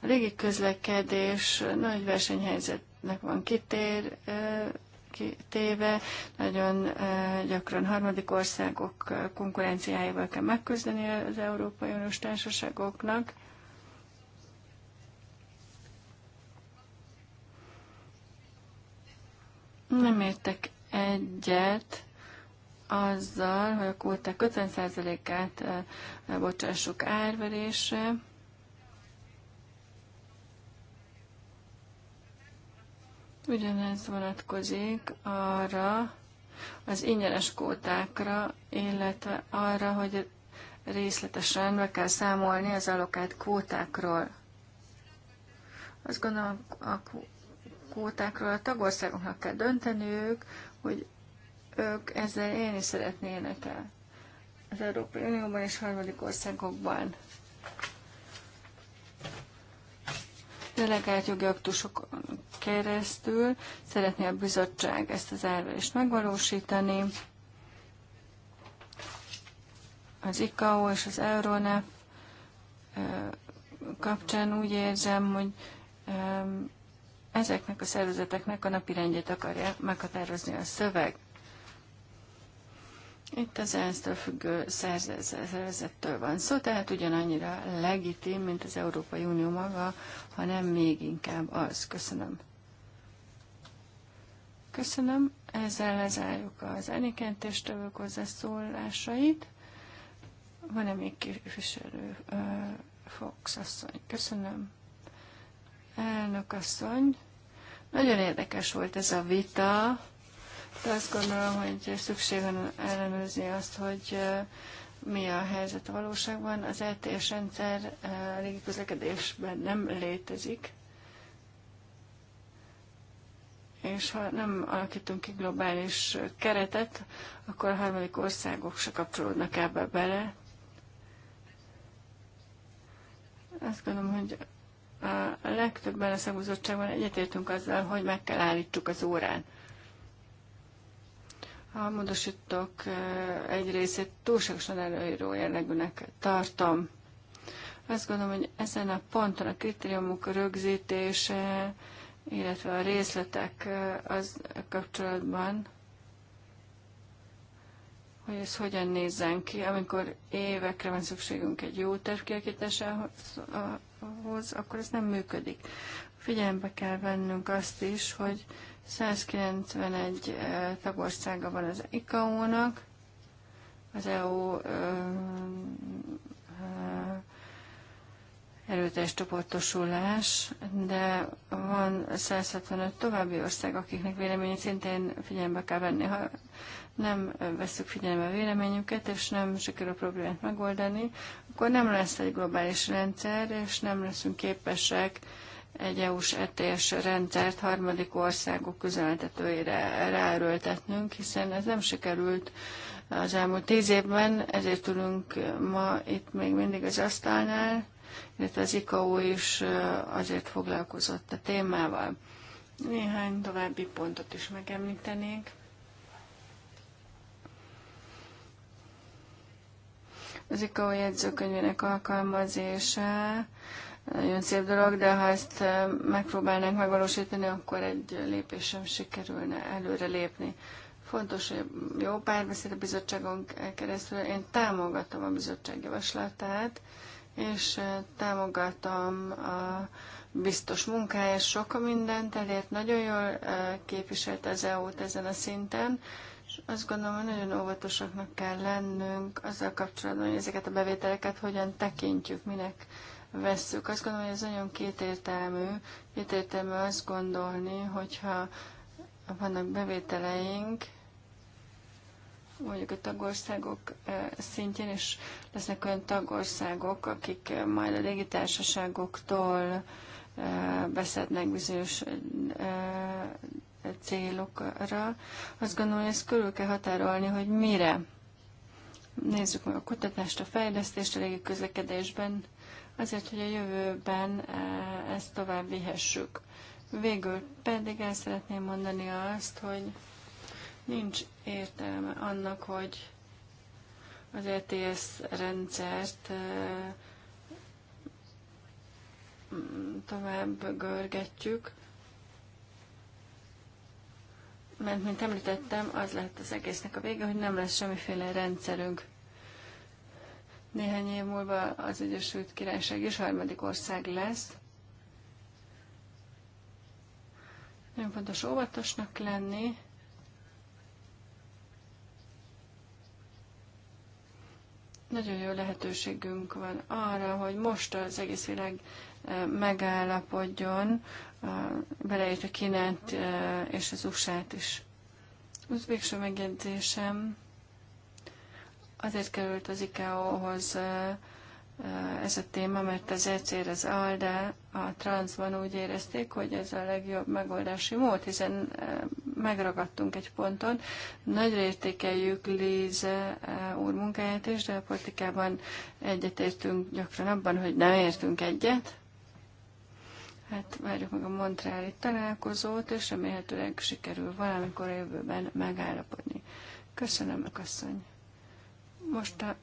A légi közlekedés nagy versenyhelyzetnek van kitér, eh, kitéve, nagyon eh, gyakran harmadik országok konkurenciájával kell megküzdeni az Európai Uniós társaságoknak. Nem értek egyet azzal, hogy a kulták 50%-át bocsássuk árverésre, Ugyanez vonatkozik arra az ingyenes kótákra, illetve arra, hogy részletesen be kell számolni az alokált kótákról. Azt gondolom, a kótákról a tagországoknak kell dönteniük, hogy ők ezzel élni szeretnének el az Európai Unióban és harmadik országokban. Delegált jogi aktusokon keresztül szeretné a bizottság ezt az is megvalósítani. Az ICAO és az Euronef kapcsán úgy érzem, hogy ezeknek a szervezeteknek a napirendjét akarja meghatározni a szöveg. Itt az ENSZ-től függő szervezettől van szó, tehát ugyanannyira legitim, mint az Európai Unió maga, hanem még inkább az. Köszönöm. Köszönöm. Ezzel lezárjuk az tövök hozzászólásait. Van-e még képviselő Fox asszony? Köszönöm. Elnök asszony. Nagyon érdekes volt ez a vita de azt gondolom, hogy szükség van ellenőrizni azt, hogy mi a helyzet a valóságban. Az LTS e rendszer a légi közlekedésben nem létezik, és ha nem alakítunk ki globális keretet, akkor a harmadik országok se kapcsolódnak ebbe bele. Azt gondolom, hogy a legtöbben a szakbizottságban egyetértünk azzal, hogy meg kell állítsuk az órán. A módosítók egy részét túlságosan előíró jellegűnek tartom. Azt gondolom, hogy ezen a ponton a kritériumok rögzítése, illetve a részletek az kapcsolatban, hogy ez hogyan nézzen ki, amikor évekre van szükségünk egy jó terv kialakításához, akkor ez nem működik. Figyelembe kell vennünk azt is, hogy 191 tagországa van az ICAO-nak, az EU erőteljes csoportosulás, de van 165 további ország, akiknek véleményét szintén figyelembe kell venni. Ha nem veszük figyelembe a véleményüket, és nem sikerül a problémát megoldani, akkor nem lesz egy globális rendszer, és nem leszünk képesek uh, egy EU-s ETS rendszert harmadik országok üzemeltetőire ráerőltetnünk, hiszen ez nem sikerült az elmúlt tíz évben, ezért tudunk ma itt még mindig az asztalnál, illetve az ICAO is azért foglalkozott a témával. Néhány további pontot is megemlítenék. Az ICAO jegyzőkönyvének alkalmazása nagyon szép dolog, de ha ezt megpróbálnánk megvalósítani, akkor egy lépés sem sikerülne előre lépni. Fontos, hogy jó párbeszéd a bizottságon keresztül. Én támogatom a bizottság javaslatát, és támogatom a biztos munkája, sok mindent elért, nagyon jól képviselt az EU-t ezen a szinten, és azt gondolom, hogy nagyon óvatosaknak kell lennünk azzal kapcsolatban, hogy ezeket a bevételeket hogyan tekintjük, minek vesszük. Azt gondolom, hogy ez nagyon kétértelmű. Kétértelmű azt gondolni, hogyha vannak bevételeink, mondjuk a tagországok eh, szintjén, és lesznek olyan tagországok, akik eh, majd a légitársaságoktól eh, beszednek bizonyos célokra. Azt gondolom, hogy ezt körül kell határolni, hogy mire. Nézzük meg a kutatást, a fejlesztést a légi közlekedésben azért, hogy a jövőben e, ezt tovább vihessük. Végül pedig el szeretném mondani azt, hogy nincs értelme annak, hogy az ETS rendszert e, tovább görgetjük, mert, mint említettem, az lehet az egésznek a vége, hogy nem lesz semmiféle rendszerünk. Néhány év múlva az Egyesült Királyság is harmadik ország lesz. Nagyon fontos óvatosnak lenni. Nagyon jó lehetőségünk van arra, hogy most az egész világ e, megállapodjon, e, beleértve Kínát e, és az USA-t is. Az végső megjegyzésem Azért került az ikea hoz ez a téma, mert az ECR, az ALDE, a transzban úgy érezték, hogy ez a legjobb megoldási mód, hiszen megragadtunk egy ponton. Nagyra értékeljük Liz úr munkáját is, de a politikában egyetértünk gyakran abban, hogy nem értünk egyet. Hát várjuk meg a Montreali találkozót, és remélhetőleg sikerül valamikor a jövőben megállapodni. Köszönöm, asszony! Most a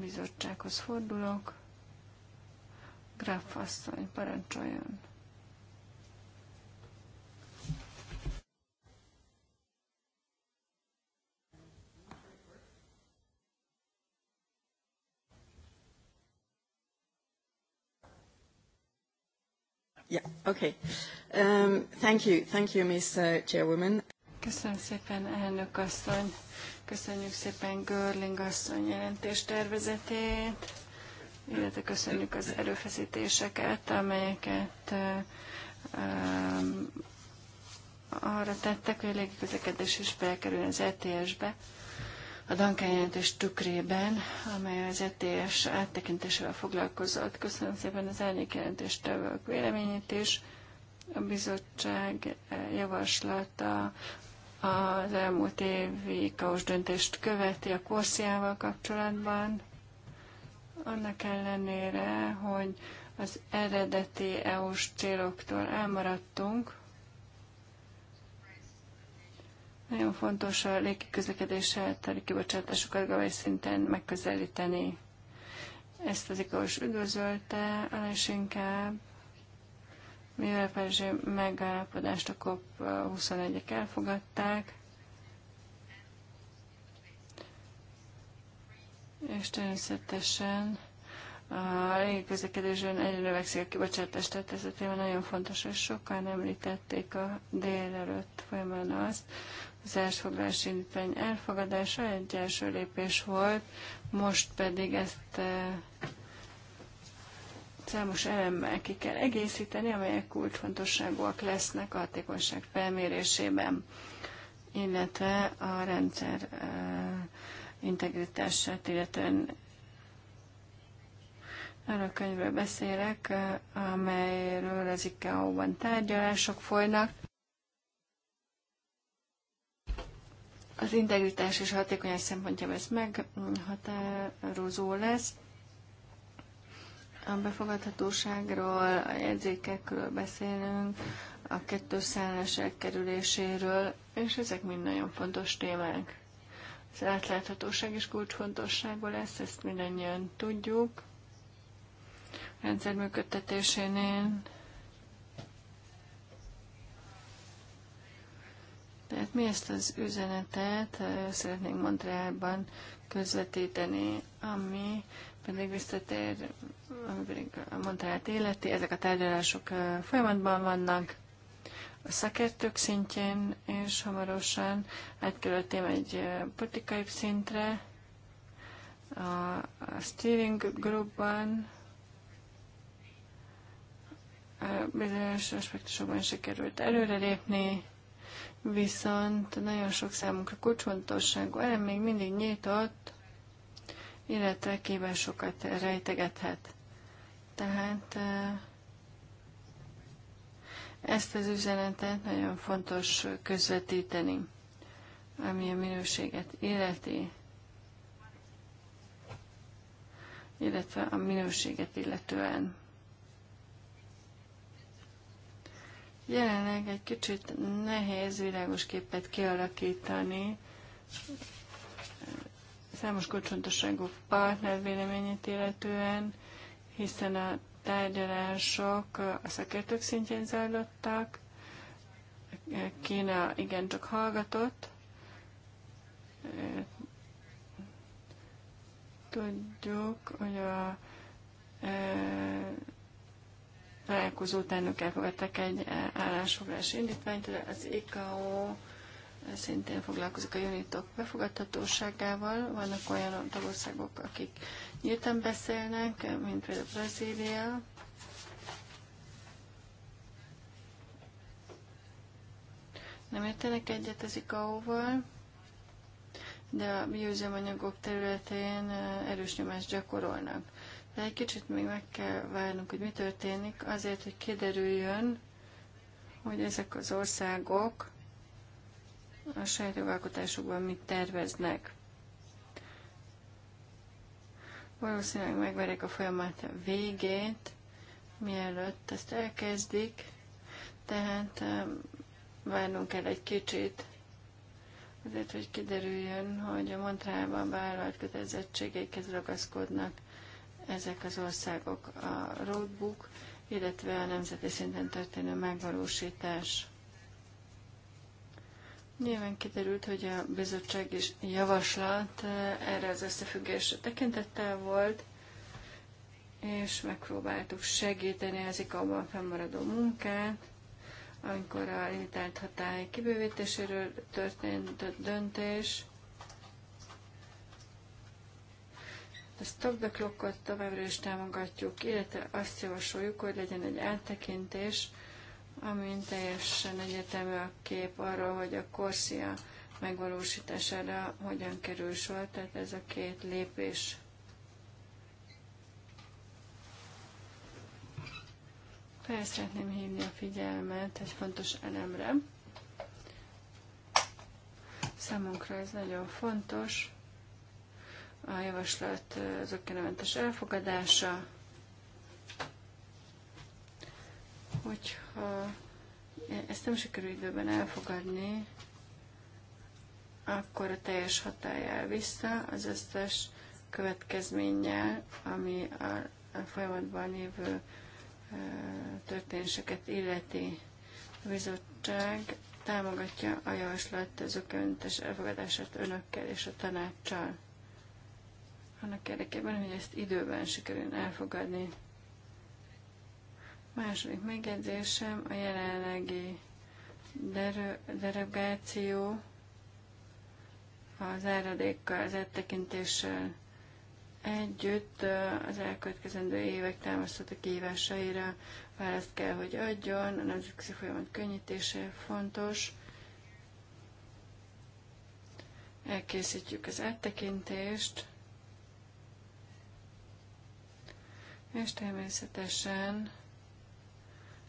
bizottsághoz fordulok. Graf asszony, parancsoljon! Yeah, okay. Um, thank you, thank you, Ms. Uh, Chairwoman. Köszönöm szépen, elnök asszony. Köszönjük szépen Görling asszony jelentés tervezetét, illetve köszönjük az erőfeszítéseket, amelyeket um, arra tettek, hogy a légiközlekedés is bekerül az ETS-be, a Dankán jelentés tükrében, amely az ETS áttekintésével foglalkozott. Köszönöm szépen az elnék jelentéstevők véleményét is. A bizottság eh, javaslata az elmúlt évi kaos döntést követi a korsziával kapcsolatban, annak ellenére, hogy az eredeti EU-s céloktól elmaradtunk, nagyon fontos a közlekedéssel teli kibocsátásokat gavai szinten megközelíteni. Ezt az ikos e is üdvözölte, és inkább mivel a Párizsi megállapodást a COP21-ek elfogadták, és természetesen a közlekedésben egyre növekszik a kibocsátás, tehát ez a téma nagyon fontos, és sokan említették a délelőtt folyamán azt, az elsfoglalás indítvány elfogadása egy első lépés volt, most pedig ezt eh, Számos elemmel ki kell egészíteni, amelyek kulcsfontosságúak lesznek a hatékonyság felmérésében, illetve a rendszer eh, integritását, illetően arra a könyvről beszélek, eh, amelyről az ICAO-ban tárgyalások folynak. Az integritás és hatékonyság szempontjából ez meghatározó lesz a befogadhatóságról, a jegyzékekről beszélünk, a kettős szállás elkerüléséről, és ezek mind nagyon fontos témák. Az átláthatóság is kulcsfontosságú lesz, ezt mindannyian tudjuk. A rendszer működtetésénél Tehát mi ezt az üzenetet szeretnénk Montrealban közvetíteni, ami pedig visszatér, ami a Monterát életi, ezek a tárgyalások folyamatban vannak a szakértők szintjén, és hamarosan átkerültem egy politikai szintre, a, a steering groupban, bizonyos aspektusokban sikerült előrelépni, viszont nagyon sok számunkra kulcsfontosságú elem még mindig nyitott, illetve sokat rejtegethet. Tehát ezt az üzenetet nagyon fontos közvetíteni, ami a minőséget illeti, illetve a minőséget illetően. Jelenleg egy kicsit nehéz világos képet kialakítani számos kulcsontosságú partner véleményét illetően, hiszen a tárgyalások a szakértők szintjén zajlottak, Kína igencsak hallgatott, tudjuk, hogy a e, találkozó után ők elfogadtak egy állásfoglalási indítványt, az IKO szintén foglalkozik a jonitok befogadhatóságával. Vannak olyan tagországok, akik nyíltan beszélnek, mint például Brazília. Nem értenek egyet az ICAO-val, de a bioüzemanyagok területén erős nyomást gyakorolnak. De egy kicsit még meg kell várnunk, hogy mi történik, azért, hogy kiderüljön, hogy ezek az országok a saját jogalkotásukban mit terveznek. Valószínűleg megverek a folyamat végét, mielőtt ezt elkezdik, tehát várnunk kell egy kicsit, azért, hogy kiderüljön, hogy a Montrában vállalt kötelezettségeikhez ragaszkodnak ezek az országok a roadbook, illetve a nemzeti szinten történő megvalósítás. Nyilván kiderült, hogy a bizottság is javaslat eh, erre az összefüggésre tekintettel volt, és megpróbáltuk segíteni az abban fennmaradó munkát, amikor a limitált hatály kibővítéséről történt döntés. A stop the clockot továbbra is támogatjuk, illetve azt javasoljuk, hogy legyen egy áttekintés amin teljesen egyetemű a kép arról, hogy a korszia megvalósítására hogyan kerül sor, tehát ez a két lépés. Fel szeretném hívni a figyelmet egy fontos elemre. Számunkra ez nagyon fontos. A javaslat zöggenőmentes elfogadása, hogyha ezt nem sikerül időben elfogadni, akkor a teljes hatájára vissza az összes következménnyel, ami a folyamatban lévő történéseket illeti. A bizottság támogatja a javaslat zököntes elfogadását önökkel és a tanácssal. Annak érdekében, hogy ezt időben sikerül elfogadni. Második megjegyzésem a jelenlegi derogáció az áradékkal, az áttekintéssel együtt az elkövetkezendő évek támasztott kívásaira választ kell, hogy adjon. A nemzetközi folyamat könnyítése fontos. Elkészítjük az áttekintést, és természetesen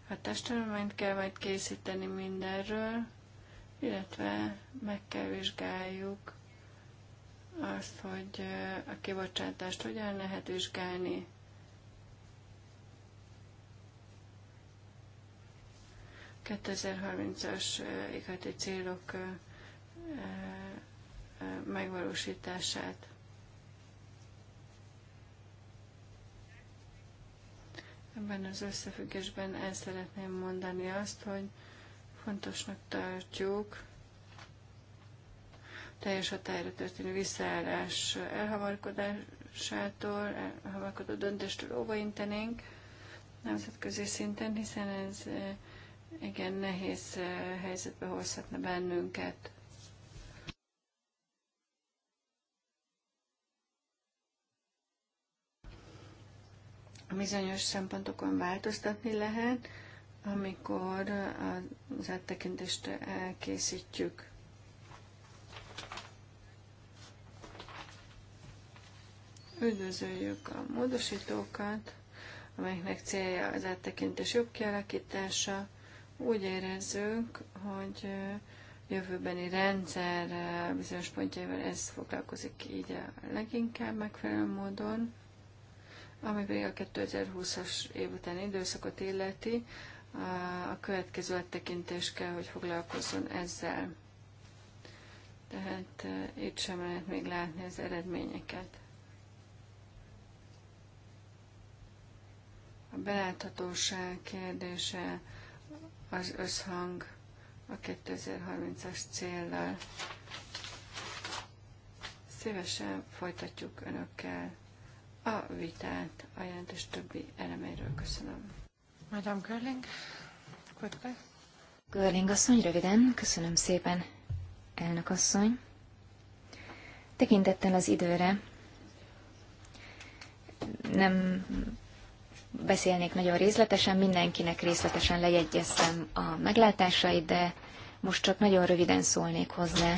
hatástanulmányt kell majd készíteni mindenről, illetve meg kell vizsgáljuk azt, hogy a kibocsátást hogyan lehet vizsgálni, a 2030-as ikati célok megvalósítását. Ebben az összefüggésben el szeretném mondani azt, hogy fontosnak tartjuk teljes hatályra történő visszaállás elhamarkodásától, elhamarkodó döntéstől óvaintenénk nemzetközi szinten, hiszen ez eh, igen nehéz eh, helyzetbe hozhatna bennünket. bizonyos szempontokon változtatni lehet, amikor az áttekintést elkészítjük. Üdvözöljük a módosítókat, amelyeknek célja az áttekintés jobb kialakítása. Úgy érezzük, hogy jövőbeni rendszer bizonyos pontjaival ez foglalkozik így a leginkább megfelelő módon. Ami pedig a 2020-as év után időszakot illeti, a következő áttekintés kell, hogy foglalkozzon ezzel. Tehát e, itt sem lehet még látni az eredményeket. A beláthatóság kérdése az összhang a 2030-as céllal. Szívesen folytatjuk Önökkel a vitát a jelentés többi elemeiről. Köszönöm. Madame Görling, quickly. Görling asszony, röviden, köszönöm szépen, elnök asszony. Tekintettel az időre nem beszélnék nagyon részletesen, mindenkinek részletesen lejegyeztem a meglátásait, de most csak nagyon röviden szólnék hozzá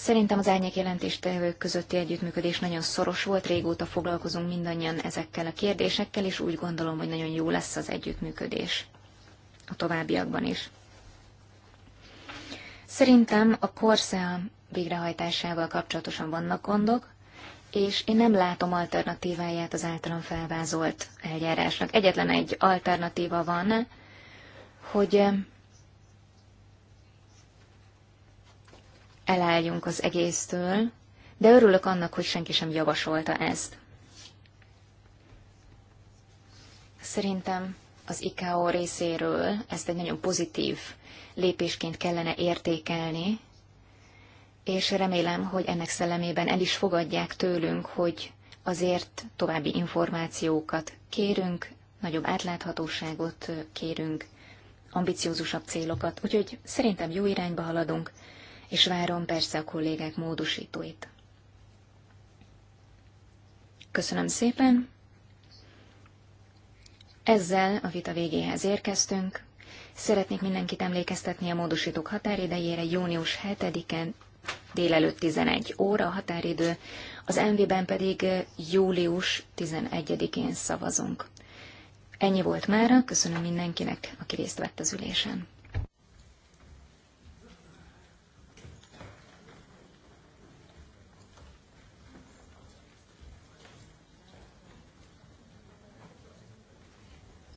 Szerintem az árnyék jelentéstevők közötti együttműködés nagyon szoros volt, régóta foglalkozunk mindannyian ezekkel a kérdésekkel, és úgy gondolom, hogy nagyon jó lesz az együttműködés a továbbiakban is. Szerintem a Corsair végrehajtásával kapcsolatosan vannak gondok, és én nem látom alternatíváját az általam felvázolt eljárásnak. Egyetlen egy alternatíva van, hogy elálljunk az egésztől, de örülök annak, hogy senki sem javasolta ezt. Szerintem az ICAO részéről ezt egy nagyon pozitív lépésként kellene értékelni, és remélem, hogy ennek szellemében el is fogadják tőlünk, hogy azért további információkat kérünk, nagyobb átláthatóságot kérünk, ambiciózusabb célokat. Úgyhogy szerintem jó irányba haladunk, és várom persze a kollégák módosítóit. Köszönöm szépen! Ezzel a vita végéhez érkeztünk. Szeretnék mindenkit emlékeztetni a módosítók határidejére június 7-en délelőtt 11 óra a határidő, az MV-ben pedig eh, július 11-én szavazunk. Ennyi volt mára, köszönöm mindenkinek, aki részt vett az ülésen.